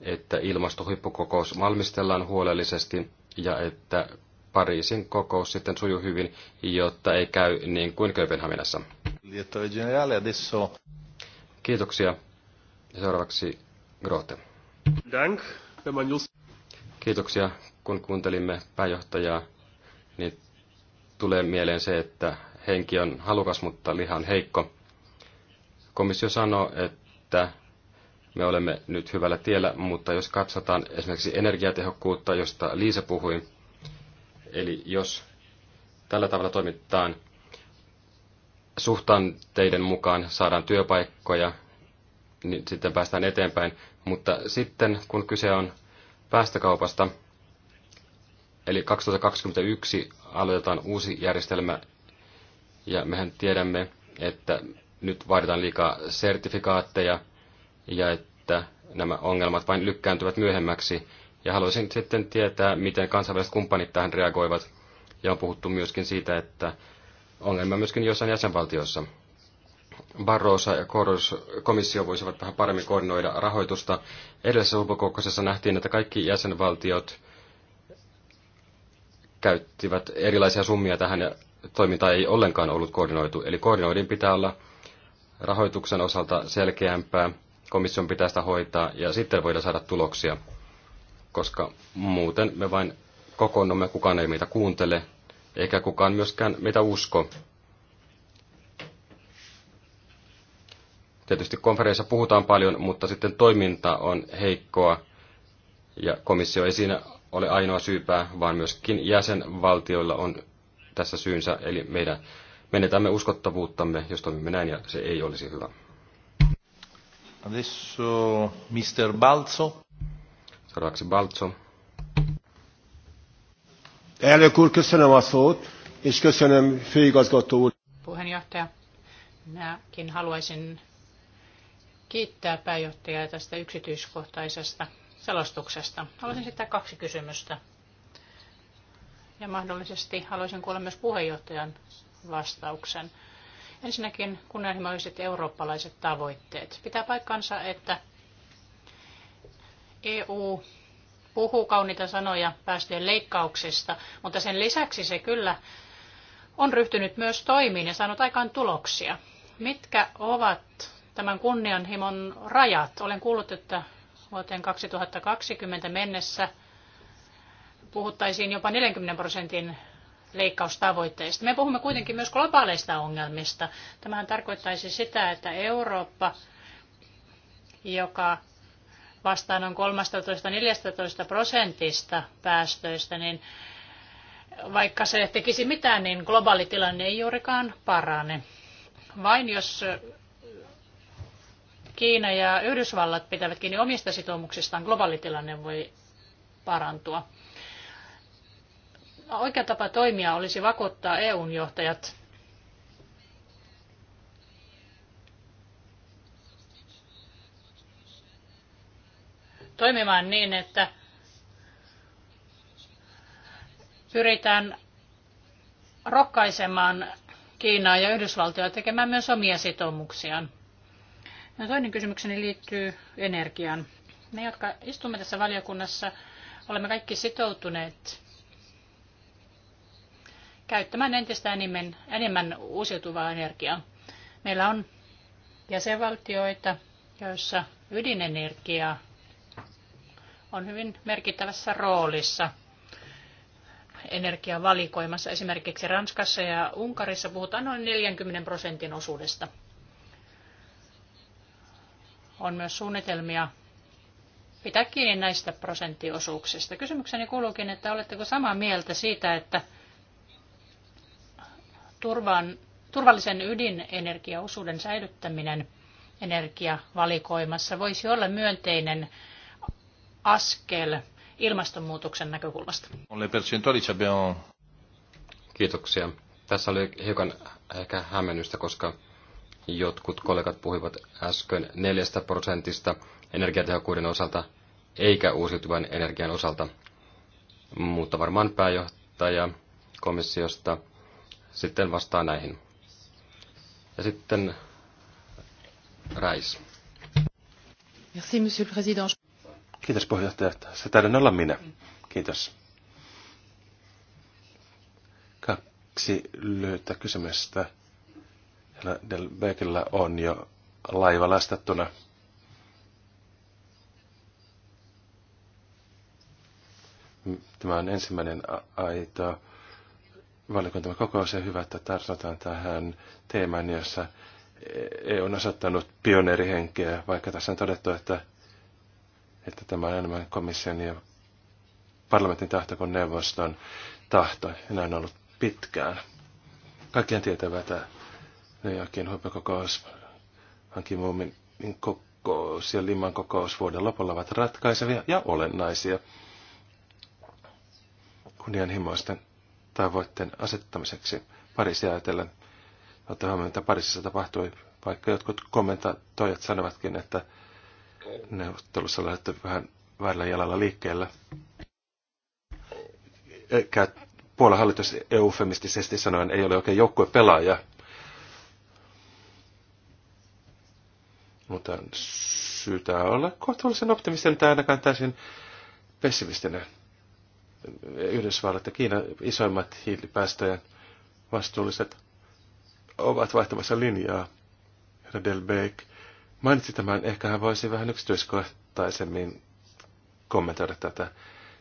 että ilmastohuippukokous valmistellaan huolellisesti ja että Pariisin kokous sitten sujuu hyvin, jotta ei käy niin kuin Kööpenhaminassa. Kiitoksia. Ja seuraavaksi Grote. Kiitoksia, kun kuuntelimme pääjohtajaa niin tulee mieleen se, että henki on halukas, mutta liha on heikko. Komissio sanoo, että me olemme nyt hyvällä tiellä, mutta jos katsotaan esimerkiksi energiatehokkuutta, josta Liisa puhui, eli jos tällä tavalla toimitaan suhtanteiden mukaan, saadaan työpaikkoja, niin sitten päästään eteenpäin. Mutta sitten kun kyse on päästökaupasta, Eli 2021 aloitetaan uusi järjestelmä, ja mehän tiedämme, että nyt vaaditaan liikaa sertifikaatteja, ja että nämä ongelmat vain lykkääntyvät myöhemmäksi. Ja haluaisin sitten tietää, miten kansainväliset kumppanit tähän reagoivat. Ja on puhuttu myöskin siitä, että ongelma myöskin jossain jäsenvaltioissa. Barroosa ja Koros, komissio voisivat vähän paremmin koordinoida rahoitusta. Edellisessä ulkokokouksessa nähtiin, että kaikki jäsenvaltiot käyttivät erilaisia summia tähän ja toiminta ei ollenkaan ollut koordinoitu. Eli koordinoidin pitää olla rahoituksen osalta selkeämpää, komission pitää sitä hoitaa ja sitten voidaan saada tuloksia, koska muuten me vain kokoonnumme, kukaan ei meitä kuuntele, eikä kukaan myöskään meitä usko. Tietysti konferenssissa puhutaan paljon, mutta sitten toiminta on heikkoa ja komissio ei siinä ole ainoa syypää, vaan myöskin jäsenvaltioilla on tässä syynsä, eli meidän menetämme uskottavuuttamme, jos toimimme näin, ja se ei olisi hyvä. Adesso Mr. Balzo. Seuraavaksi Balzo. Elnök köszönöm a szót, és köszönöm főigazgató úr. Puheenjohtaja, minäkin haluaisin kiittää pääjohtajaa tästä yksityiskohtaisesta selostuksesta. Haluaisin esittää kaksi kysymystä. Ja mahdollisesti haluaisin kuulla myös puheenjohtajan vastauksen. Ensinnäkin kunnianhimoiset eurooppalaiset tavoitteet. Pitää paikkansa, että EU puhuu kauniita sanoja päästöjen leikkauksista, mutta sen lisäksi se kyllä on ryhtynyt myös toimiin ja saanut aikaan tuloksia. Mitkä ovat tämän kunnianhimon rajat? Olen kuullut, että vuoteen 2020 mennessä puhuttaisiin jopa 40 prosentin leikkaustavoitteista. Me puhumme kuitenkin myös globaaleista ongelmista. Tämähän tarkoittaisi sitä, että Eurooppa, joka vastaa noin 13-14 prosentista päästöistä, niin vaikka se tekisi mitään, niin globaali tilanne ei juurikaan parane. Vain jos Kiina ja Yhdysvallat pitävät kiinni omista sitoumuksistaan, globaali tilanne voi parantua. Oikea tapa toimia olisi vakuuttaa EUn johtajat toimimaan niin, että pyritään rohkaisemaan Kiinaa ja Yhdysvaltoja tekemään myös omia sitoumuksiaan. No toinen kysymykseni liittyy energiaan. Me, jotka istumme tässä valiokunnassa, olemme kaikki sitoutuneet käyttämään entistä enemmän, enemmän uusiutuvaa energiaa. Meillä on jäsenvaltioita, joissa ydinenergia on hyvin merkittävässä roolissa energiavalikoimassa. Esimerkiksi Ranskassa ja Unkarissa puhutaan noin 40 prosentin osuudesta on myös suunnitelmia pitää kiinni näistä prosenttiosuuksista. Kysymykseni kuuluukin, että oletteko samaa mieltä siitä, että turvan, turvallisen ydinenergiaosuuden säilyttäminen energiavalikoimassa voisi olla myönteinen askel ilmastonmuutoksen näkökulmasta? Kiitoksia. Tässä oli hiukan ehkä hämmennystä, koska Jotkut kollegat puhuivat äsken 4 prosentista energiatehokkuuden osalta, eikä uusiutuvan energian osalta. Mutta varmaan pääjohtaja komissiosta sitten vastaa näihin. Ja sitten Räis. Merci, monsieur le président. Kiitos puheenjohtaja. Se täydän olla minä. Kiitos. Kaksi lyhyttä kysymystä Beckillä on jo laiva lastattuna. Tämä on ensimmäinen aito valiokuntamme kokous ja hyvä, että tartutaan tähän teemaan, jossa EU e on osoittanut pioneerihenkeä, vaikka tässä on todettu, että, että tämä on enemmän komission ja parlamentin tahto kuin neuvoston tahto. Ja näin on ollut pitkään. Kaikkien tietävät, että New Yorkin hankin Hankimuumin kokous ja Liman kokous vuoden lopulla ovat ratkaisevia ja olennaisia kunnianhimoisten tavoitteen asettamiseksi Pariisia ajatellen. Otta huomioon, että Pariisissa tapahtui, vaikka jotkut kommentoijat sanovatkin, että neuvottelussa lähdetty vähän väärällä jalalla liikkeellä. Puola hallitus eufemistisesti sanoen ei ole oikein joukkue pelaaja. Mutta syytä olla kohtuullisen optimistinen tai ainakaan täysin pessimistinen. Yhdysvallat ja Kiina isoimmat hiilipäästöjen vastuulliset ovat vaihtamassa linjaa. Herra Delbeek mainitsi tämän, ehkä hän voisi vähän yksityiskohtaisemmin kommentoida tätä,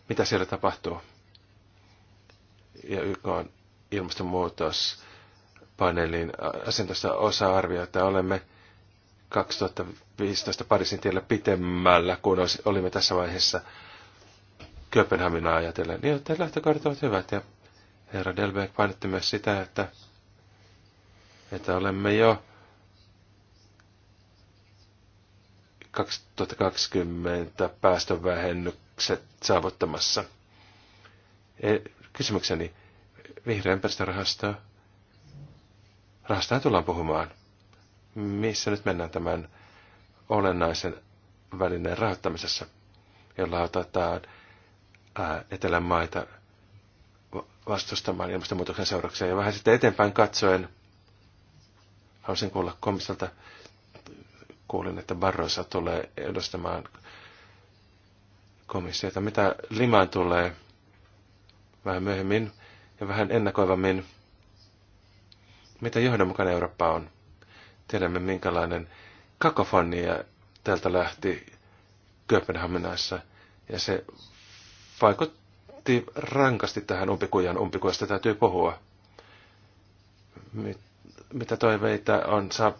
mitä siellä tapahtuu. Ja YK on ilmastonmuutos asentossa osa arviota, olemme 2015 Pariisin tiellä pitemmällä, kun olimme tässä vaiheessa Kööpenhaminaa ajatellen. Niin, että lähtökohdat ovat hyvät ja herra Delbeck painotti myös sitä, että, että olemme jo 2020 päästövähennykset saavuttamassa. E, kysymykseni, vihreä ympäristörahasto, rahastaan tullaan puhumaan missä nyt mennään tämän olennaisen välineen rahoittamisessa, jolla otetaan etelän maita vastustamaan ilmastonmuutoksen seurauksia. Ja vähän sitten eteenpäin katsoen, haluaisin kuulla komissalta, kuulin, että Barroissa tulee edustamaan komissiota. Mitä Limaan tulee vähän myöhemmin ja vähän ennakoivammin, mitä johdonmukainen Eurooppa on? Tiedämme, minkälainen kakofonia täältä lähti Kööpenhaminassa. Ja se vaikutti rankasti tähän umpikujan umpikujasta täytyy puhua. Mit, mitä toiveita on? Saa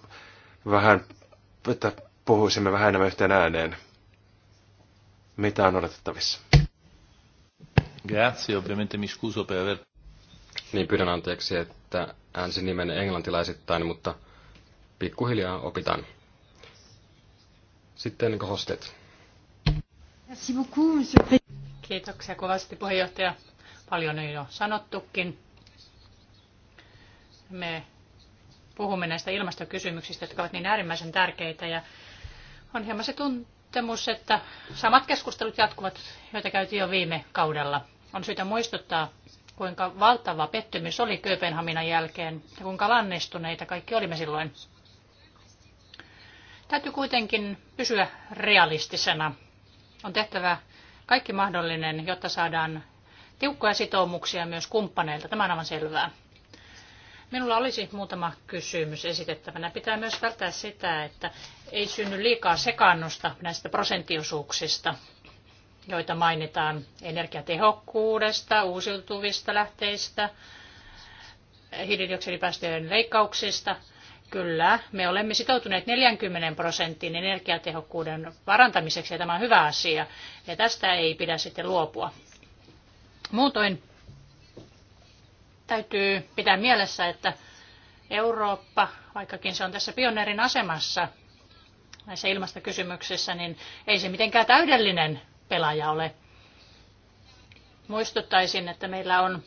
vähän, että puhuisimme vähän enemmän yhteen ääneen. Mitä on odotettavissa? Grazie, ovviamente mi scuso per aver... Niin pyydän anteeksi, että äänsin nimen englantilaisittain, mutta pikkuhiljaa opitaan. Sitten Hostet. Kiitoksia kovasti puheenjohtaja. Paljon on jo sanottukin. Me puhumme näistä ilmastokysymyksistä, jotka ovat niin äärimmäisen tärkeitä ja on hieman se tuntemus, että samat keskustelut jatkuvat, joita käytiin jo viime kaudella. On syytä muistuttaa, kuinka valtava pettymys oli Kööpenhaminan jälkeen ja kuinka lannistuneita kaikki olimme silloin. Täytyy kuitenkin pysyä realistisena. On tehtävä kaikki mahdollinen, jotta saadaan tiukkoja sitoumuksia myös kumppaneilta. Tämä on aivan selvää. Minulla olisi muutama kysymys esitettävänä. Pitää myös välttää sitä, että ei synny liikaa sekannusta näistä prosenttiosuuksista, joita mainitaan energiatehokkuudesta, uusiutuvista lähteistä, hiilidioksidipäästöjen leikkauksista – Kyllä, me olemme sitoutuneet 40 prosenttiin energiatehokkuuden parantamiseksi ja tämä on hyvä asia. Ja tästä ei pidä sitten luopua. Muutoin täytyy pitää mielessä, että Eurooppa, vaikkakin se on tässä pioneerin asemassa näissä ilmastokysymyksissä, niin ei se mitenkään täydellinen pelaaja ole. Muistuttaisin, että meillä on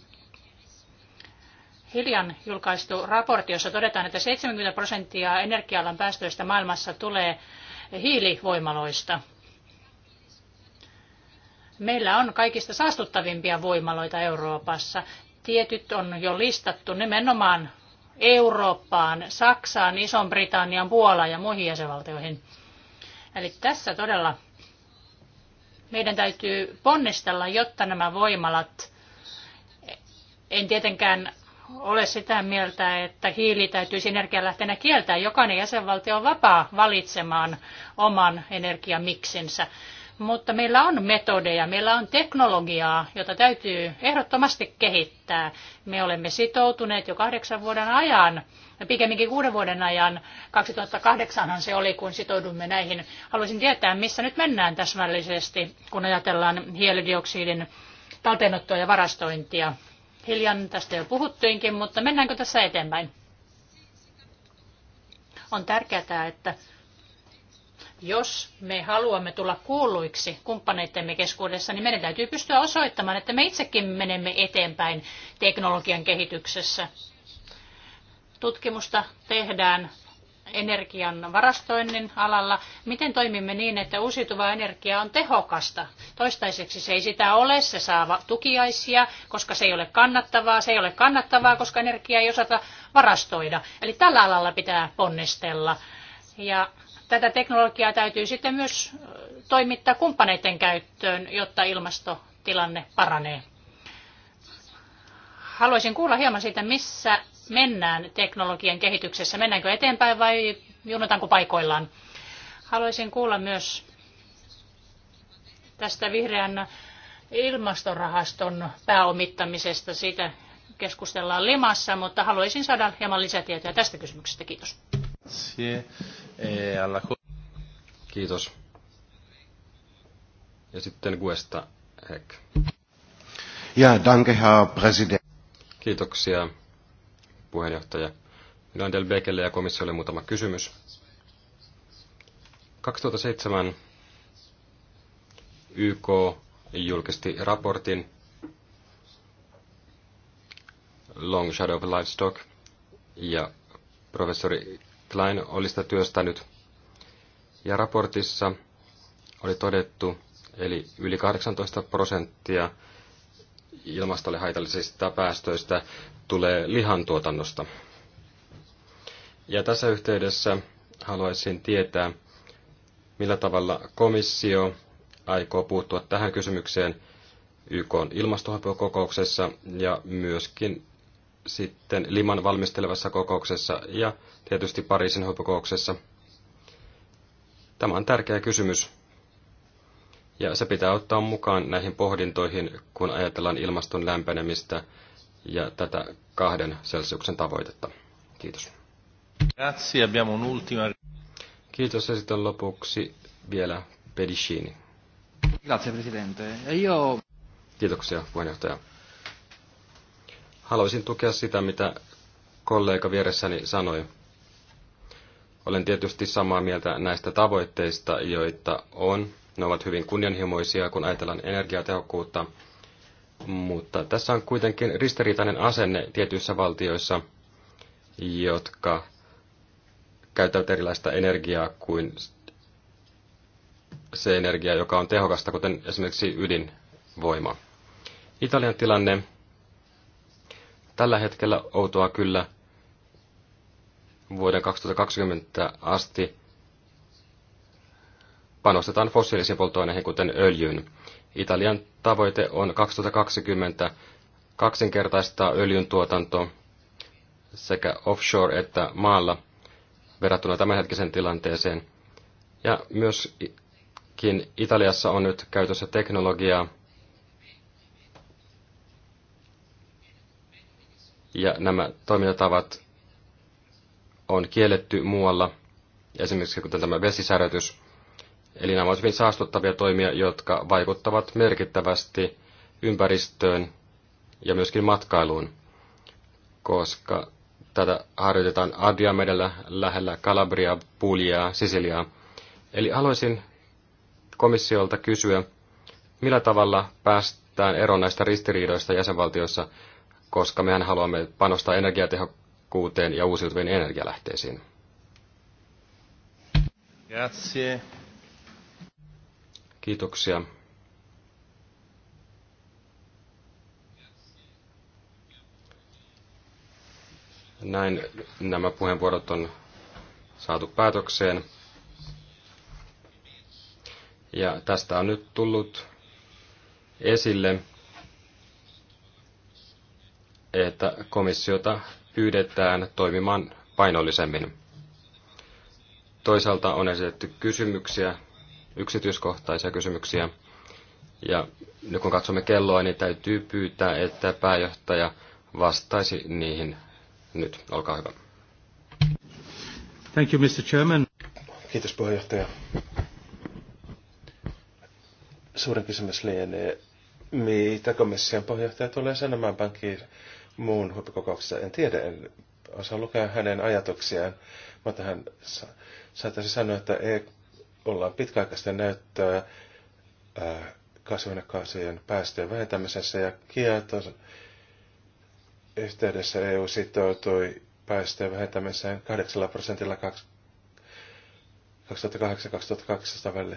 hiljan julkaistu raportti, jossa todetaan, että 70 prosenttia energialan päästöistä maailmassa tulee hiilivoimaloista. Meillä on kaikista saastuttavimpia voimaloita Euroopassa. Tietyt on jo listattu nimenomaan Eurooppaan, Saksaan, iso britannian Puolaan ja muihin jäsenvaltioihin. Eli tässä todella meidän täytyy ponnistella, jotta nämä voimalat, en tietenkään ole sitä mieltä, että hiili täytyisi energialähteenä kieltää. Jokainen jäsenvaltio on vapaa valitsemaan oman energiamiksensä. Mutta meillä on metodeja, meillä on teknologiaa, jota täytyy ehdottomasti kehittää. Me olemme sitoutuneet jo kahdeksan vuoden ajan, ja pikemminkin kuuden vuoden ajan, 2008han se oli, kun sitoudumme näihin. Haluaisin tietää, missä nyt mennään täsmällisesti, kun ajatellaan hiilidioksidin talteenottoa ja varastointia Hiljan tästä jo puhuttiinkin, mutta mennäänkö tässä eteenpäin? On tärkeää, että jos me haluamme tulla kuulluiksi kumppaneittemme keskuudessa, niin meidän täytyy pystyä osoittamaan, että me itsekin menemme eteenpäin teknologian kehityksessä. Tutkimusta tehdään energian varastoinnin alalla. Miten toimimme niin, että uusiutuva energia on tehokasta? Toistaiseksi se ei sitä ole, se saa tukiaisia, koska se ei ole kannattavaa, se ei ole kannattavaa, koska energiaa ei osata varastoida. Eli tällä alalla pitää ponnistella. Ja tätä teknologiaa täytyy sitten myös toimittaa kumppaneiden käyttöön, jotta ilmastotilanne paranee. Haluaisin kuulla hieman siitä, missä mennään teknologian kehityksessä? Mennäänkö eteenpäin vai junataanko paikoillaan? Haluaisin kuulla myös tästä vihreän ilmastorahaston pääomittamisesta. Siitä keskustellaan Limassa, mutta haluaisin saada hieman lisätietoja tästä kysymyksestä. Kiitos. Eh, Kiitos. Ja sitten Guesta Heck. Ja, danke, Herr President. Kiitoksia, puheenjohtaja. minulla on Del ja komissiolle muutama kysymys. 2007 YK julkisti raportin Long Shadow of Livestock ja professori Klein oli sitä työstänyt. Ja raportissa oli todettu, eli yli 18 prosenttia ilmastolle haitallisista päästöistä tulee lihantuotannosta. Ja tässä yhteydessä haluaisin tietää, millä tavalla komissio aikoo puuttua tähän kysymykseen YK ilmastohapokokouksessa ja myöskin sitten Liman valmistelevassa kokouksessa ja tietysti Pariisin huippukokouksessa. Tämä on tärkeä kysymys, ja se pitää ottaa mukaan näihin pohdintoihin, kun ajatellaan ilmaston lämpenemistä ja tätä kahden selsiuksen tavoitetta. Kiitos. Grazie, abbiamo un'ultima. Kiitos ja sitten lopuksi vielä Pedicini. Grazie, Presidente. E io... Kiitoksia, puheenjohtaja. Haluaisin tukea sitä, mitä kollega vieressäni sanoi. Olen tietysti samaa mieltä näistä tavoitteista, joita on ne ovat hyvin kunnianhimoisia, kun ajatellaan energiatehokkuutta, mutta tässä on kuitenkin ristiriitainen asenne tietyissä valtioissa, jotka käyttävät erilaista energiaa kuin se energia, joka on tehokasta, kuten esimerkiksi ydinvoima. Italian tilanne tällä hetkellä outoa kyllä vuoden 2020 asti panostetaan fossiilisiin polttoaineihin, kuten öljyyn. Italian tavoite on 2020 kaksinkertaistaa öljyn tuotanto sekä offshore että maalla verrattuna tämänhetkisen tilanteeseen. Ja myöskin Italiassa on nyt käytössä teknologiaa, ja nämä toimintatavat on kielletty muualla, esimerkiksi kuten tämä vesisärötys – Eli nämä ovat hyvin saastuttavia toimia, jotka vaikuttavat merkittävästi ympäristöön ja myöskin matkailuun, koska tätä harjoitetaan Adriamedellä lähellä Kalabria, Puljaa, Sisiliaa. Eli haluaisin komissiolta kysyä, millä tavalla päästään eroon näistä ristiriidoista jäsenvaltioissa, koska mehän haluamme panostaa energiatehokkuuteen ja uusiutuviin energialähteisiin. Grazie. Kiitoksia. Näin nämä puheenvuorot on saatu päätökseen. Ja tästä on nyt tullut esille, että komissiota pyydetään toimimaan painollisemmin. Toisaalta on esitetty kysymyksiä yksityiskohtaisia kysymyksiä. Ja nyt kun katsomme kelloa, niin täytyy pyytää, että pääjohtaja vastaisi niihin nyt. Olkaa hyvä. Thank you, Mr. Chairman. Kiitos puheenjohtaja. Suurin kysymys lienee, mitä komission puheenjohtaja tulee sanomaan pankkiin muun huippukokouksessa. En tiedä, en osaa lukea hänen ajatuksiaan, mutta hän saattaisi sanoa, että e- ollaan pitkäaikaista näyttöä äh, kasvihuonekaasujen päästöjen vähentämisessä ja kieton yhteydessä EU sitoutui päästöjen vähentämiseen 8 prosentilla 2008-2012 välillä.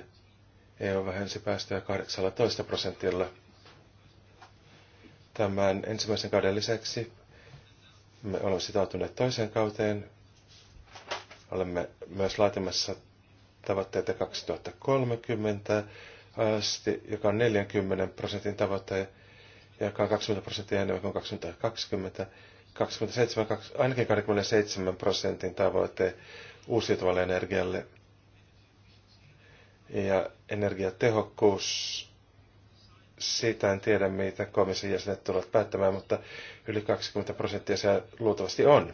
EU vähensi päästöjä 18 prosentilla. Tämän ensimmäisen kauden lisäksi me olemme sitoutuneet toiseen kauteen. Olemme myös laatimassa tavoitteita 2030 asti, joka on 40 prosentin tavoite, joka on 20 prosenttia enemmän kuin 2020. 27, ainakin 27 prosentin tavoite uusiutuvalle energialle. Ja energiatehokkuus, siitä en tiedä, mitä komission jäsenet tulevat päättämään, mutta yli 20 prosenttia se luultavasti on.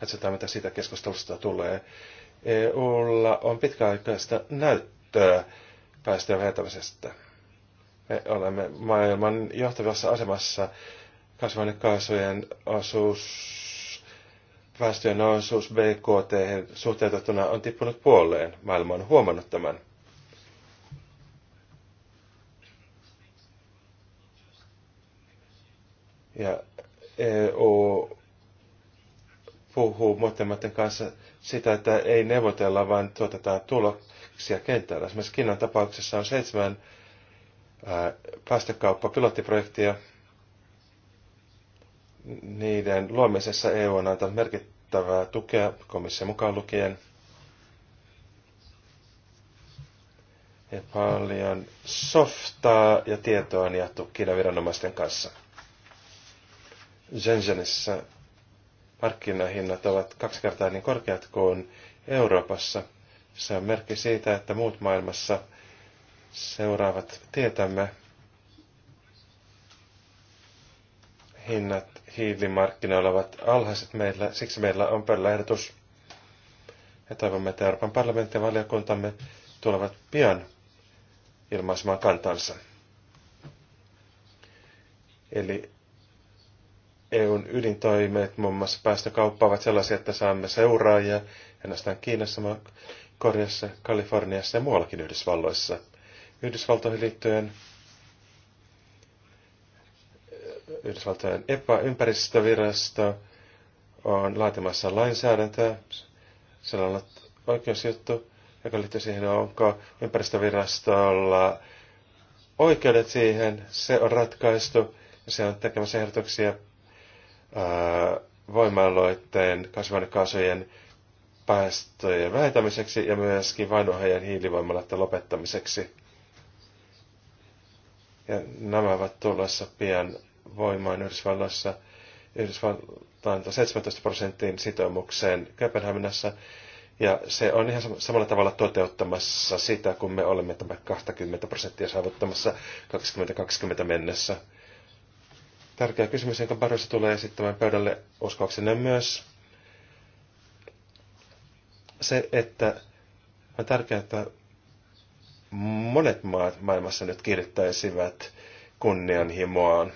Katsotaan, mitä siitä keskustelusta tulee. EUlla on pitkäaikaista näyttöä päästöjen vähentämisestä. Me olemme maailman johtavassa asemassa kasvainekaasujen osuus, päästöjen osuus BKT suhteutettuna on tippunut puoleen. Maailma on huomannut tämän. Ja EU puhuu muiden maiden kanssa sitä, että ei neuvotella, vaan tuotetaan tuloksia kentällä. Esimerkiksi Kiinan tapauksessa on seitsemän päästökauppapilottiprojektia. pilottiprojektia. Niiden luomisessa EU on antanut merkittävää tukea komission mukaan lukien. Ja paljon softaa ja tietoa on jaettu Kiinan viranomaisten kanssa. Shenzhenissä markkinahinnat ovat kaksi kertaa niin korkeat kuin Euroopassa. Se on merkki siitä, että muut maailmassa seuraavat tietämme. Hinnat hiilimarkkinoilla ovat alhaiset meillä, siksi meillä on pöydällä ehdotus. Ja toivomme, että Euroopan parlamentti ja valiokuntamme tulevat pian ilmaisemaan kantansa. Eli EUn ydintoimet, muun muassa päästökauppa, ovat sellaisia, että saamme seuraajia ainoastaan Kiinassa, Koreassa, Kaliforniassa ja muuallakin Yhdysvalloissa. Yhdysvaltoihin liittyen Yhdysvaltojen epäympäristövirasto on laatimassa lainsäädäntöä, sellainen oikeusjuttu, joka liittyy siihen, onko ympäristövirastolla oikeudet siihen, se on ratkaistu, ja se on tekemässä ehdotuksia voimaloitteen kasvihuonekaasujen päästöjen vähentämiseksi ja myöskin vainohaajan hiilivoimaloiden lopettamiseksi. Ja nämä ovat tulossa pian voimaan Yhdysvalloissa. Yhdysvaltain 17 prosentin sitoumukseen Kööpenhaminassa. Ja se on ihan samalla tavalla toteuttamassa sitä, kun me olemme tämä 20 prosenttia saavuttamassa 2020 mennessä tärkeä kysymys, jonka Barossa tulee esittämään pöydälle uskoaksenne myös se, että on tärkeää, että monet maat maailmassa nyt kirittäisivät kunnianhimoaan.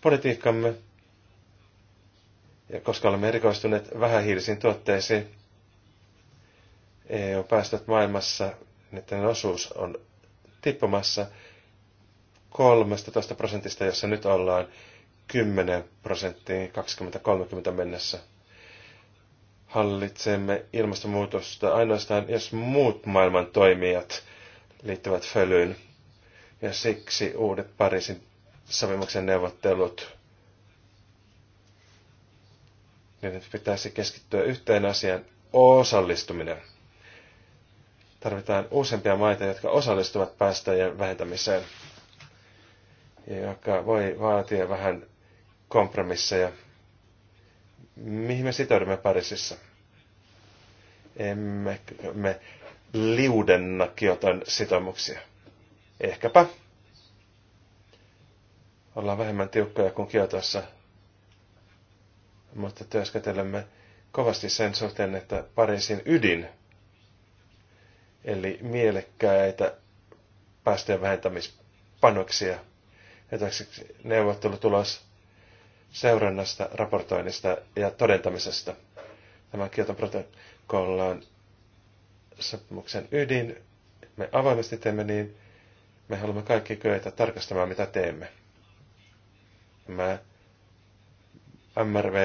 Politiikkamme, ja koska olemme erikoistuneet vähähiilisiin tuotteisiin, EU-päästöt maailmassa, niiden osuus on tippumassa – 13 prosentista, jossa nyt ollaan, 10 prosenttiin 2030 mennessä. Hallitsemme ilmastonmuutosta ainoastaan, jos muut maailman toimijat liittyvät fölyyn. Ja siksi uudet Pariisin sopimuksen neuvottelut niin pitäisi keskittyä yhteen asiaan, osallistuminen. Tarvitaan useampia maita, jotka osallistuvat päästöjen vähentämiseen joka voi vaatia vähän kompromisseja. Mihin me sitoudumme Pariisissa? Emme me liudenna Kioton sitoumuksia. Ehkäpä. Ollaan vähemmän tiukkoja kuin Kiotossa, mutta työskentelemme kovasti sen suhteen, että Pariisin ydin, eli mielekkäitä päästöjen vähentämispanoksia – etäiseksi neuvottelutulos seurannasta, raportoinnista ja todentamisesta. Tämän Kioton protokollan sopimuksen ydin. Me avoimesti teemme niin, me haluamme kaikki kyetä tarkastamaan, mitä teemme. Mä MRV,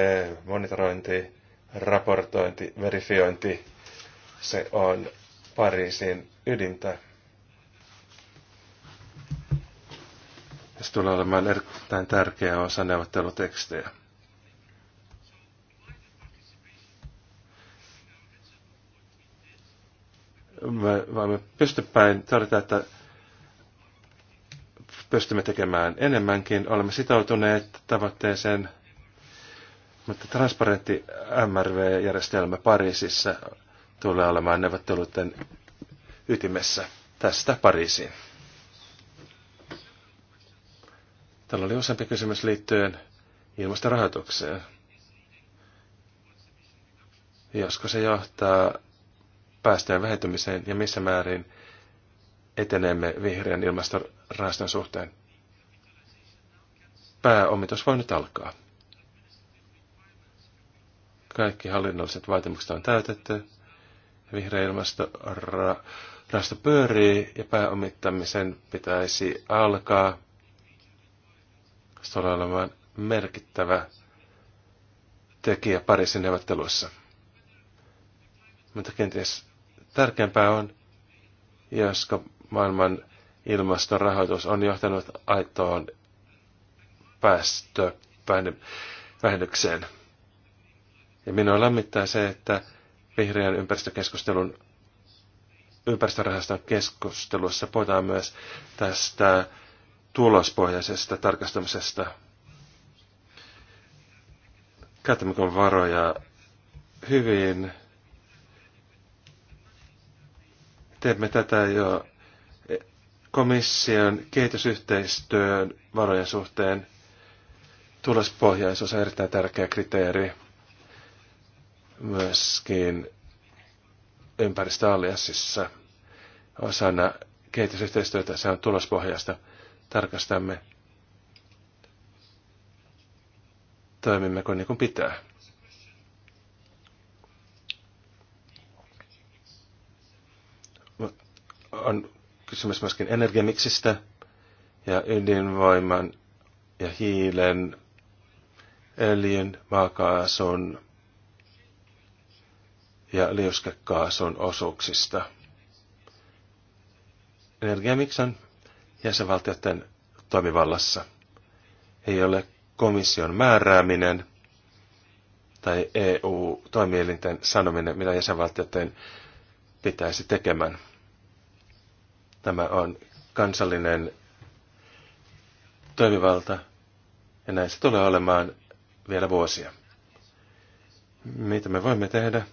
monitorointi, raportointi, verifiointi, se on Pariisin ydintä. ja se tulee olemaan erittäin tärkeä osa neuvottelutekstejä. Me voimme pystypäin todeta, että pystymme tekemään enemmänkin. Olemme sitoutuneet tavoitteeseen, mutta transparentti MRV-järjestelmä Pariisissa tulee olemaan neuvotteluiden ytimessä tästä Pariisiin. Täällä oli useampi kysymys liittyen ilmastorahoitukseen. Josko se johtaa päästöjen vähentymiseen ja missä määrin etenemme vihreän ilmastorahaston suhteen. Pääomitus voi nyt alkaa. Kaikki hallinnolliset vaatimukset on täytetty. Vihreä ilmastorahasto pyörii ja pääomittamisen pitäisi alkaa se tulee olemaan merkittävä tekijä Pariisin neuvotteluissa. Mutta kenties tärkeämpää on, josko maailman ilmastorahoitus on johtanut aitoon päästövähennykseen. Ja minua lämmittää se, että vihreän ympäristökeskustelun ympäristörahaston keskustelussa puhutaan myös tästä tulospohjaisesta tarkastamisesta. Käytämmekö varoja hyvin? Teemme tätä jo komission kehitysyhteistyön varojen suhteen. Tulospohjaisuus on erittäin tärkeä kriteeri. Myöskin ympäristöallianssissa osana kehitysyhteistyötä se on tulospohjaista tarkastamme, toimimmeko niin kuin pitää. On kysymys myöskin energiamiksistä ja ydinvoiman ja hiilen, öljyn, maakaasun ja liuskekaasun osuuksista. Energiamix on jäsenvaltioiden toimivallassa. Ei ole komission määrääminen tai EU-toimielinten sanominen, mitä jäsenvaltioiden pitäisi tekemään. Tämä on kansallinen toimivalta, ja näin se tulee olemaan vielä vuosia. Mitä me voimme tehdä?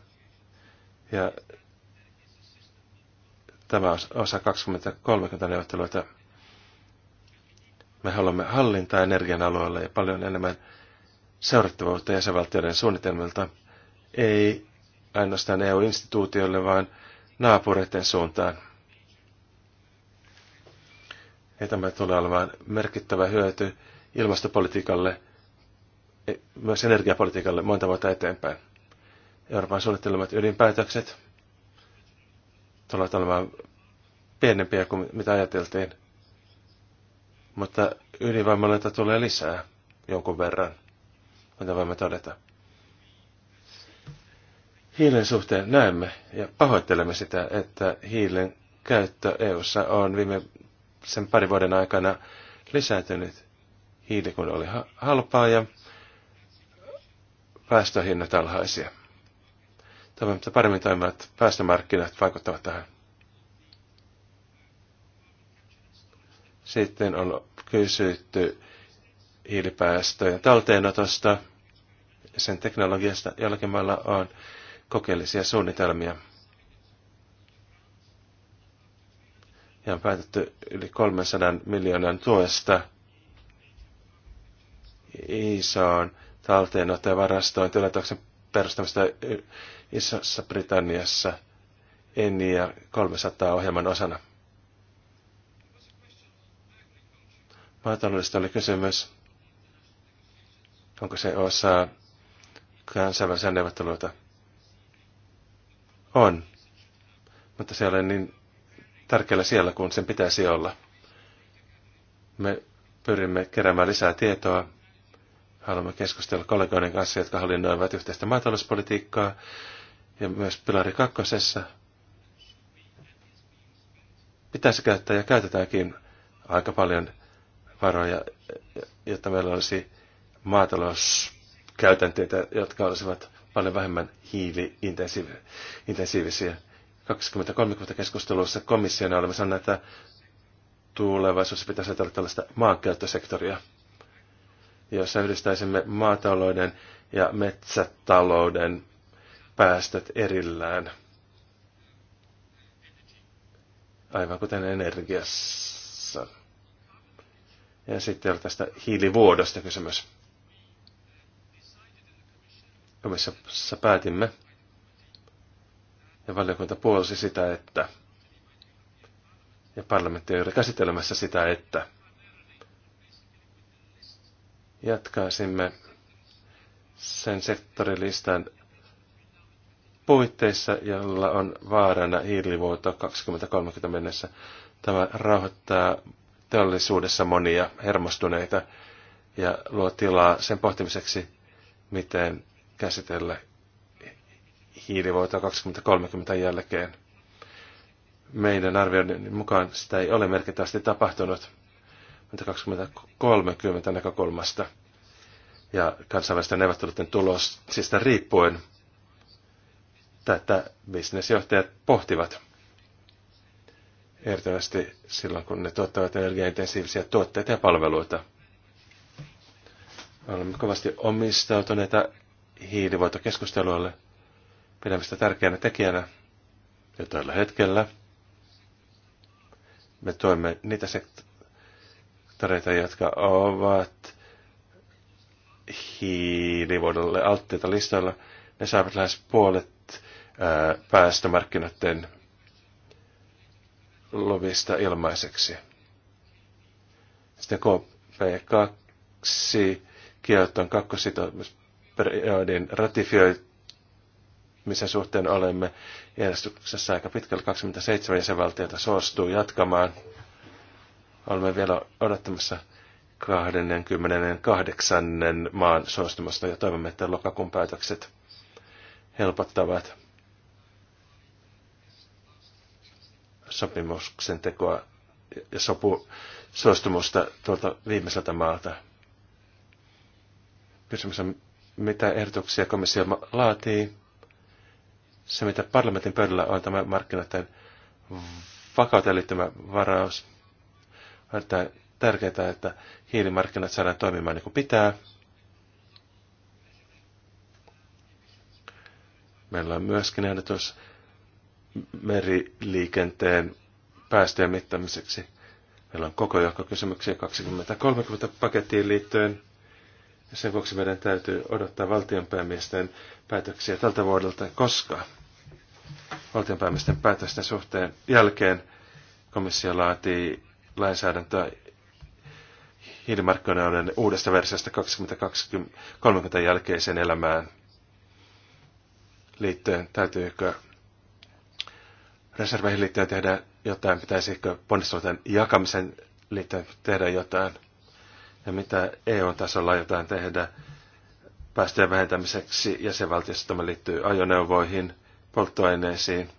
Ja tämä on osa 2030 neuvotteluita me haluamme hallintaa energian alueella ja paljon enemmän seurattavuutta jäsenvaltioiden suunnitelmilta, ei ainoastaan EU-instituutioille, vaan naapureiden suuntaan. Ja tämä tulee olemaan merkittävä hyöty ilmastopolitiikalle, e, myös energiapolitiikalle monta vuotta eteenpäin. Euroopan suunnittelemat ydinpäätökset tulevat olemaan pienempiä kuin mitä ajateltiin – mutta ydinvoimaloita tulee lisää jonkun verran, mitä voimme todeta. Hiilen suhteen näemme ja pahoittelemme sitä, että hiilen käyttö EU:ssa on viime sen parin vuoden aikana lisääntynyt. Hiili kun oli halpaa ja päästöhinnat alhaisia. Toivon, että paremmin toimivat päästömarkkinat vaikuttavat tähän. Sitten on kysytty hiilipäästöjen talteenotosta, sen teknologiasta. Jollakin mailla on kokeellisia suunnitelmia. Ja on päätetty yli 300 miljoonan tuesta isoon talteenotto- ja varastointilaitoksen perustamista Isossa Britanniassa enniä 300 ohjelman osana. maataloudesta oli kysymys. Onko se osa kansainvälisiä neuvotteluita? On. Mutta se ei niin tärkeällä siellä kuin sen pitäisi olla. Me pyrimme keräämään lisää tietoa. Haluamme keskustella kollegoiden kanssa, jotka hallinnoivat yhteistä maatalouspolitiikkaa. Ja myös Pilari kakkosessa pitäisi käyttää ja käytetäänkin aika paljon varoja, jotta meillä olisi maatalouskäytänteitä, jotka olisivat paljon vähemmän hiiliintensiivisiä. 20-30 keskustelussa komissiona olemme sanoneet, että tulevaisuudessa pitäisi ajatella tällaista maankäyttösektoria, jossa yhdistäisimme maatalouden ja metsätalouden päästöt erillään, aivan kuten energiassa ja sitten oli tästä hiilivuodosta kysymys. Komissa päätimme, ja valiokunta puolsi sitä, että, ja parlamentti on käsittelemässä sitä, että jatkaisimme sen sektorilistan puitteissa, jolla on vaarana hiilivuoto 2030 mennessä. Tämä rahoittaa teollisuudessa monia hermostuneita ja luo tilaa sen pohtimiseksi, miten käsitellä hiilivuotoa 2030 jälkeen. Meidän arvioinnin mukaan sitä ei ole merkittävästi tapahtunut, mutta 2030 näkökulmasta ja kansainvälisten neuvotteluiden tulos, siis riippuen, tätä bisnesjohtajat pohtivat erityisesti silloin, kun ne tuottavat energiaintensiivisiä tuotteita ja palveluita. Olemme kovasti omistautuneita hiilivuotokeskusteluille pidämistä tärkeänä tekijänä. jo tällä hetkellä me tuemme niitä sektoreita, jotka ovat hiilivuodolle alttiita listoilla. Ne saavat lähes puolet päästömarkkinoiden lovista ilmaiseksi. Sitten KP2 Kioton kakkositoimisperiodin ratifioimisen suhteen olemme järjestyksessä aika pitkällä 27 jäsenvaltiota suostuu jatkamaan. Olemme vielä odottamassa 28. maan suostumusta ja toivomme, että lokakuun päätökset helpottavat sopimuksen tekoa ja sopu, suostumusta tuolta viimeiseltä maalta. Kysymys on, mitä ehdotuksia komissio laatii. Se, mitä parlamentin pöydällä on tämä markkinoiden vakauteen liittyvä varaus. On tärkeää, että hiilimarkkinat saadaan toimimaan niin kuin pitää. Meillä on myöskin ehdotus meriliikenteen päästöjen mittaamiseksi. Meillä on koko joukko kysymyksiä 2030 pakettiin liittyen. Ja sen vuoksi meidän täytyy odottaa valtionpäämiesten päätöksiä tältä vuodelta, koska valtionpäämiesten päätösten suhteen jälkeen komissio laatii lainsäädäntöä hiilimarkkinoiden uudesta versiosta 2030 jälkeiseen elämään liittyen. Täytyykö reserveihin liittyen tehdä jotain, pitäisikö ponnistelujen jakamisen liittyen tehdä jotain, ja mitä EU-tasolla jotain tehdä päästöjen vähentämiseksi jäsenvaltiossa. Tämä liittyy ajoneuvoihin, polttoaineisiin,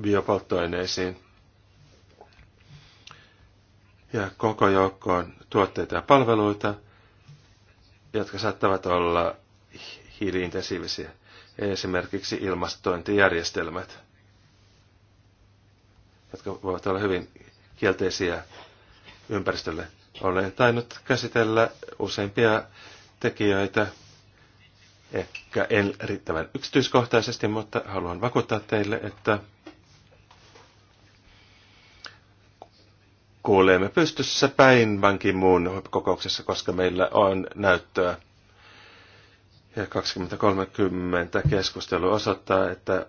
biopolttoaineisiin ja koko joukkoon tuotteita ja palveluita, jotka saattavat olla hiiliintensiivisiä, esimerkiksi ilmastointijärjestelmät – jotka voivat olla hyvin kielteisiä ympäristölle. Olen tainnut käsitellä useimpia tekijöitä, ehkä en riittävän yksityiskohtaisesti, mutta haluan vakuuttaa teille, että kuulemme pystyssä päin vankin muun kokouksessa, koska meillä on näyttöä. Ja 2030 keskustelu osoittaa, että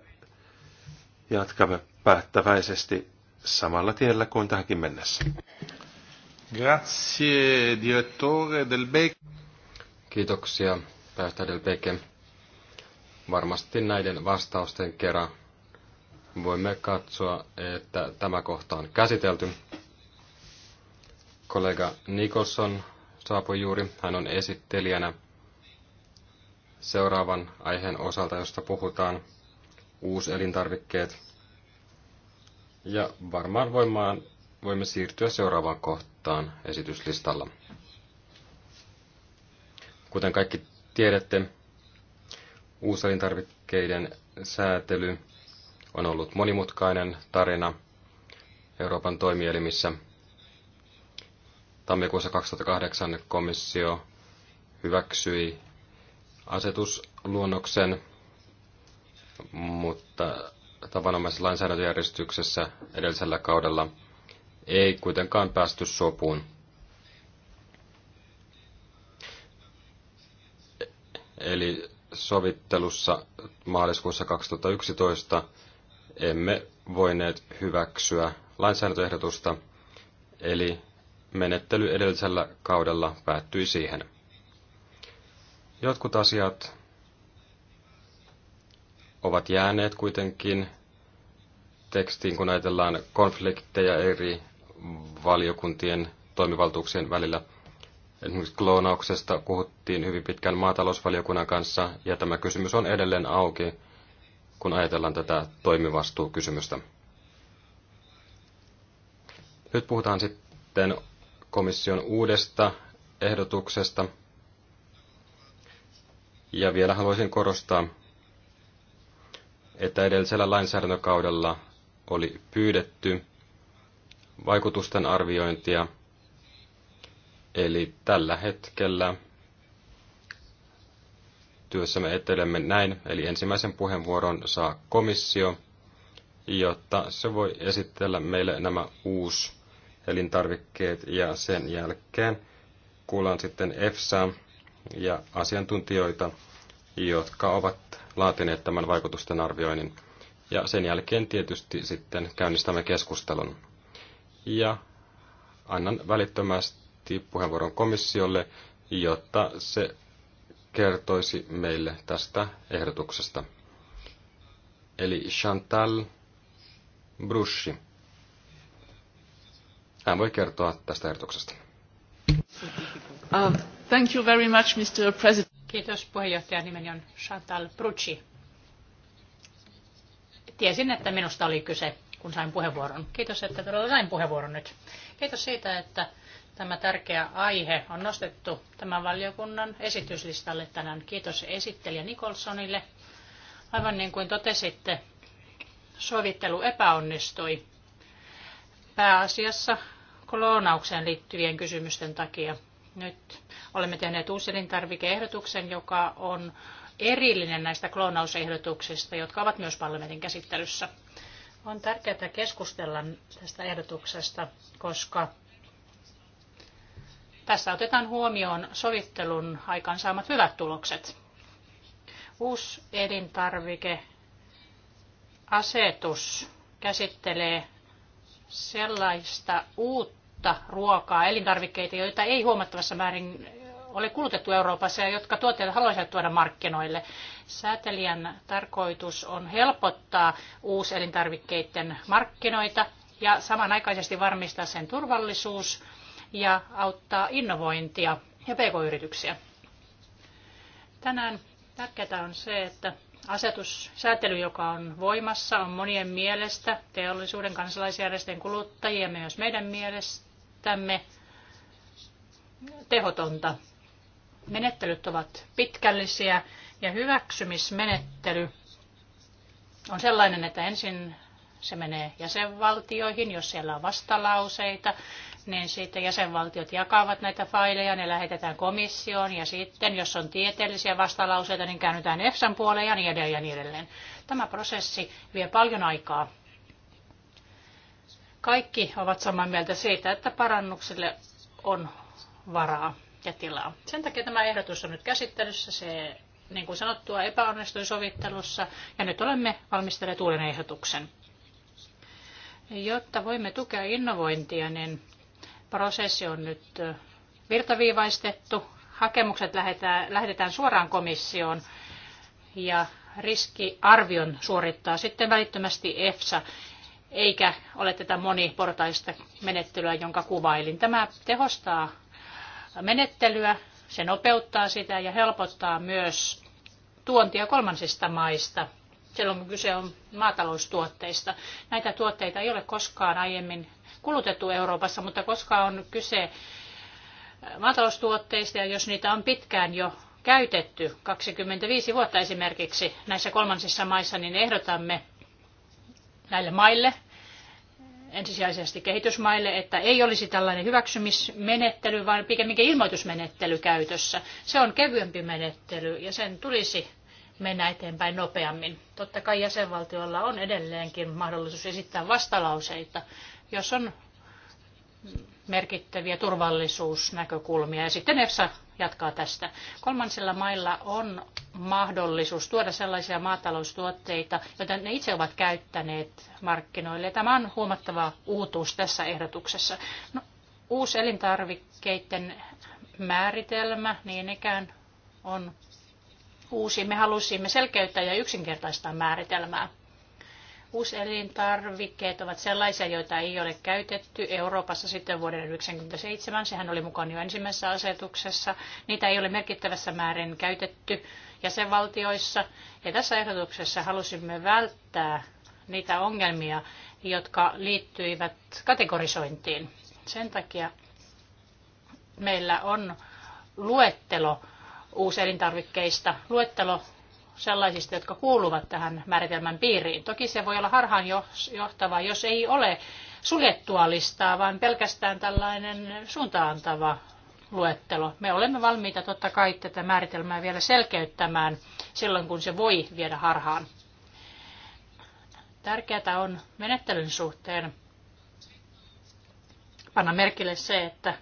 jatkamme päättäväisesti samalla tiellä kuin tähänkin mennessä. Grazie, direttore Del Becque. Kiitoksia, päästä Del Becque. Varmasti näiden vastausten kerran voimme katsoa, että tämä kohta on käsitelty. Kollega Nikosson saapui juuri. Hän on esittelijänä seuraavan aiheen osalta, josta puhutaan uuselintarvikkeet ja varmaan voimaan, voimme siirtyä seuraavaan kohtaan esityslistalla. Kuten kaikki tiedätte, uusalintarvikkeiden säätely on ollut monimutkainen tarina Euroopan toimielimissä. Tammikuussa 2008 komissio hyväksyi asetusluonnoksen, mutta tavanomaisessa lainsäädäntöjärjestyksessä edellisellä kaudella ei kuitenkaan päästy sopuun. Eli sovittelussa maaliskuussa 2011 emme voineet hyväksyä lainsäädäntöehdotusta, eli menettely edellisellä kaudella päättyi siihen. Jotkut asiat ovat jääneet kuitenkin tekstiin, kun ajatellaan konflikteja eri valiokuntien toimivaltuuksien välillä. Esimerkiksi kloonauksesta puhuttiin hyvin pitkään maatalousvaliokunnan kanssa, ja tämä kysymys on edelleen auki, kun ajatellaan tätä toimivastuukysymystä. Nyt puhutaan sitten komission uudesta ehdotuksesta. Ja vielä haluaisin korostaa, että edellisellä lainsäädäntökaudella oli pyydetty vaikutusten arviointia. Eli tällä hetkellä työssä me etelemme näin, eli ensimmäisen puheenvuoron saa komissio, jotta se voi esitellä meille nämä uusi elintarvikkeet ja sen jälkeen kuullaan sitten EFSA ja asiantuntijoita, jotka ovat laatineet tämän vaikutusten arvioinnin. Ja sen jälkeen tietysti sitten käynnistämme keskustelun. Ja annan välittömästi puheenvuoron komissiolle, jotta se kertoisi meille tästä ehdotuksesta. Eli Chantal Bruschi. Hän voi kertoa tästä ehdotuksesta. Uh, thank you very much, Mr. President. Kiitos puheenjohtaja. Nimeni on Chantal Prucci. Tiesin, että minusta oli kyse, kun sain puheenvuoron. Kiitos, että todella sain puheenvuoron nyt. Kiitos siitä, että tämä tärkeä aihe on nostettu tämän valiokunnan esityslistalle tänään. Kiitos esittelijä Nikolsonille. Aivan niin kuin totesitte, sovittelu epäonnistui pääasiassa kloonaukseen liittyvien kysymysten takia. Nyt olemme tehneet tarvikeehdotuksen, joka on erillinen näistä kloonausehdotuksista, jotka ovat myös parlamentin käsittelyssä. On tärkeää keskustella tästä ehdotuksesta, koska tässä otetaan huomioon sovittelun aikaansaamat hyvät tulokset. Uusi elintarvikeasetus käsittelee sellaista uutta, uutta ruokaa, elintarvikkeita, joita ei huomattavassa määrin ole kulutettu Euroopassa ja jotka tuotteet haluaisivat tuoda markkinoille. Säätelijän tarkoitus on helpottaa uuselintarvikkeiden markkinoita ja samanaikaisesti varmistaa sen turvallisuus ja auttaa innovointia ja pk-yrityksiä. Tänään tärkeää on se, että asetussäätely, joka on voimassa, on monien mielestä, teollisuuden, kansalaisjärjestöjen, kuluttajien, myös meidän mielestä, käyttämme tehotonta. Menettelyt ovat pitkällisiä ja hyväksymismenettely on sellainen, että ensin se menee jäsenvaltioihin, jos siellä on vastalauseita, niin sitten jäsenvaltiot jakavat näitä faileja, ne lähetetään komissioon ja sitten, jos on tieteellisiä vastalauseita, niin käännytään EFSAn puoleen ja niin edelleen ja niin edelleen. Tämä prosessi vie paljon aikaa kaikki ovat samaa mieltä siitä, että parannuksille on varaa ja tilaa. Sen takia tämä ehdotus on nyt käsittelyssä. Se, niin kuin sanottua, epäonnistui sovittelussa ja nyt olemme valmistelleet uuden ehdotuksen. Jotta voimme tukea innovointia, niin prosessi on nyt virtaviivaistettu. Hakemukset lähetään, lähetetään suoraan komissioon ja riskiarvion suorittaa sitten välittömästi EFSA eikä ole tätä moniportaista menettelyä, jonka kuvailin. Tämä tehostaa menettelyä, se nopeuttaa sitä ja helpottaa myös tuontia kolmansista maista silloin, kun kyse on maataloustuotteista. Näitä tuotteita ei ole koskaan aiemmin kulutettu Euroopassa, mutta koska on kyse maataloustuotteista ja jos niitä on pitkään jo käytetty, 25 vuotta esimerkiksi näissä kolmansissa maissa, niin ehdotamme näille maille, ensisijaisesti kehitysmaille, että ei olisi tällainen hyväksymismenettely, vaan pikemminkin ilmoitusmenettely käytössä. Se on kevyempi menettely ja sen tulisi mennä eteenpäin nopeammin. Totta kai jäsenvaltiolla on edelleenkin mahdollisuus esittää vastalauseita, jos on merkittäviä turvallisuusnäkökulmia. Ja sitten EFSA jatkaa tästä. Kolmansilla mailla on mahdollisuus tuoda sellaisia maataloustuotteita, joita ne itse ovat käyttäneet markkinoille. Tämä on huomattava uutuus tässä ehdotuksessa. No, uusi elintarvikkeiden määritelmä niin ikään on uusi. Me halusimme selkeyttää ja yksinkertaistaa määritelmää. Uuselintarvikkeet ovat sellaisia, joita ei ole käytetty Euroopassa sitten vuoden 1997. Sehän oli mukaan jo ensimmäisessä asetuksessa. Niitä ei ole merkittävässä määrin käytetty jäsenvaltioissa. Ja tässä ehdotuksessa halusimme välttää niitä ongelmia, jotka liittyivät kategorisointiin. Sen takia meillä on luettelo uuselintarvikkeista, luettelo sellaisista, jotka kuuluvat tähän määritelmän piiriin. Toki se voi olla harhaan johtava, jos ei ole suljettua listaa, vaan pelkästään tällainen suuntaantava luettelo. Me olemme valmiita totta kai tätä määritelmää vielä selkeyttämään silloin, kun se voi viedä harhaan. Tärkeää on menettelyn suhteen panna merkille se, että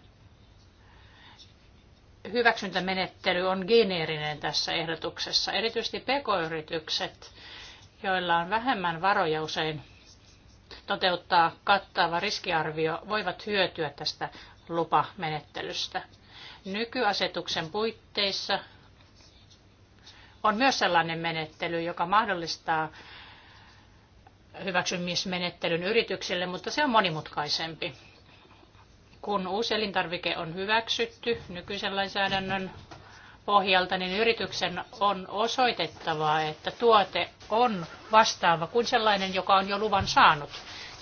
hyväksyntämenettely on geneerinen tässä ehdotuksessa. Erityisesti pk-yritykset, joilla on vähemmän varoja usein toteuttaa kattava riskiarvio, voivat hyötyä tästä lupamenettelystä. Nykyasetuksen puitteissa on myös sellainen menettely, joka mahdollistaa hyväksymismenettelyn yrityksille, mutta se on monimutkaisempi kun uusi elintarvike on hyväksytty nykyisen lainsäädännön pohjalta, niin yrityksen on osoitettava, että tuote on vastaava kuin sellainen, joka on jo luvan saanut.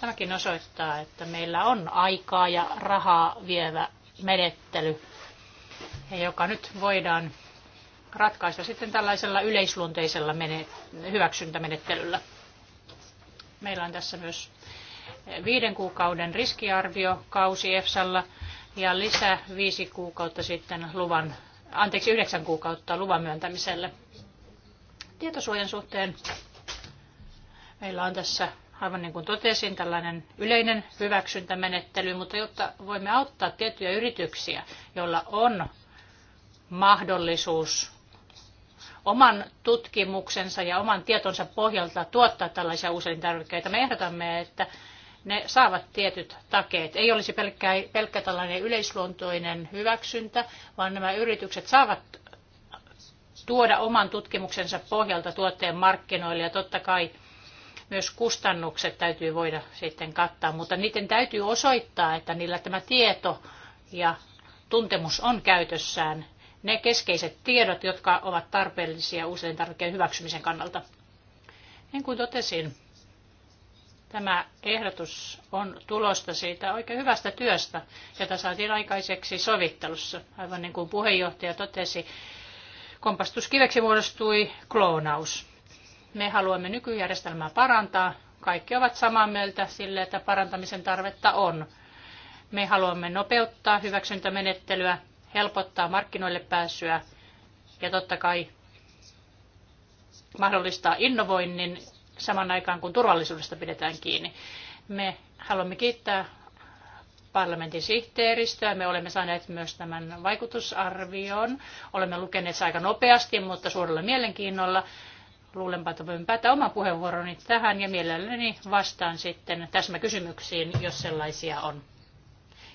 Tämäkin osoittaa, että meillä on aikaa ja rahaa vievä menettely, joka nyt voidaan ratkaista sitten tällaisella yleisluonteisella hyväksyntämenettelyllä. Meillä on tässä myös viiden kuukauden riskiarviokausi EFSalla ja lisä viisi kuukautta sitten luvan, anteeksi yhdeksän kuukautta luvan myöntämiselle. Tietosuojan suhteen meillä on tässä aivan niin kuin totesin, tällainen yleinen hyväksyntämenettely, mutta jotta voimme auttaa tiettyjä yrityksiä, joilla on mahdollisuus oman tutkimuksensa ja oman tietonsa pohjalta tuottaa tällaisia uusia tarvikkeita, me ehdotamme, että ne saavat tietyt takeet. Ei olisi pelkkä, pelkkä tällainen yleisluontoinen hyväksyntä, vaan nämä yritykset saavat tuoda oman tutkimuksensa pohjalta tuotteen markkinoille ja totta kai myös kustannukset täytyy voida sitten kattaa, mutta niiden täytyy osoittaa, että niillä tämä tieto ja tuntemus on käytössään ne keskeiset tiedot, jotka ovat tarpeellisia uusien tarvikkeen hyväksymisen kannalta. Niin kuin totesin, Tämä ehdotus on tulosta siitä oikein hyvästä työstä, jota saatiin aikaiseksi sovittelussa. Aivan niin kuin puheenjohtaja totesi, kompastuskiveksi muodostui kloonaus. Me haluamme nykyjärjestelmää parantaa. Kaikki ovat samaa mieltä sille, että parantamisen tarvetta on. Me haluamme nopeuttaa hyväksyntämenettelyä, helpottaa markkinoille pääsyä ja totta kai mahdollistaa innovoinnin saman aikaan, kun turvallisuudesta pidetään kiinni. Me haluamme kiittää parlamentin sihteeristöä. Me olemme saaneet myös tämän vaikutusarvion. Olemme lukeneet sen aika nopeasti, mutta suurella mielenkiinnolla. Luulenpa, että voin päättää oman puheenvuoroni tähän ja mielelläni vastaan sitten täsmäkysymyksiin, jos sellaisia on.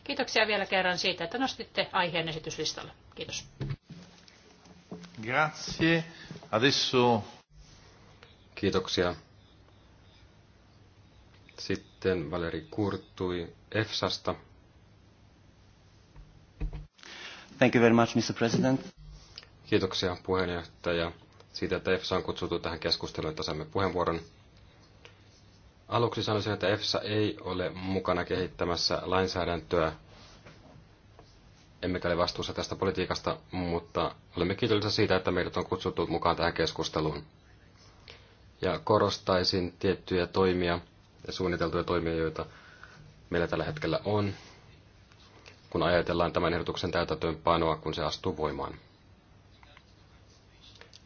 Kiitoksia vielä kerran siitä, että nostitte aiheen esityslistalle. Kiitos. Grazie. Adesso... Kiitoksia. Sitten Valeri Kurtui EFSAsta. Thank you very much, Mr. President. Kiitoksia puheenjohtaja siitä, että EFSA on kutsuttu tähän keskusteluun, että saamme puheenvuoron. Aluksi sanoisin, että EFSA ei ole mukana kehittämässä lainsäädäntöä, emmekä ole vastuussa tästä politiikasta, mutta olemme kiitollisia siitä, että meidät on kutsuttu mukaan tähän keskusteluun. Ja korostaisin tiettyjä toimia, suunniteltuja toimia, joita meillä tällä hetkellä on, kun ajatellaan tämän ehdotuksen täytäntöönpanoa, kun se astuu voimaan.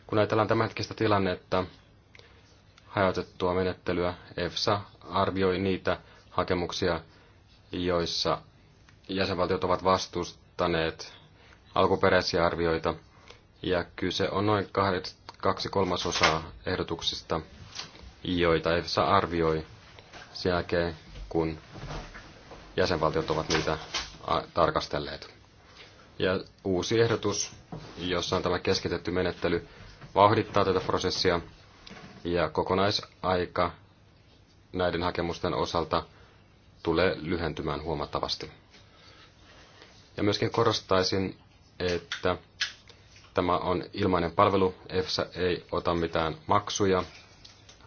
Kun ajatellaan tämänhetkistä tilannetta, hajautettua menettelyä, EFSA arvioi niitä hakemuksia, joissa jäsenvaltiot ovat vastustaneet alkuperäisiä arvioita, ja kyse on noin kaksi kolmasosaa ehdotuksista, joita EFSA arvioi sen jälkeen, kun jäsenvaltiot ovat niitä tarkastelleet. Ja uusi ehdotus, jossa on tämä keskitetty menettely, vauhdittaa tätä prosessia ja kokonaisaika näiden hakemusten osalta tulee lyhentymään huomattavasti. Ja myöskin korostaisin, että tämä on ilmainen palvelu. EFSA ei ota mitään maksuja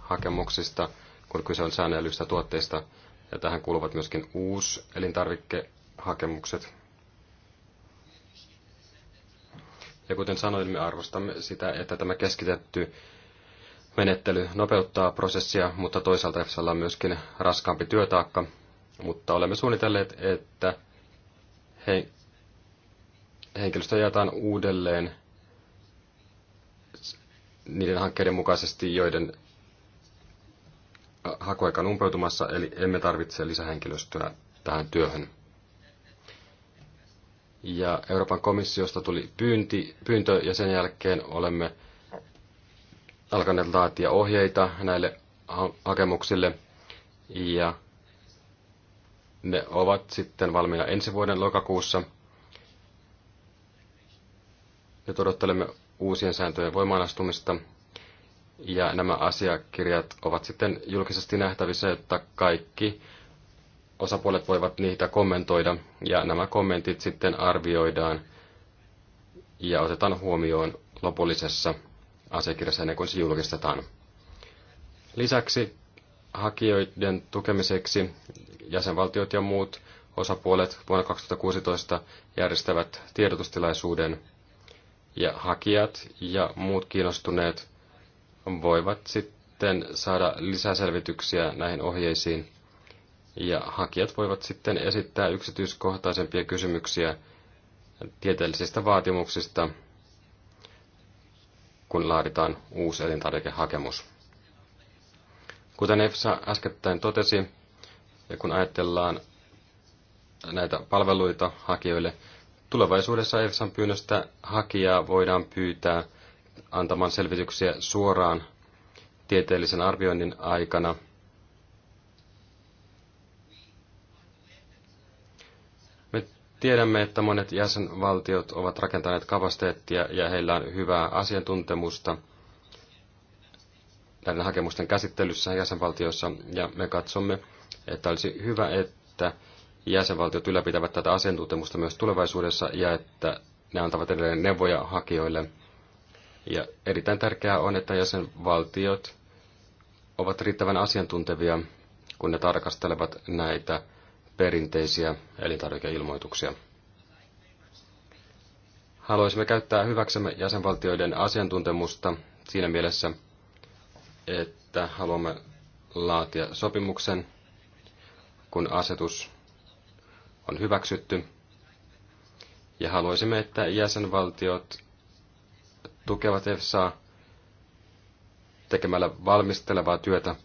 hakemuksista kun kyse on säännellyistä tuotteista, ja tähän kuuluvat myöskin uusi elintarvikkehakemukset. Ja kuten sanoin, me arvostamme sitä, että tämä keskitetty menettely nopeuttaa prosessia, mutta toisaalta EFSAlla on myöskin raskaampi työtaakka. Mutta olemme suunnitelleet, että he, henkilöstö jaetaan uudelleen niiden hankkeiden mukaisesti, joiden hakuaika on umpeutumassa, eli emme tarvitse lisähenkilöstöä tähän työhön. Ja Euroopan komissiosta tuli pyynti, pyyntö ja sen jälkeen olemme alkaneet laatia ohjeita näille ha- hakemuksille ja ne ovat sitten valmiina ensi vuoden lokakuussa. Ja odottelemme uusien sääntöjen voimaanastumista ja nämä asiakirjat ovat sitten julkisesti nähtävissä, että kaikki osapuolet voivat niitä kommentoida ja nämä kommentit sitten arvioidaan ja otetaan huomioon lopullisessa asiakirjassa ennen kuin se julkistetaan. Lisäksi hakijoiden tukemiseksi jäsenvaltiot ja muut osapuolet vuonna 2016 järjestävät tiedotustilaisuuden ja hakijat ja muut kiinnostuneet voivat sitten saada lisäselvityksiä näihin ohjeisiin ja hakijat voivat sitten esittää yksityiskohtaisempia kysymyksiä tieteellisistä vaatimuksista, kun laaditaan uusi elintarvikehakemus. Kuten EFSA äskettäin totesi, ja kun ajatellaan näitä palveluita hakijoille, tulevaisuudessa EFSAn pyynnöstä hakijaa voidaan pyytää – antamaan selvityksiä suoraan tieteellisen arvioinnin aikana. Me tiedämme, että monet jäsenvaltiot ovat rakentaneet kapasiteettia ja heillä on hyvää asiantuntemusta näiden hakemusten käsittelyssä jäsenvaltioissa, ja me katsomme, että olisi hyvä, että jäsenvaltiot ylläpitävät tätä asiantuntemusta myös tulevaisuudessa ja että ne antavat edelleen neuvoja hakijoille – ja erittäin tärkeää on, että jäsenvaltiot ovat riittävän asiantuntevia, kun ne tarkastelevat näitä perinteisiä elintarvikeilmoituksia. Haluaisimme käyttää hyväksemme jäsenvaltioiden asiantuntemusta siinä mielessä, että haluamme laatia sopimuksen, kun asetus on hyväksytty. Ja haluaisimme, että jäsenvaltiot tukevat EFSAa tekemällä valmistelevaa työtä.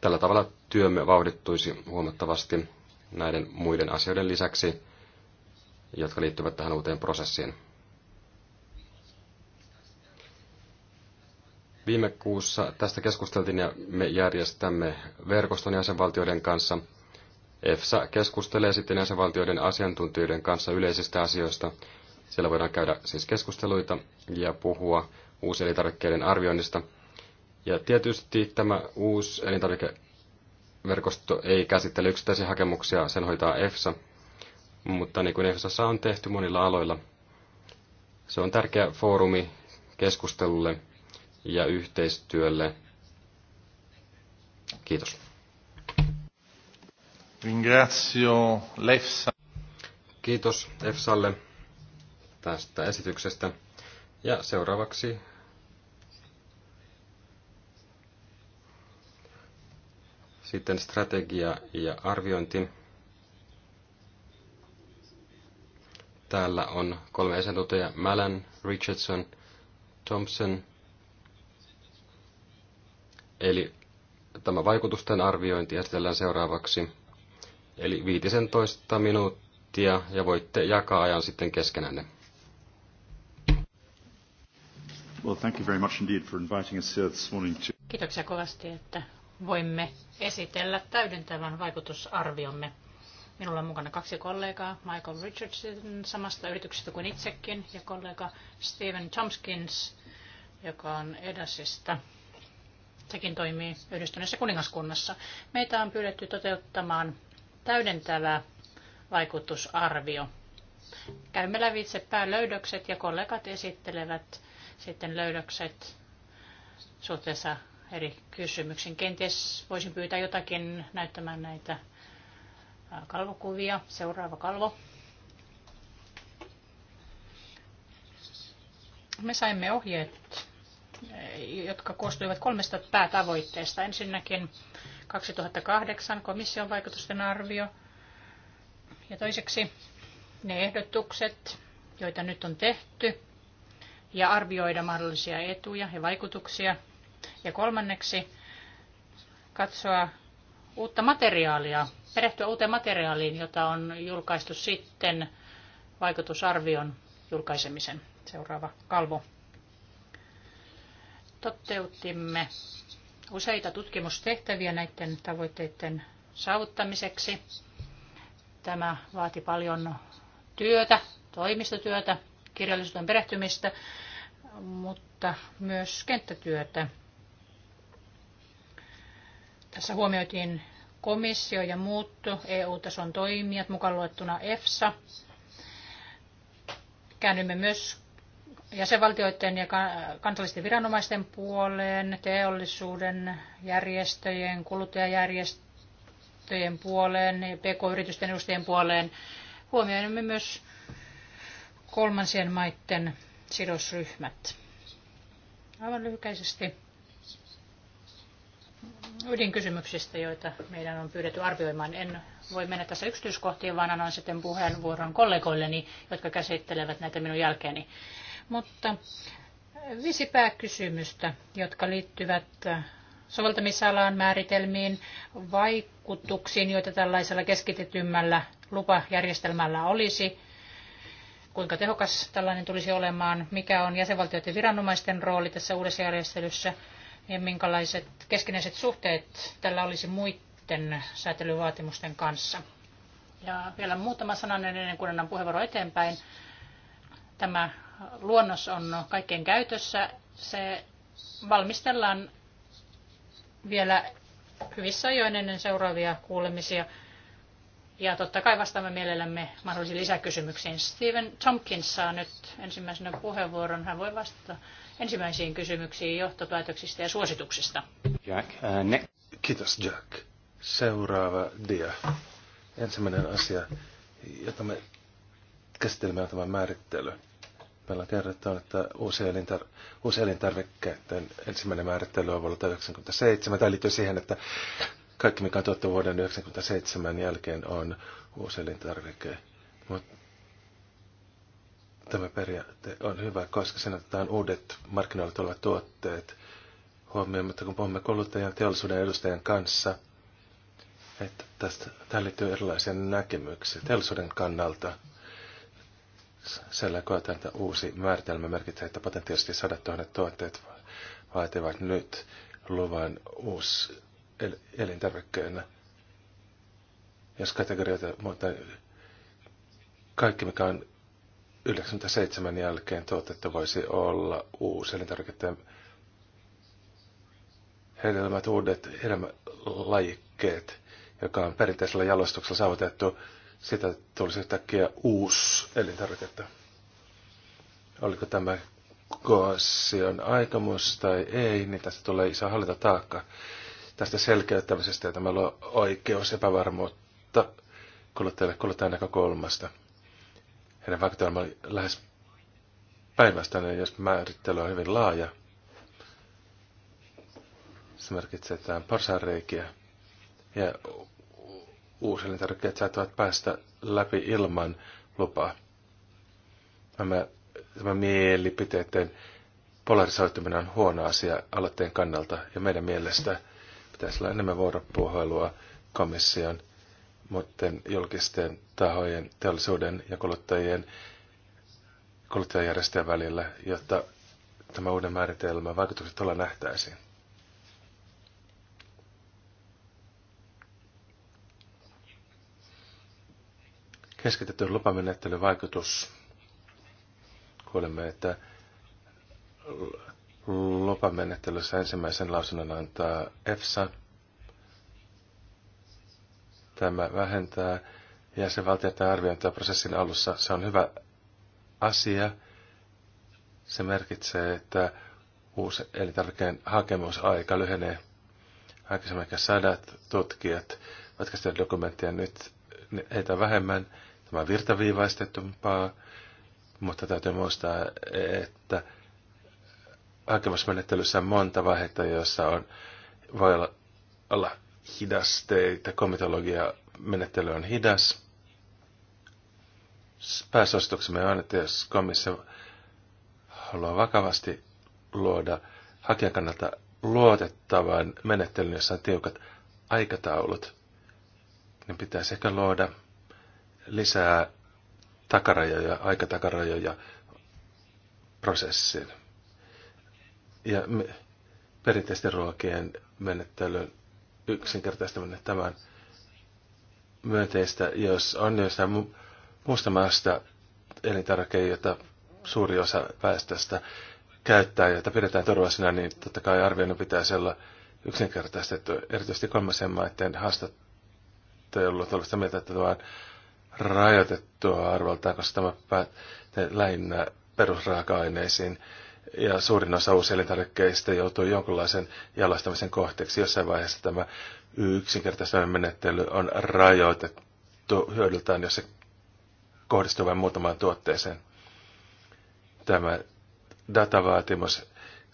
Tällä tavalla työmme vauhdittuisi huomattavasti näiden muiden asioiden lisäksi, jotka liittyvät tähän uuteen prosessiin. Viime kuussa tästä keskusteltiin ja me järjestämme verkoston jäsenvaltioiden kanssa. EFSA keskustelee sitten jäsenvaltioiden asiantuntijoiden kanssa yleisistä asioista, siellä voidaan käydä siis keskusteluita ja puhua uusien elintarvikkeiden arvioinnista. Ja tietysti tämä uusi elintarvikeverkosto ei käsittele yksittäisiä hakemuksia, sen hoitaa EFSA. Mutta niin kuin EFSA on tehty monilla aloilla, se on tärkeä foorumi keskustelulle ja yhteistyölle. Kiitos. Ringrazio l'EFSA. Kiitos EFSAlle tästä esityksestä. Ja seuraavaksi sitten strategia ja arviointi. Täällä on kolme esiintuntoja. Mallon, Richardson, Thompson. Eli tämä vaikutusten arviointi esitellään seuraavaksi. Eli 15 minuuttia ja voitte jakaa ajan sitten keskenänne. Well, thank you very much indeed for inviting us here this morning to... Kiitoksia kovasti, että voimme esitellä täydentävän vaikutusarviomme. Minulla on mukana kaksi kollegaa, Michael Richardson samasta yrityksestä kuin itsekin, ja kollega Steven Chomskins, joka on Edasista. Sekin toimii yhdistyneessä kuningaskunnassa. Meitä on pyydetty toteuttamaan täydentävä vaikutusarvio. Käymme lävitse päälöydökset ja kollegat esittelevät sitten löydökset suhteessa eri kysymyksiin. Kenties voisin pyytää jotakin näyttämään näitä kalvokuvia. Seuraava kalvo. Me saimme ohjeet, jotka koostuivat kolmesta päätavoitteesta. Ensinnäkin 2008 komission vaikutusten arvio ja toiseksi ne ehdotukset, joita nyt on tehty ja arvioida mahdollisia etuja ja vaikutuksia. Ja kolmanneksi katsoa uutta materiaalia, perehtyä uuteen materiaaliin, jota on julkaistu sitten vaikutusarvion julkaisemisen. Seuraava kalvo. Toteutimme useita tutkimustehtäviä näiden tavoitteiden saavuttamiseksi. Tämä vaati paljon työtä, toimistotyötä, kirjallisuuteen perehtymistä, mutta myös kenttätyötä. Tässä huomioitiin komissio ja muut EU-tason toimijat, mukaan luettuna EFSA. Käännymme myös jäsenvaltioiden ja kansallisten viranomaisten puoleen, teollisuuden järjestöjen, kuluttajajärjestöjen puoleen, pk-yritysten edustajien puoleen. Huomioimme myös kolmansien maiden sidosryhmät. Aivan lyhykäisesti ydinkysymyksistä, joita meidän on pyydetty arvioimaan. En voi mennä tässä yksityiskohtiin, vaan annan sitten puheenvuoron kollegoilleni, jotka käsittelevät näitä minun jälkeeni. Mutta viisi pääkysymystä, jotka liittyvät soveltamisalaan määritelmiin, vaikutuksiin, joita tällaisella keskitetymmällä lupajärjestelmällä olisi, kuinka tehokas tällainen tulisi olemaan, mikä on jäsenvaltioiden viranomaisten rooli tässä uudessa järjestelyssä ja minkälaiset keskinäiset suhteet tällä olisi muiden säätelyvaatimusten kanssa. Ja vielä muutama sananen ennen kuin annan puheenvuoro eteenpäin. Tämä luonnos on kaikkien käytössä. Se valmistellaan vielä hyvissä ajoin ennen seuraavia kuulemisia – ja totta kai vastaamme mielellämme mahdollisiin lisäkysymyksiin. Steven Tompkins saa nyt ensimmäisenä puheenvuoron. Hän voi vastata ensimmäisiin kysymyksiin johtopäätöksistä ja suosituksista. Jack, uh, ne- Kiitos Jack. Seuraava dia. Ensimmäinen asia, jota me käsittelemme on tämä määrittely. Meillä kerrottu, että uusi, elintar- uusi elintarvikkeiden ensimmäinen määrittely on vuonna 1997. Tämä liittyy siihen, että kaikki, mikä on tuotettu vuoden 1997 jälkeen, on uusi elintarvike. Mutta tämä periaate on hyvä, koska sen otetaan uudet markkinoille tulevat tuotteet huomioon, mutta kun puhumme kuluttajan teollisuuden edustajan kanssa, että tästä, tähän liittyy erilaisia näkemyksiä teollisuuden kannalta. Sillä koetaan, että uusi määritelmä merkitsee, että potentiaalisesti sadat tuhannet tuotteet vaativat nyt luvan uusi el, elintarvikkeena. Jos kategorioita muuta, kaikki mikä on 97 jälkeen tuotettu voisi olla uusi elintarvikkeiden hedelmät, uudet hedelmälajikkeet, joka on perinteisellä jalostuksella saavutettu, sitä tulisi yhtäkkiä uusi elintarviketta. Oliko tämä Koassion aikomus tai ei, niin tästä tulee iso hallintataakka. taakka tästä selkeyttämisestä, että meillä on oikeus epävarmuutta kuluttajille kuluttajan näkökulmasta. Heidän vaikutelma oli lähes päinvastainen, jos määrittely on hyvin laaja. Se merkitsee tämän porsanreikiä. Ja uuselintarvikkeet saattavat päästä läpi ilman lupaa. Tämä, tämä mielipiteiden polarisoituminen on huono asia aloitteen kannalta ja meidän mielestä – pitäisi olla enemmän vuoropuhelua komission, muiden julkisten tahojen, teollisuuden ja kuluttajien kuluttajajärjestöjen välillä, jotta tämä uuden määritelmän vaikutukset olla nähtäisiin. Keskitetty lupamenettelyvaikutus. vaikutus. Kuulemme, että lupamenettelyssä ensimmäisen lausunnon antaa EFSA. Tämä vähentää jäsenvaltioiden arviointia prosessin alussa. Se on hyvä asia. Se merkitsee, että uusi elintarvikkeen hakemusaika lyhenee. Aikaisemmin ehkä sadat tutkijat ovat dokumenttia nyt heitä vähemmän. Tämä on virtaviivaistetumpaa, mutta täytyy muistaa, että hakemusmenettelyssä on monta vaihetta, joissa on, voi olla, olla hidasteita. Komitologia menettely on hidas. Pääsuosituksemme on, että jos komissio haluaa vakavasti luoda hakijan kannalta luotettavan menettelyn, jossa on tiukat aikataulut, niin pitää sekä luoda lisää takarajoja, aikatakarajoja prosessiin ja perinteisten ruokien menettelyn yksinkertaistaminen tämän myönteistä, jos on jostain muusta maasta elintarvike, jota suuri osa väestöstä käyttää, jota pidetään turvallisena, niin totta kai arvioinnin pitäisi olla yksinkertaistettu. Erityisesti kolmasen maiden haastattelut olivat sitä mieltä, että tämä on rajoitettua arvoltaan, koska tämä lähinnä perusraaka-aineisiin ja suurin osa uuselintarvikkeista joutuu jonkinlaisen jalostamisen kohteeksi. Jossain vaiheessa tämä yksinkertaisen menettely on rajoitettu hyödyltään, jos se kohdistuu vain muutamaan tuotteeseen. Tämä datavaatimus,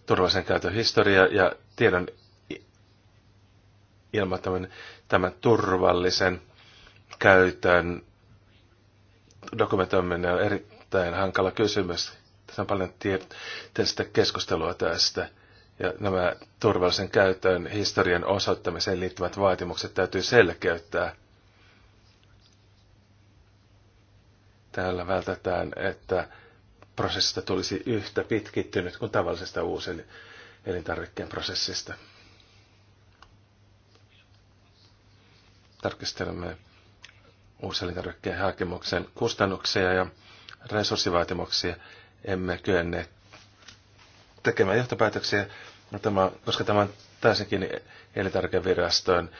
turvallisen käytön historia ja tiedon ilmoittaminen tämän turvallisen käytön dokumentoiminen on erittäin hankala kysymys tässä on paljon tieteellistä keskustelua tästä. Ja nämä turvallisen käytön historian osoittamiseen liittyvät vaatimukset täytyy selkeyttää. Täällä vältetään, että prosessista tulisi yhtä pitkittynyt kuin tavallisesta uusen elintarvikkeen prosessista. Tarkistelemme uuselintarvikkeen hakemuksen kustannuksia ja resurssivaatimuksia emme kyenne tekemään johtopäätöksiä, no tämä, koska tämä on täysinkin elintarvikevirastoon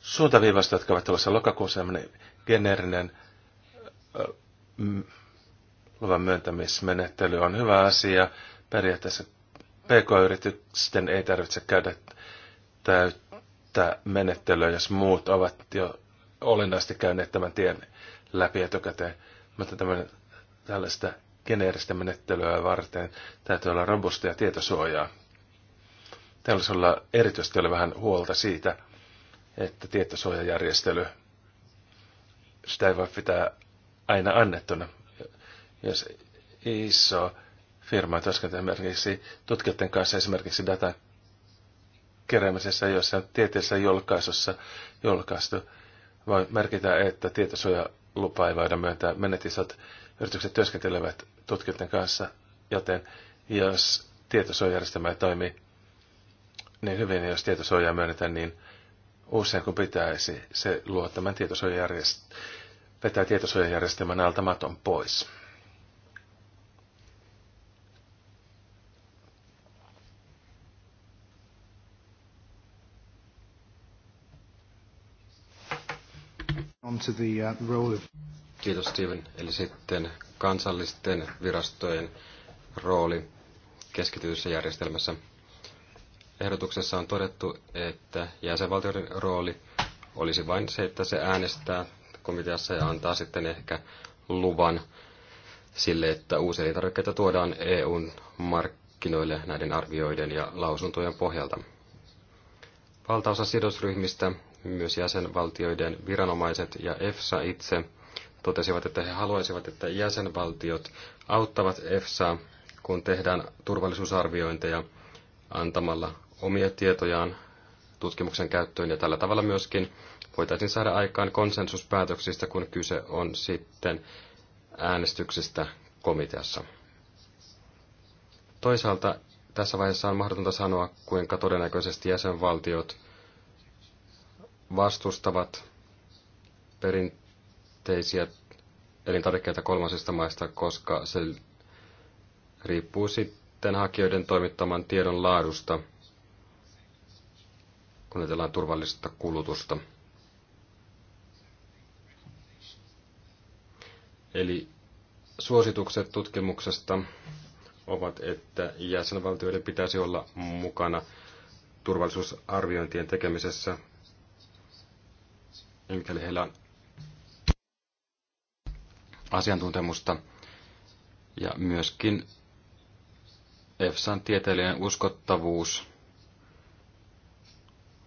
suuntaviivasto, jotka ovat tulossa lokakuussa, sellainen geneerinen luvan myöntämismenettely on hyvä asia. Periaatteessa PK-yritysten ei tarvitse käydä täyttä menettelyä, jos muut ovat jo olennaisesti käyneet tämän tien läpi etukäteen. Mutta tämmöinen tällaista geneeristä menettelyä varten täytyy olla ja tietosuojaa. Teollisuudella erityisesti oli vähän huolta siitä, että tietosuojajärjestely, sitä ei voi pitää aina annettuna. Jos iso firma työskentelee esimerkiksi tutkijoiden kanssa esimerkiksi datan keräämisessä, jossa on tieteellisessä julkaisussa julkaistu, voi merkitä, että tietosuojalupa ei voida myöntää menetisot yritykset työskentelevät tutkijoiden kanssa, joten jos tietosuojajärjestelmä ei toimi niin hyvin, jos tietosuojaa myönnetään niin usein kuin pitäisi, se luo tämän tietosuojajärjestelmän, vetää tietosuojajärjestelmän alta maton pois. to the uh, role of Kiitos Steven. Eli sitten kansallisten virastojen rooli keskitytyssä järjestelmässä. Ehdotuksessa on todettu, että jäsenvaltioiden rooli olisi vain se, että se äänestää komiteassa ja antaa sitten ehkä luvan sille, että uusia elintarvikkeita tuodaan EUn markkinoille näiden arvioiden ja lausuntojen pohjalta. Valtaosa sidosryhmistä, myös jäsenvaltioiden viranomaiset ja EFSA itse – totesivat, että he haluaisivat, että jäsenvaltiot auttavat EFSA, kun tehdään turvallisuusarviointeja antamalla omia tietojaan tutkimuksen käyttöön ja tällä tavalla myöskin voitaisiin saada aikaan konsensuspäätöksistä, kun kyse on sitten äänestyksistä komiteassa. Toisaalta tässä vaiheessa on mahdotonta sanoa, kuinka todennäköisesti jäsenvaltiot vastustavat perin yhteisiä elintarvikkeita kolmansista maista, koska se riippuu sitten hakijoiden toimittaman tiedon laadusta, kun ajatellaan turvallista kulutusta. Eli suositukset tutkimuksesta ovat, että jäsenvaltioiden pitäisi olla mukana turvallisuusarviointien tekemisessä, mikäli heillä on asiantuntemusta ja myöskin EFSAn tieteellinen uskottavuus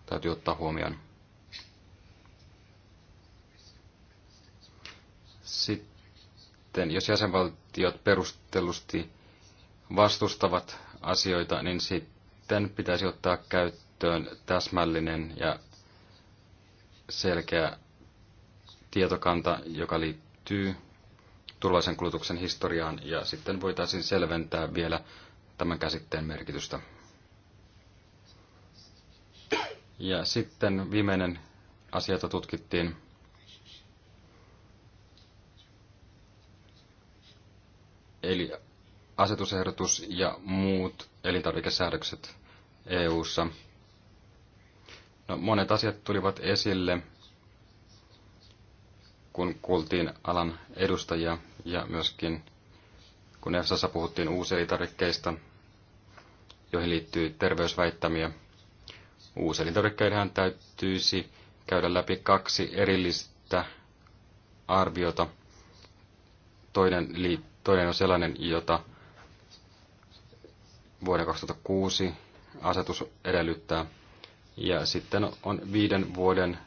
täytyy ottaa huomioon. Sitten, jos jäsenvaltiot perustellusti vastustavat asioita, niin sitten pitäisi ottaa käyttöön täsmällinen ja selkeä tietokanta, joka liittyy turvallisen kulutuksen historiaan ja sitten voitaisiin selventää vielä tämän käsitteen merkitystä. Ja sitten viimeinen asia, jota tutkittiin, eli asetusehdotus ja muut elintarvikesäädökset EU-ssa. No, monet asiat tulivat esille, kun kuultiin alan edustajia ja myöskin kun EFSAssa puhuttiin uuselintarvikkeista, joihin liittyy terveysväittämiä. Uuselintarvikkeidenhän täytyisi käydä läpi kaksi erillistä arviota. Toinen, toinen on sellainen, jota vuoden 2006 asetus edellyttää. Ja sitten on viiden vuoden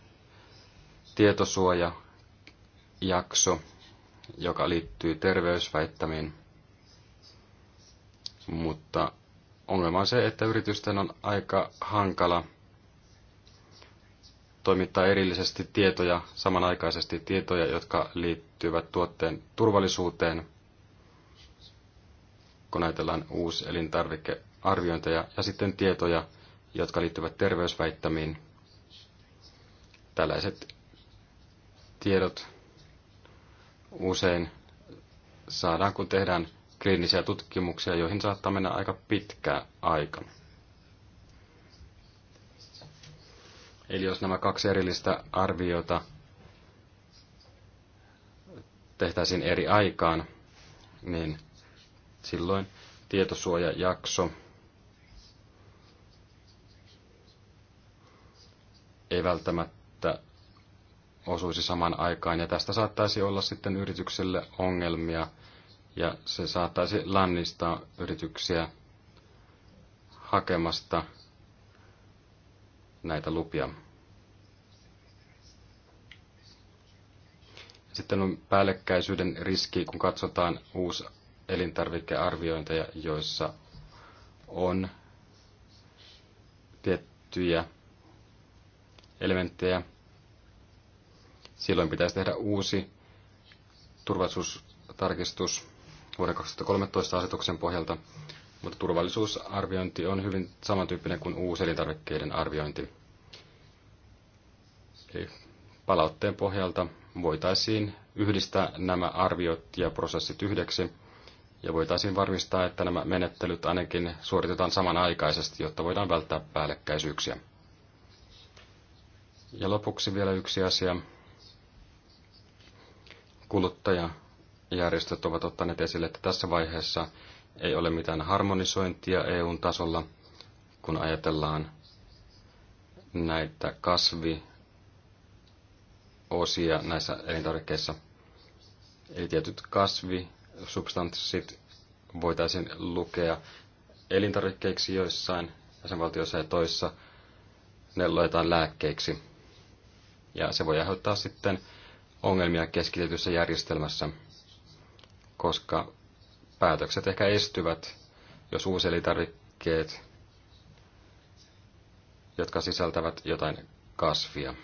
tietosuojajakso, joka liittyy terveysväittämiin. Mutta ongelma on se, että yritysten on aika hankala toimittaa erillisesti tietoja, samanaikaisesti tietoja, jotka liittyvät tuotteen turvallisuuteen, kun ajatellaan uusi elintarvikearviointeja, ja sitten tietoja, jotka liittyvät terveysväittämiin. Tällaiset tiedot usein saadaan, kun tehdään kliinisiä tutkimuksia, joihin saattaa mennä aika pitkä aika. Eli jos nämä kaksi erillistä arviota tehtäisiin eri aikaan, niin silloin tietosuojajakso ei välttämättä osuisi saman aikaan, ja tästä saattaisi olla sitten yritykselle ongelmia, ja se saattaisi lannistaa yrityksiä hakemasta näitä lupia. Sitten on päällekkäisyyden riski, kun katsotaan uusi elintarvikearviointeja, joissa on tiettyjä elementtejä, Silloin pitäisi tehdä uusi turvallisuustarkistus vuoden 2013 asetuksen pohjalta, mutta turvallisuusarviointi on hyvin samantyyppinen kuin uusi elintarvikkeiden arviointi. Eli palautteen pohjalta voitaisiin yhdistää nämä arviot ja prosessit yhdeksi, ja voitaisiin varmistaa, että nämä menettelyt ainakin suoritetaan samanaikaisesti, jotta voidaan välttää päällekkäisyyksiä. Ja lopuksi vielä yksi asia, kuluttajajärjestöt ovat ottaneet esille, että tässä vaiheessa ei ole mitään harmonisointia EUn tasolla, kun ajatellaan näitä kasviosia näissä elintarvikkeissa. Eli tietyt kasvisubstanssit voitaisiin lukea elintarvikkeiksi joissain jäsenvaltioissa ja toissa ne luetaan lääkkeiksi. Ja se voi aiheuttaa sitten ongelmia keskitetyssä järjestelmässä, koska päätökset ehkä estyvät, jos uuselitarvikkeet, jotka sisältävät jotain kasvia.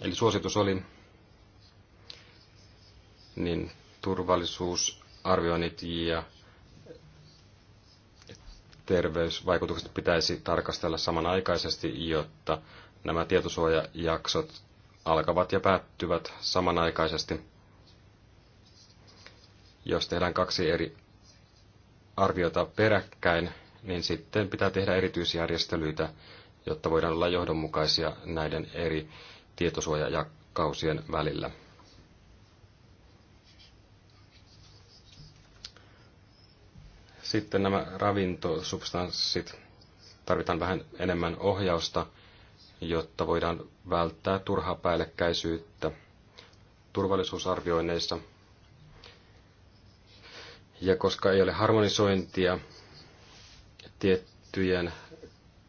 Eli suositus oli, niin turvallisuusarvioinnit ja terveysvaikutukset pitäisi tarkastella samanaikaisesti, jotta nämä tietosuojajaksot alkavat ja päättyvät samanaikaisesti. Jos tehdään kaksi eri arviota peräkkäin, niin sitten pitää tehdä erityisjärjestelyitä, jotta voidaan olla johdonmukaisia näiden eri tietosuojajakausien välillä. Sitten nämä ravintosubstanssit. Tarvitaan vähän enemmän ohjausta jotta voidaan välttää turhaa päällekkäisyyttä turvallisuusarvioinneissa. Ja koska ei ole harmonisointia tiettyjen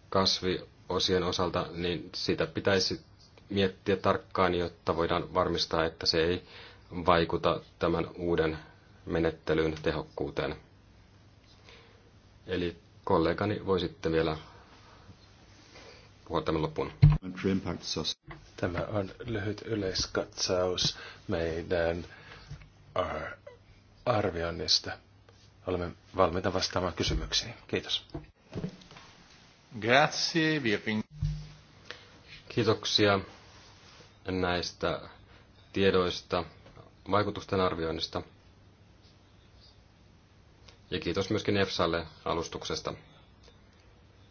kasviosien osalta, niin sitä pitäisi miettiä tarkkaan, jotta voidaan varmistaa, että se ei vaikuta tämän uuden menettelyn tehokkuuteen. Eli kollegani voi sitten vielä puhua tämän lopun. Tämä on lyhyt yleiskatsaus meidän äh, arvioinnista. Olemme valmiita vastaamaan kysymyksiin. Kiitos. Grazie, Kiitoksia näistä tiedoista, vaikutusten arvioinnista. Ja kiitos myöskin EFSAlle alustuksesta.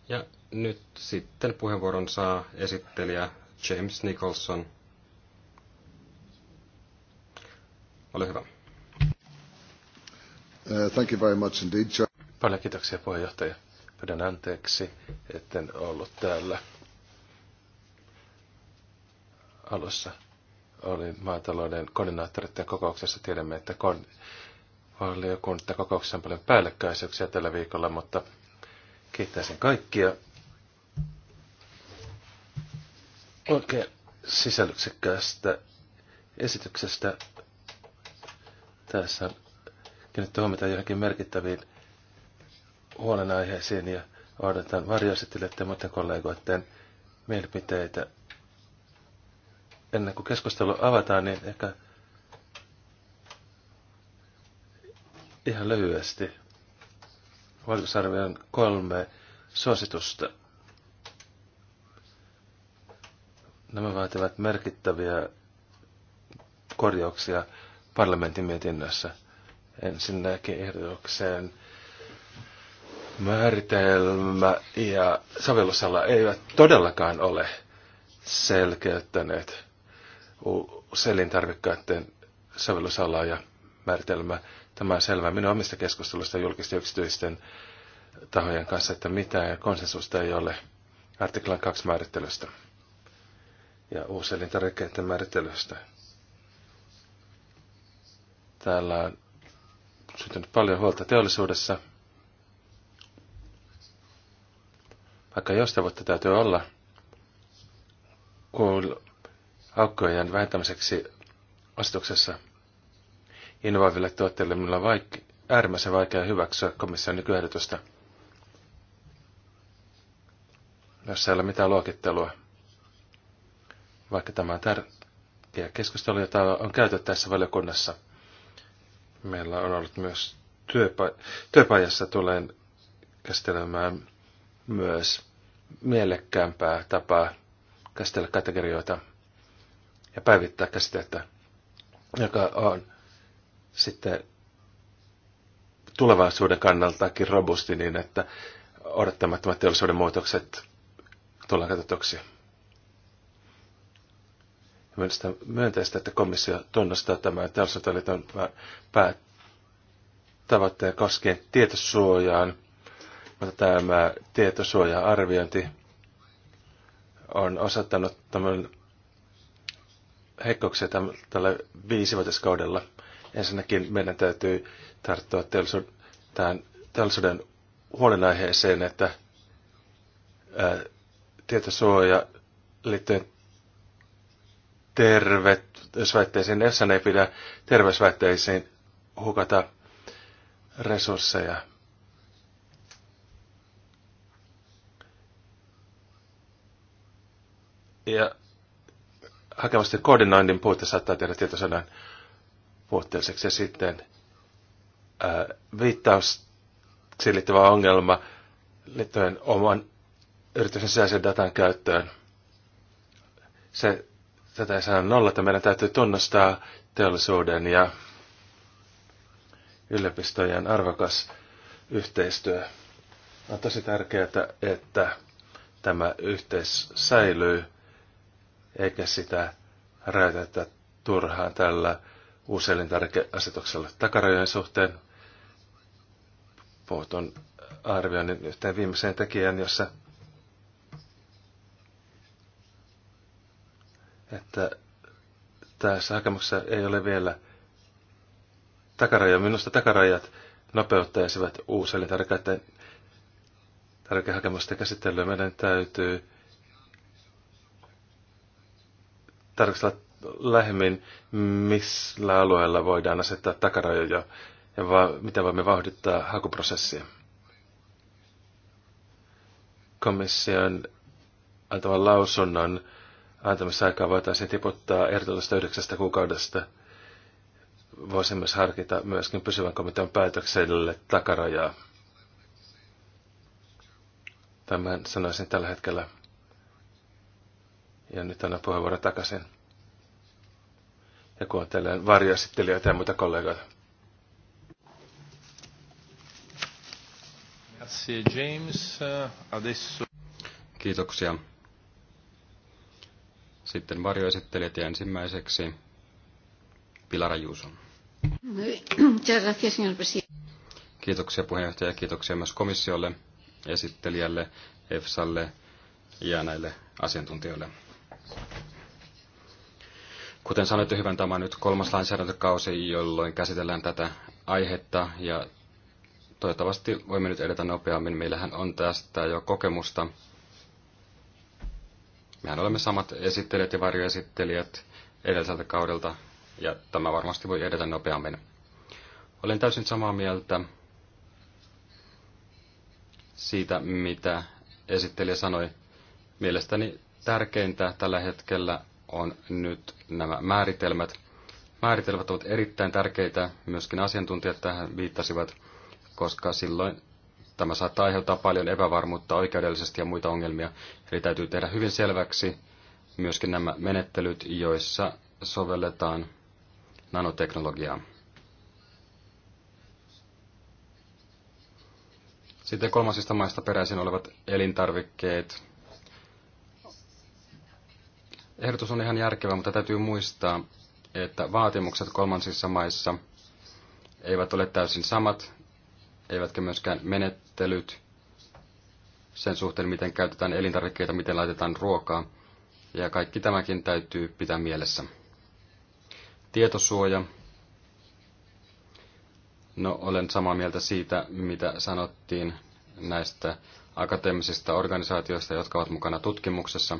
Ja nyt sitten puheenvuoron saa esittelijä James Nicholson. Ole hyvä. Uh, thank you very much indeed. Paljon kiitoksia puheenjohtaja. Pyydän anteeksi, etten ollut täällä alussa. Olin maatalouden koordinaattoreiden kokouksessa. Tiedämme, että kon- valiokunta kokouksessa on paljon päällekkäisyyksiä tällä viikolla, mutta kiittäisin kaikkia oikein sisällyksekkäästä esityksestä. Tässä on kiinnitetty huomiota johonkin merkittäviin huolenaiheisiin ja odotetaan varjoesittelijöiden ja muiden kollegoiden mielipiteitä. Ennen kuin keskustelu avataan, niin ehkä ihan lyhyesti vaikutusarvion kolme suositusta – Nämä vaativat merkittäviä korjauksia parlamentin mietinnössä. Ensinnäkin ehdotukseen määritelmä ja sovellusala eivät todellakaan ole selkeyttäneet selintarvikkaiden sovellusala ja määritelmä. Tämä on selvää minun omista keskusteluista julkisten yksityisten tahojen kanssa, että mitään konsensusta ei ole artiklan kaksi määrittelystä ja uuselintarvikkeiden määrittelystä. Täällä on syntynyt paljon huolta teollisuudessa. Vaikka vuotta täytyy olla, kun aukkojen vähentämiseksi asetuksessa innovaaville tuotteille millä on vaik- äärimmäisen vaikea hyväksyä komission nykyehdotusta, jossa ei ole mitään luokittelua vaikka tämä on tärkeä keskustelu, jota on käyty tässä valiokunnassa. Meillä on ollut myös työpa- työpajassa tulen käsittelemään myös mielekkäämpää tapaa käsitellä kategorioita ja päivittää käsitettä, joka on sitten tulevaisuuden kannaltakin robusti niin, että odottamattomat teollisuuden muutokset tullaan katsotuksi. Ja mielestäni myönteistä, että komissio tunnustaa tämän on päätavoitteen koskien tietosuojaan. Mutta tämä tietosuoja-arviointi on osoittanut tämän heikkouksia tällä viisivuotiskaudella. Ensinnäkin meidän täytyy tarttua teollisuuden, tähän teollisuuden huolenaiheeseen, että ää, tietosuoja liittyen terveysväitteisiin. Essan ei pidä terveysväitteisiin hukata resursseja. Ja hakemusten koordinoinnin puutte saattaa tehdä tietosanan puutteelliseksi. Ja sitten ää, äh, viittaus liittyvä ongelma liittyen oman yrityksen sisäisen datan käyttöön. Se tätä ei saa nollata. Meidän täytyy tunnustaa teollisuuden ja yliopistojen arvokas yhteistyö. On tosi tärkeää, että tämä yhteys säilyy, eikä sitä räytetä turhaan tällä uuselintarkeasetuksella takarajojen suhteen. Puhutun arvioinnin yhteen viimeiseen tekijään, jossa että tässä hakemuksessa ei ole vielä takaraja. Minusta takarajat nopeuttaisivat uusille tärkeiden hakemusten käsittelyä. Meidän täytyy tarkastella lähemmin, missä alueella voidaan asettaa takarajoja ja va- miten voimme vauhdittaa hakuprosessia. Komission antavan lausunnon antamisaikaa voitaisiin tiputtaa ehdotusta yhdeksästä kuukaudesta. Voisimme myös harkita myöskin pysyvän komitean päätökselle takarajaa. Tämän sanoisin tällä hetkellä. Ja nyt annan puheenvuoron takaisin. Ja kuuntelen varjoesittelijöitä ja muita kollegoita. James. Adesso... Kiitoksia. Sitten varjoesittelijät ja ensimmäiseksi Pilara Ajuso. Kiitoksia puheenjohtaja ja kiitoksia myös komissiolle, esittelijälle, EFSAlle ja näille asiantuntijoille. Kuten sanoitte hyvän, tämä on nyt kolmas lainsäädäntökausi, jolloin käsitellään tätä aihetta ja toivottavasti voimme nyt edetä nopeammin. Meillähän on tästä jo kokemusta Mehän olemme samat esittelijät ja varjoesittelijät edelliseltä kaudelta, ja tämä varmasti voi edetä nopeammin. Olen täysin samaa mieltä siitä, mitä esittelijä sanoi. Mielestäni tärkeintä tällä hetkellä on nyt nämä määritelmät. Määritelmät ovat erittäin tärkeitä, myöskin asiantuntijat tähän viittasivat, koska silloin tämä saattaa aiheuttaa paljon epävarmuutta oikeudellisesti ja muita ongelmia. Eli täytyy tehdä hyvin selväksi myöskin nämä menettelyt, joissa sovelletaan nanoteknologiaa. Sitten kolmasista maista peräisin olevat elintarvikkeet. Ehdotus on ihan järkevä, mutta täytyy muistaa, että vaatimukset kolmansissa maissa eivät ole täysin samat, eivätkä myöskään menet käsittelyt, sen suhteen, miten käytetään elintarvikkeita, miten laitetaan ruokaa. Ja kaikki tämäkin täytyy pitää mielessä. Tietosuoja. No, olen samaa mieltä siitä, mitä sanottiin näistä akateemisista organisaatioista, jotka ovat mukana tutkimuksessa.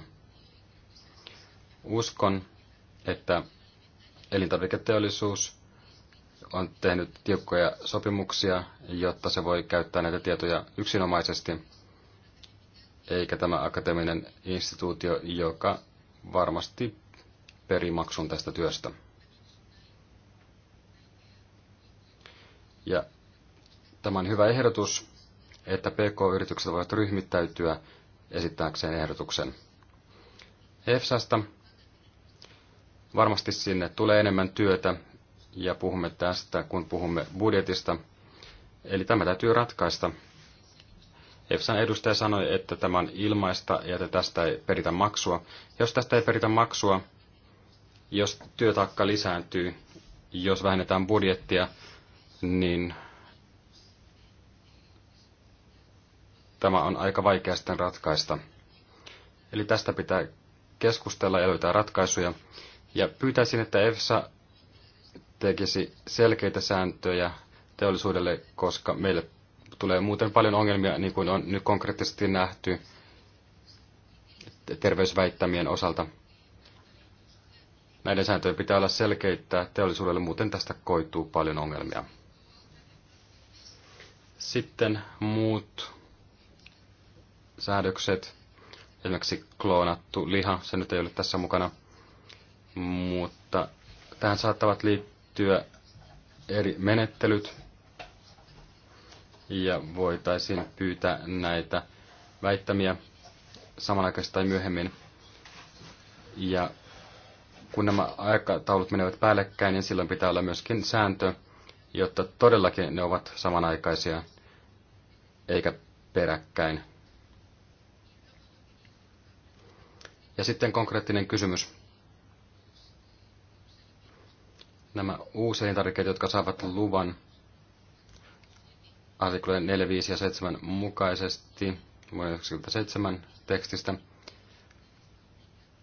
Uskon, että elintarviketeollisuus on tehnyt tiukkoja sopimuksia, jotta se voi käyttää näitä tietoja yksinomaisesti, eikä tämä akateeminen instituutio, joka varmasti maksun tästä työstä. Ja tämä on hyvä ehdotus, että PK-yritykset voivat ryhmittäytyä esittääkseen ehdotuksen. EFSAsta varmasti sinne tulee enemmän työtä ja puhumme tästä, kun puhumme budjetista. Eli tämä täytyy ratkaista. EFSAn edustaja sanoi, että tämä on ilmaista ja että tästä ei peritä maksua. Jos tästä ei peritä maksua, jos työtaakka lisääntyy, jos vähennetään budjettia, niin tämä on aika vaikea sitten ratkaista. Eli tästä pitää keskustella ja löytää ratkaisuja. Ja pyytäisin, että EFSA tekisi selkeitä sääntöjä teollisuudelle, koska meille tulee muuten paljon ongelmia, niin kuin on nyt konkreettisesti nähty terveysväittämien osalta. Näiden sääntöjen pitää olla selkeitä teollisuudelle, muuten tästä koituu paljon ongelmia. Sitten muut säädökset, esimerkiksi kloonattu liha, se nyt ei ole tässä mukana, mutta tähän saattavat liittyä kehittyä eri menettelyt ja voitaisiin pyytää näitä väittämiä samanaikaisesti tai myöhemmin. Ja kun nämä aikataulut menevät päällekkäin, niin silloin pitää olla myöskin sääntö, jotta todellakin ne ovat samanaikaisia eikä peräkkäin. Ja sitten konkreettinen kysymys. nämä uuselintarvikkeet, jotka saavat luvan artikloiden 4, 5 ja 7 mukaisesti vuoden 1997 tekstistä.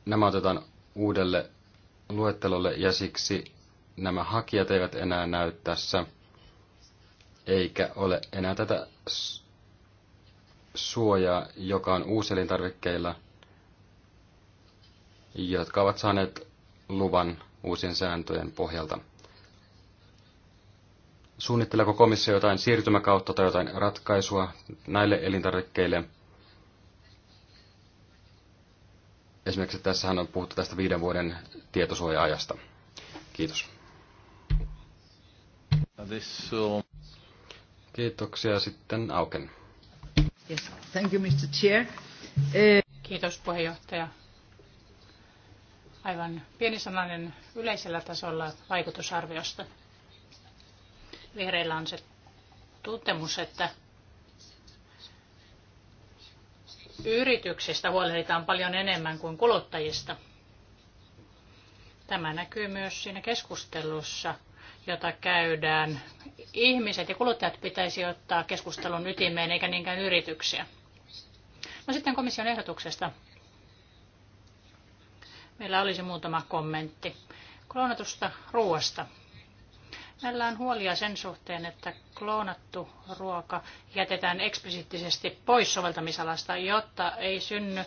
Nämä otetaan uudelle luettelolle ja siksi nämä hakijat eivät enää näy tässä, eikä ole enää tätä suojaa, joka on uuselintarvikkeilla, jotka ovat saaneet luvan uusien sääntöjen pohjalta. Suunnitteleeko komissio jotain siirtymäkautta tai jotain ratkaisua näille elintarvikkeille? Esimerkiksi tässähän on puhuttu tästä viiden vuoden tietosuoja-ajasta. Kiitos. Kiitoksia sitten Auken. Yes. Thank you, Mr. Chair. Eh, Kiitos puheenjohtaja aivan pieni sananen yleisellä tasolla vaikutusarviosta. Vihreillä on se tuntemus, että yrityksistä huolehditaan paljon enemmän kuin kuluttajista. Tämä näkyy myös siinä keskustelussa, jota käydään. Ihmiset ja kuluttajat pitäisi ottaa keskustelun ytimeen eikä niinkään yrityksiä. No sitten komission ehdotuksesta Meillä olisi muutama kommentti. Kloonatusta ruoasta. Meillä on huolia sen suhteen, että kloonattu ruoka jätetään eksplisiittisesti pois soveltamisalasta, jotta ei synny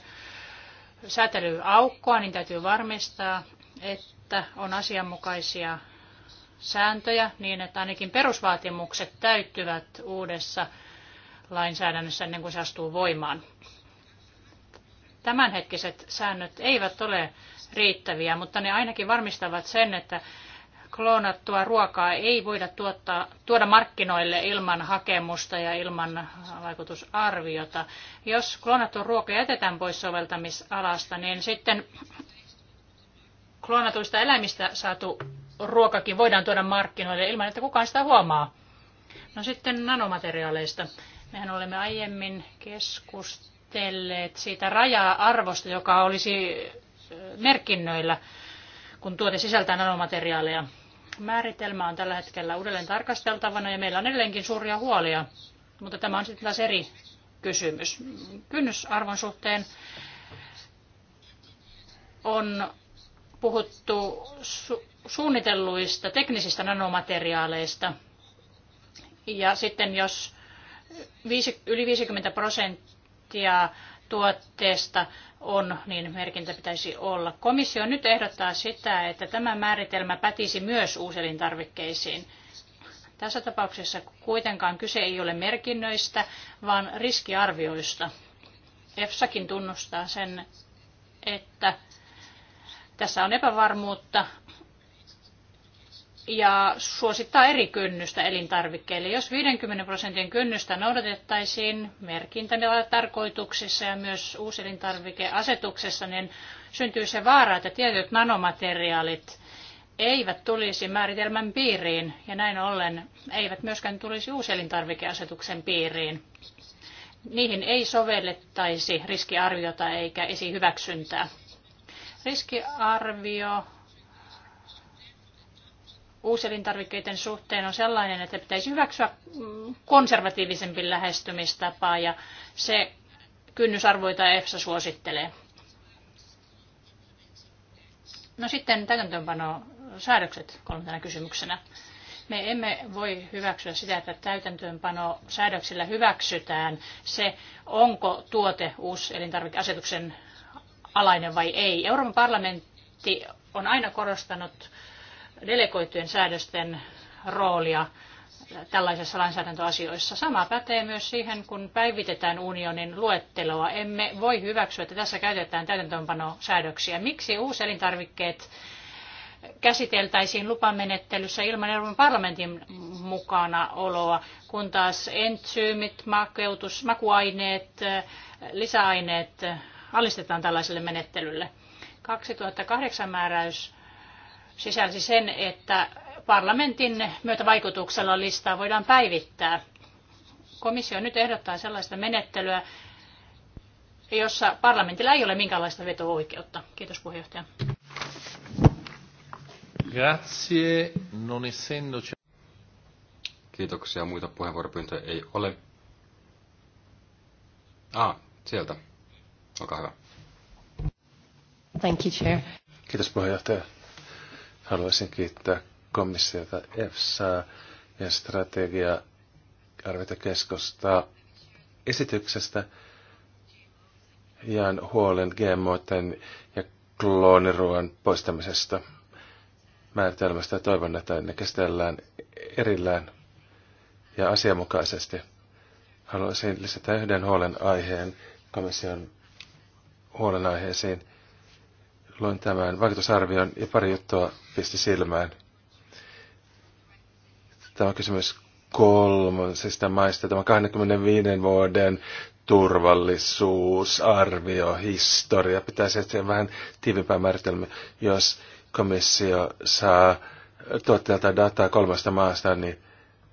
säätelyaukkoa, niin täytyy varmistaa, että on asianmukaisia sääntöjä niin, että ainakin perusvaatimukset täyttyvät uudessa lainsäädännössä ennen kuin se astuu voimaan. Tämänhetkiset säännöt eivät ole riittäviä, mutta ne ainakin varmistavat sen, että kloonattua ruokaa ei voida tuottaa, tuoda markkinoille ilman hakemusta ja ilman vaikutusarviota. Jos kloonattu ruoka jätetään pois soveltamisalasta, niin sitten kloonatuista eläimistä saatu ruokakin voidaan tuoda markkinoille ilman, että kukaan sitä huomaa. No sitten nanomateriaaleista. Mehän olemme aiemmin keskustelleet siitä raja-arvosta, joka olisi merkinnöillä, kun tuote sisältää nanomateriaaleja. Määritelmä on tällä hetkellä uudelleen tarkasteltavana ja meillä on edelleenkin suuria huolia, mutta tämä on sitten taas eri kysymys. Kynnysarvon suhteen on puhuttu su- suunnitelluista teknisistä nanomateriaaleista. Ja sitten jos yli 50 prosenttia tuotteesta on, niin merkintä pitäisi olla. Komissio nyt ehdottaa sitä, että tämä määritelmä pätisi myös uuselintarvikkeisiin. Tässä tapauksessa kuitenkaan kyse ei ole merkinnöistä, vaan riskiarvioista. EFSAkin tunnustaa sen, että tässä on epävarmuutta ja suosittaa eri kynnystä elintarvikkeille. Jos 50 prosentin kynnystä noudatettaisiin merkintä tarkoituksissa ja myös uuselintarvikeasetuksessa, niin syntyy se vaara, että tietyt nanomateriaalit eivät tulisi määritelmän piiriin ja näin ollen eivät myöskään tulisi uuselintarvikeasetuksen piiriin. Niihin ei sovellettaisi riskiarviota eikä esihyväksyntää. Riskiarvio uuselintarvikkeiden suhteen on sellainen, että pitäisi hyväksyä konservatiivisempi lähestymistapa ja se kynnysarvoita EFSA suosittelee. No sitten täytäntöönpano säädökset kolmantena kysymyksenä. Me emme voi hyväksyä sitä, että täytäntöönpano säädöksillä hyväksytään se, onko tuote uusi elintarvikeasetuksen alainen vai ei. Euroopan parlamentti on aina korostanut delegoitujen säädösten roolia tällaisissa lainsäädäntöasioissa. Sama pätee myös siihen, kun päivitetään unionin luetteloa. Emme voi hyväksyä, että tässä käytetään täytäntöönpanosäädöksiä. Miksi uuselintarvikkeet käsiteltäisiin lupamenettelyssä ilman Euroopan parlamentin mukana oloa, kun taas entsyymit, makeutus, makuaineet, lisäaineet alistetaan tällaiselle menettelylle. 2008 määräys sisälsi sen, että parlamentin myötävaikutuksella listaa voidaan päivittää. Komissio nyt ehdottaa sellaista menettelyä, jossa parlamentilla ei ole minkäänlaista veto-oikeutta. Kiitos puheenjohtaja. Grazie, non essendoci... Kiitoksia, muita puheenvuoropyyntöjä ei ole. Ah, sieltä. Olkaa hyvä. Thank you, Chair. Kiitos puheenjohtaja. Haluaisin kiittää komissiota EFSA ja strategia arviointikeskusta esityksestä. Jaan huolen GMOten ja klooniruoan poistamisesta määritelmästä toivon, että ne kestellään erillään ja asianmukaisesti. Haluaisin lisätä yhden huolen aiheen komission huolenaiheisiin luin tämän vaikutusarvion ja pari juttua pisti silmään. Tämä on kysymys kolmosista maista, tämä 25 vuoden turvallisuusarvio, historia. Pitäisi etsiä vähän tiivimpää määritelmä. Jos komissio saa tuottajalta dataa kolmesta maasta, niin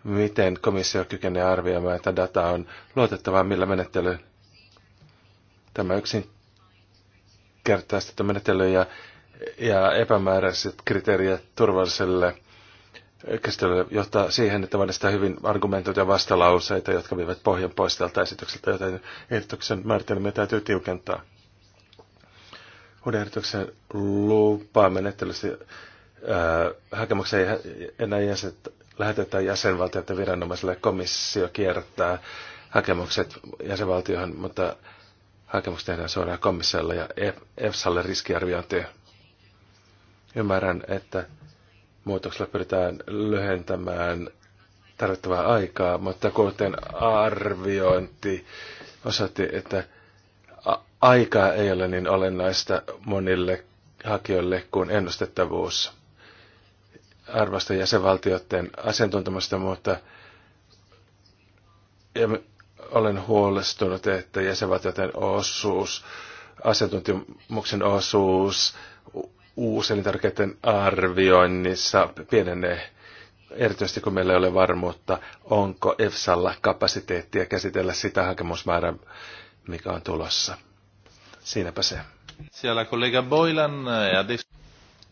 miten komissio kykenee arvioimaan, että data on luotettavaa, millä menettelyyn? Tämä yksin yksinkertaistettu menettely ja, ja epämääräiset kriteerit turvalliselle käsittelylle johtaa siihen, että vain hyvin argumentoita ja vastalauseita, jotka vievät pohjan pois tältä esitykseltä, joten ehdotuksen määritelmiä täytyy tiukentaa. Uuden ehdotuksen lupaa menettelystä hakemuksen enää jäsen, lähetetään jäsenvaltioiden viranomaiselle komissio kiertää hakemukset jäsenvaltioihin, mutta hakemus tehdään suoraan komissiolle ja e- EFSAlle riskiarviointia. Ymmärrän, että muutoksella pyritään lyhentämään tarvittavaa aikaa, mutta kuten arviointi osoitti, että aikaa ei ole niin olennaista monille hakijoille kuin ennustettavuus. Arvosta jäsenvaltioiden asiantuntemusta, mutta ja olen huolestunut, että jäsenvaltioiden osuus, asiantuntemuksen osuus uuselintarkeiden arvioinnissa pienenee, erityisesti kun meillä ei ole varmuutta, onko EFSAlla kapasiteettia käsitellä sitä hakemusmäärää, mikä on tulossa. Siinäpä se. Siellä kollega Boilan ja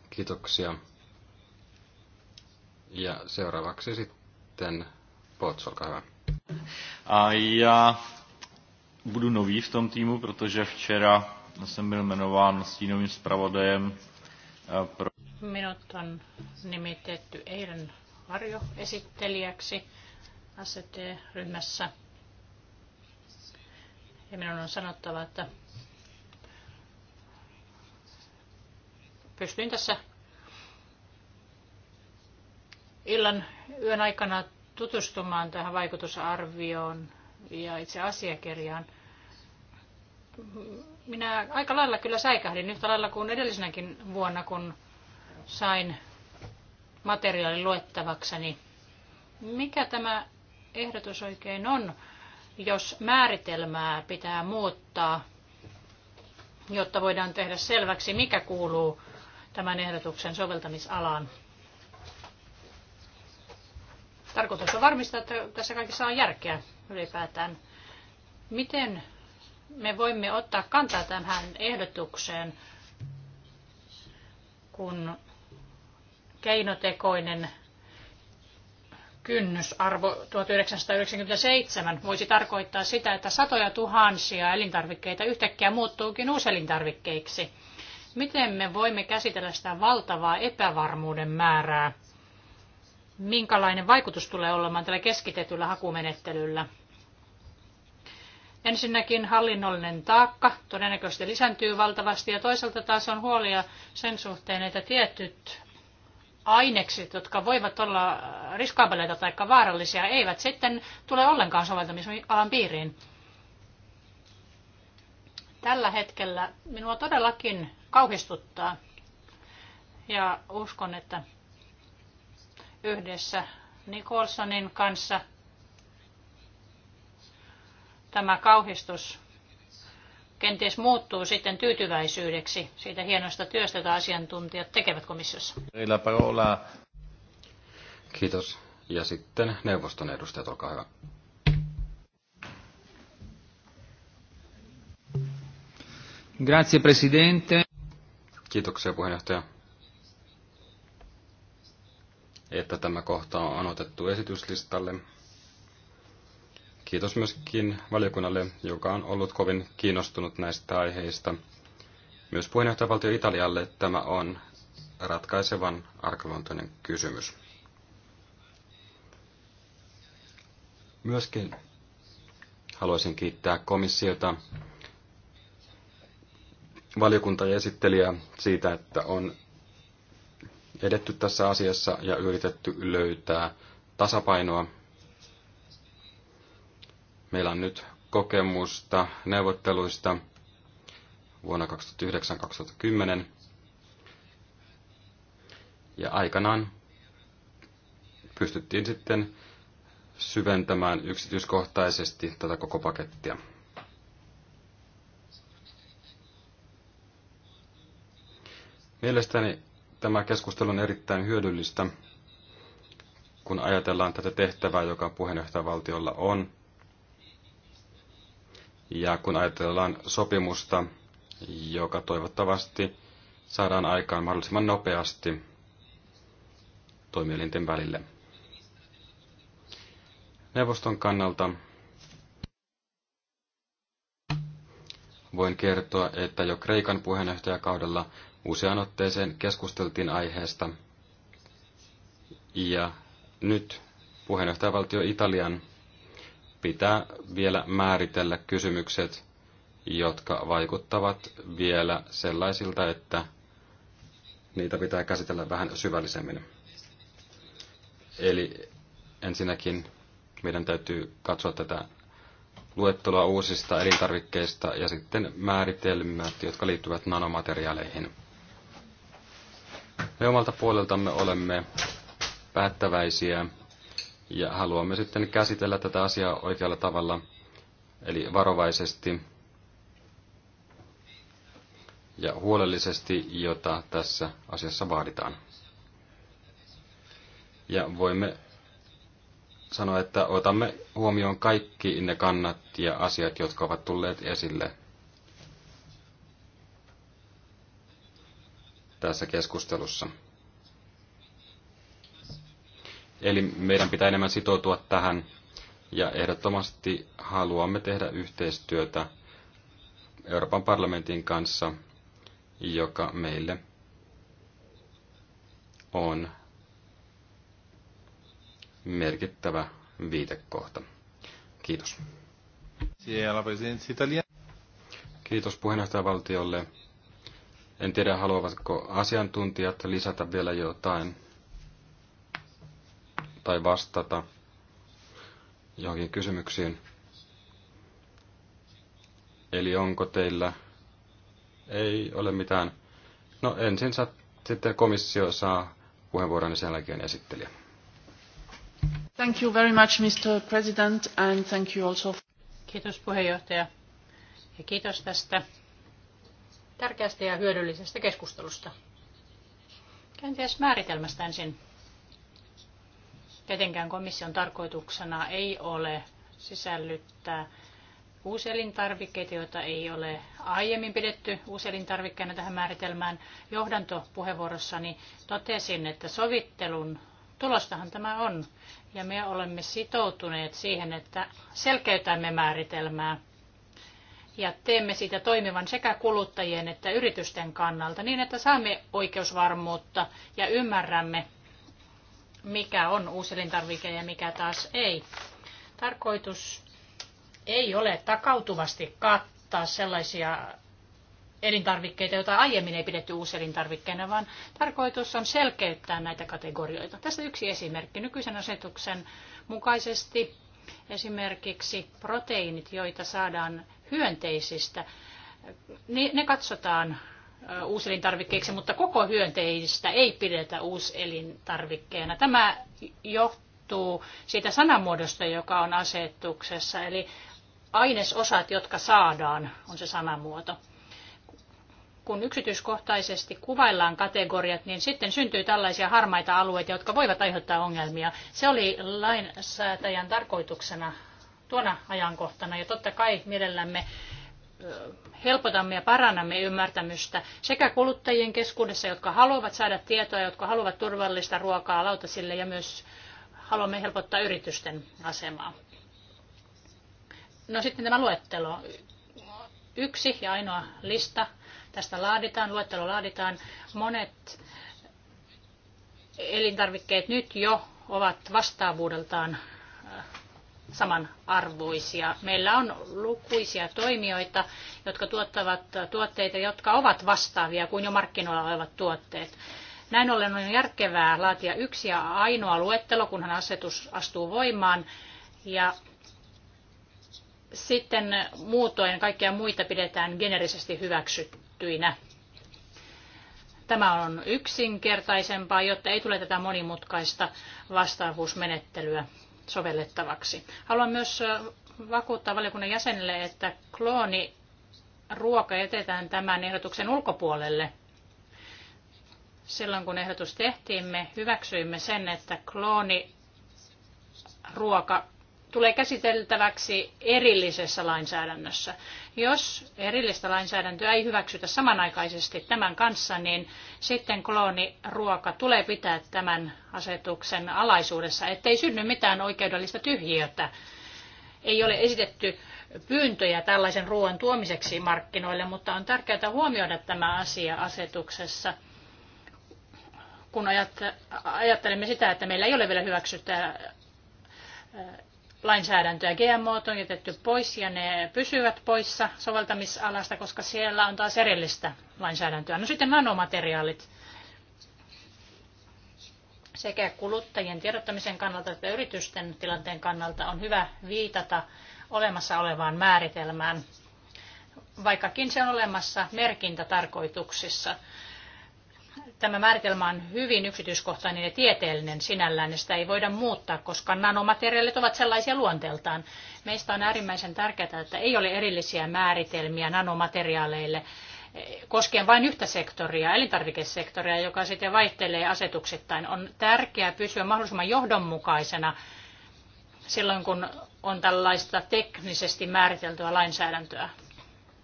Kiitoksia. Ja seuraavaksi sitten Potts, olkaa hyvä. A já budu nový v tom týmu, protože včera jsem byl jmenován stínovým zpravodajem eh, pro... Minut on nimitetty eilen esittelijäksi act ryhmässä Ja minun on sanottava, että pystyin tässä illan yön aikana tutustumaan tähän vaikutusarvioon ja itse asiakirjaan. Minä aika lailla kyllä säikähdin yhtä lailla kuin edellisenäkin vuonna, kun sain materiaalin luettavakseni. Mikä tämä ehdotus oikein on, jos määritelmää pitää muuttaa, jotta voidaan tehdä selväksi, mikä kuuluu tämän ehdotuksen soveltamisalaan? Tarkoitus on varmistaa, että tässä kaikessa on järkeä ylipäätään. Miten me voimme ottaa kantaa tähän ehdotukseen, kun keinotekoinen kynnysarvo 1997 voisi tarkoittaa sitä, että satoja tuhansia elintarvikkeita yhtäkkiä muuttuukin uuselintarvikkeiksi. Miten me voimme käsitellä sitä valtavaa epävarmuuden määrää, minkälainen vaikutus tulee olemaan tällä keskitetyllä hakumenettelyllä. Ensinnäkin hallinnollinen taakka todennäköisesti lisääntyy valtavasti ja toisaalta taas on huolia sen suhteen, että tietyt ainekset, jotka voivat olla riskaabeleita tai vaarallisia, eivät sitten tule ollenkaan soveltamisalan piiriin. Tällä hetkellä minua todellakin kauhistuttaa ja uskon, että yhdessä Nicholsonin kanssa. Tämä kauhistus kenties muuttuu sitten tyytyväisyydeksi siitä hienosta työstä, jota asiantuntijat tekevät komissiossa. Kiitos. Ja sitten neuvoston edustajat, olkaa hyvä. Grazie Presidente. Kiitoksia puheenjohtaja että tämä kohta on otettu esityslistalle. Kiitos myöskin valiokunnalle, joka on ollut kovin kiinnostunut näistä aiheista. Myös puheenjohtajavaltio Italialle tämä on ratkaisevan arkaluontoinen kysymys. Myöskin haluaisin kiittää komissiota, valiokunta ja siitä, että on edetty tässä asiassa ja yritetty löytää tasapainoa. Meillä on nyt kokemusta neuvotteluista vuonna 2009-2010. Ja aikanaan pystyttiin sitten syventämään yksityiskohtaisesti tätä koko pakettia. Mielestäni Tämä keskustelu on erittäin hyödyllistä, kun ajatellaan tätä tehtävää, joka puheenjohtajavaltiolla on. Ja kun ajatellaan sopimusta, joka toivottavasti saadaan aikaan mahdollisimman nopeasti toimielinten välille. Neuvoston kannalta voin kertoa, että jo Kreikan puheenjohtajakaudella Usean otteeseen keskusteltiin aiheesta ja nyt puheenjohtajavaltio Italian pitää vielä määritellä kysymykset, jotka vaikuttavat vielä sellaisilta, että niitä pitää käsitellä vähän syvällisemmin. Eli ensinnäkin meidän täytyy katsoa tätä luetteloa uusista elintarvikkeista ja sitten määritelmät, jotka liittyvät nanomateriaaleihin. Me omalta puoleltamme olemme päättäväisiä ja haluamme sitten käsitellä tätä asiaa oikealla tavalla, eli varovaisesti ja huolellisesti, jota tässä asiassa vaaditaan. Ja voimme sanoa, että otamme huomioon kaikki ne kannat ja asiat, jotka ovat tulleet esille tässä keskustelussa. Eli meidän pitää enemmän sitoutua tähän ja ehdottomasti haluamme tehdä yhteistyötä Euroopan parlamentin kanssa, joka meille on merkittävä viitekohta. Kiitos. Kiitos puheenjohtajavaltiolle en tiedä, haluavatko asiantuntijat lisätä vielä jotain tai vastata johonkin kysymyksiin. Eli onko teillä? Ei ole mitään. No ensin saa, sitten komissio saa puheenvuoron sen jälkeen esittelijä. Thank you very much, Mr. President, and thank you also. Kiitos puheenjohtaja ja kiitos tästä tärkeästä ja hyödyllisestä keskustelusta. Kenties määritelmästä ensin. Tietenkään komission tarkoituksena ei ole sisällyttää uuselintarvikkeita, joita ei ole aiemmin pidetty uuselintarvikkeena tähän määritelmään. Johdantopuheenvuorossani totesin, että sovittelun tulostahan tämä on. Ja me olemme sitoutuneet siihen, että selkeytämme määritelmää ja teemme siitä toimivan sekä kuluttajien että yritysten kannalta niin, että saamme oikeusvarmuutta ja ymmärrämme, mikä on uusi elintarvike ja mikä taas ei. Tarkoitus ei ole takautuvasti kattaa sellaisia elintarvikkeita, joita aiemmin ei pidetty uuselintarvikkeena, vaan tarkoitus on selkeyttää näitä kategorioita. Tässä yksi esimerkki. Nykyisen asetuksen mukaisesti esimerkiksi proteiinit, joita saadaan hyönteisistä. Ne katsotaan uuselintarvikkeiksi, mutta koko hyönteisistä ei pidetä uuselintarvikkeena. Tämä johtuu siitä sanamuodosta, joka on asetuksessa, eli ainesosat, jotka saadaan, on se sanamuoto. Kun yksityiskohtaisesti kuvaillaan kategoriat, niin sitten syntyy tällaisia harmaita alueita, jotka voivat aiheuttaa ongelmia. Se oli lainsäätäjän tarkoituksena tuona ajankohtana. Ja totta kai mielellämme helpotamme ja parannamme ymmärtämystä sekä kuluttajien keskuudessa, jotka haluavat saada tietoa, jotka haluavat turvallista ruokaa lautasille ja myös haluamme helpottaa yritysten asemaa. No sitten tämä luettelo. Yksi ja ainoa lista tästä laaditaan, luettelo laaditaan. Monet elintarvikkeet nyt jo ovat vastaavuudeltaan samanarvoisia. Meillä on lukuisia toimijoita, jotka tuottavat tuotteita, jotka ovat vastaavia kuin jo markkinoilla olevat tuotteet. Näin ollen on järkevää laatia yksi ja ainoa luettelo, kunhan asetus astuu voimaan. Ja sitten muutoin kaikkia muita pidetään generisesti hyväksyttyinä. Tämä on yksinkertaisempaa, jotta ei tule tätä monimutkaista vastaavuusmenettelyä sovellettavaksi. Haluan myös vakuuttaa valiokunnan jäsenille, että klooni ruoka jätetään tämän ehdotuksen ulkopuolelle. Silloin kun ehdotus tehtiin, me hyväksyimme sen, että klooni ruoka tulee käsiteltäväksi erillisessä lainsäädännössä. Jos erillistä lainsäädäntöä ei hyväksytä samanaikaisesti tämän kanssa, niin sitten klooniruoka tulee pitää tämän asetuksen alaisuudessa, ettei synny mitään oikeudellista tyhjiötä. Ei ole esitetty pyyntöjä tällaisen ruoan tuomiseksi markkinoille, mutta on tärkeää huomioida tämä asia asetuksessa kun ajattelemme sitä, että meillä ei ole vielä hyväksyttä lainsäädäntöä. GMO on jätetty pois ja ne pysyvät poissa soveltamisalasta, koska siellä on taas erillistä lainsäädäntöä. No sitten nanomateriaalit. Sekä kuluttajien tiedottamisen kannalta että yritysten tilanteen kannalta on hyvä viitata olemassa olevaan määritelmään, vaikkakin se on olemassa merkintätarkoituksissa. Tämä määritelmä on hyvin yksityiskohtainen ja tieteellinen sinällään, ja sitä ei voida muuttaa, koska nanomateriaalit ovat sellaisia luonteeltaan. Meistä on äärimmäisen tärkeää, että ei ole erillisiä määritelmiä nanomateriaaleille koskien vain yhtä sektoria, elintarvikesektoria, joka sitten vaihtelee asetuksittain. On tärkeää pysyä mahdollisimman johdonmukaisena silloin, kun on tällaista teknisesti määriteltyä lainsäädäntöä.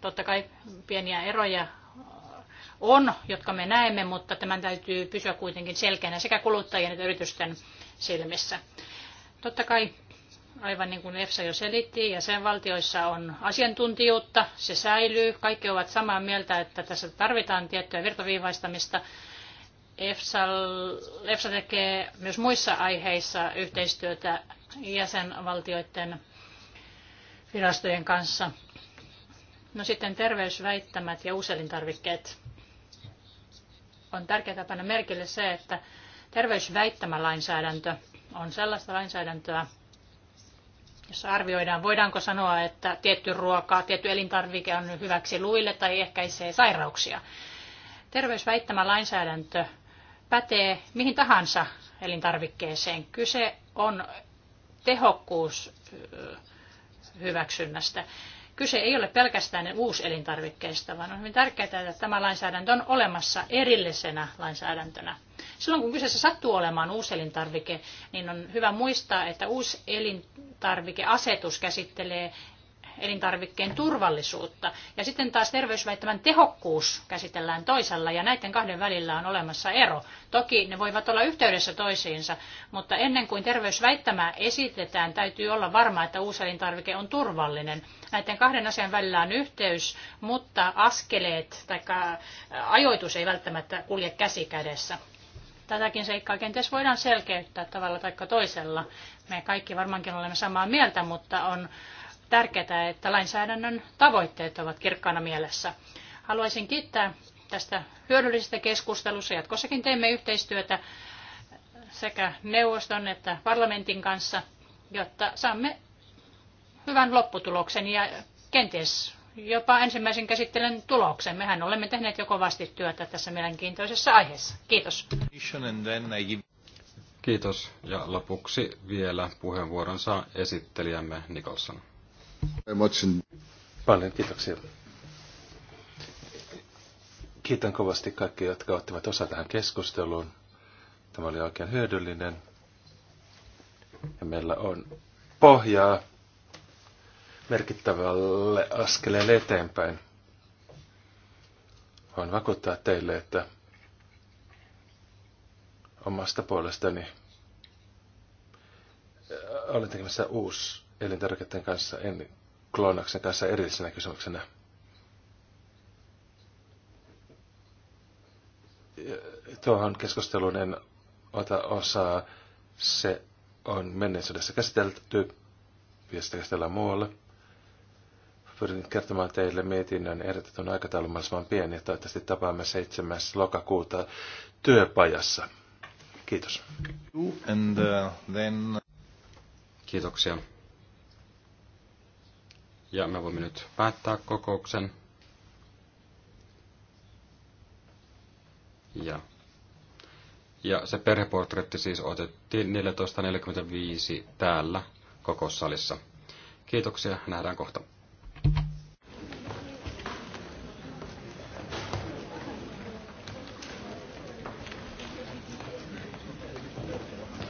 Totta kai pieniä eroja on, jotka me näemme, mutta tämän täytyy pysyä kuitenkin selkeänä sekä kuluttajien että yritysten silmissä. Totta kai, aivan niin kuin EFSA jo selitti, jäsenvaltioissa on asiantuntijuutta, se säilyy. Kaikki ovat samaa mieltä, että tässä tarvitaan tiettyä virtaviivaistamista. EFSA, EFSA tekee myös muissa aiheissa yhteistyötä jäsenvaltioiden virastojen kanssa. No sitten terveysväittämät ja uuselintarvikkeet on tärkeää panna merkille se, että terveysväittämälainsäädäntö on sellaista lainsäädäntöä, jossa arvioidaan, voidaanko sanoa, että tietty ruoka, tietty elintarvike on hyväksi luille tai ehkäisee sairauksia. Terveysväittämälainsäädäntö pätee mihin tahansa elintarvikkeeseen. Kyse on tehokkuushyväksynnästä. Kyse ei ole pelkästään uuselintarvikkeista, vaan on hyvin tärkeää, että tämä lainsäädäntö on olemassa erillisenä lainsäädäntönä. Silloin kun kyseessä sattuu olemaan uuselintarvike, niin on hyvä muistaa, että uuselintarvikeasetus käsittelee elintarvikkeen turvallisuutta. Ja sitten taas terveysväittämän tehokkuus käsitellään toisella ja näiden kahden välillä on olemassa ero. Toki ne voivat olla yhteydessä toisiinsa, mutta ennen kuin terveysväittämää esitetään, täytyy olla varma, että uusi elintarvike on turvallinen. Näiden kahden asian välillä on yhteys, mutta askeleet tai ajoitus ei välttämättä kulje käsi kädessä tätäkin seikkaa kenties voidaan selkeyttää tavalla tai toisella. Me kaikki varmaankin olemme samaa mieltä, mutta on tärkeää, että lainsäädännön tavoitteet ovat kirkkaana mielessä. Haluaisin kiittää tästä hyödyllisestä keskustelusta. Jatkossakin teemme yhteistyötä sekä neuvoston että parlamentin kanssa, jotta saamme hyvän lopputuloksen ja kenties jopa ensimmäisen käsittelyn tuloksen. Mehän olemme tehneet jo kovasti työtä tässä mielenkiintoisessa aiheessa. Kiitos. Kiitos. Ja lopuksi vielä puheenvuoron saa esittelijämme Nicholson. Paljon kiitoksia. Kiitän kovasti kaikkia, jotka ottivat osaa tähän keskusteluun. Tämä oli oikein hyödyllinen. Ja meillä on pohjaa merkittävälle askeleelle eteenpäin. Voin vakuuttaa teille, että omasta puolestani olen tekemässä uusi elintarvikkeiden kanssa, en kloonaksen kanssa erillisenä kysymyksenä. Tuohon keskusteluun en ota osaa. Se on menneisyydessä käsitelty ja sitä käsitellään muualle. Pyrin kertomaan teille mietinnön ehdotetun aikataulun mahdollisimman pieni ja toivottavasti tapaamme 7. lokakuuta työpajassa. Kiitos. And, uh, then... Kiitoksia. Ja me voimme nyt päättää kokouksen. Ja, ja se perheportretti siis otettiin 14.45 täällä kokoussalissa. Kiitoksia, nähdään kohta.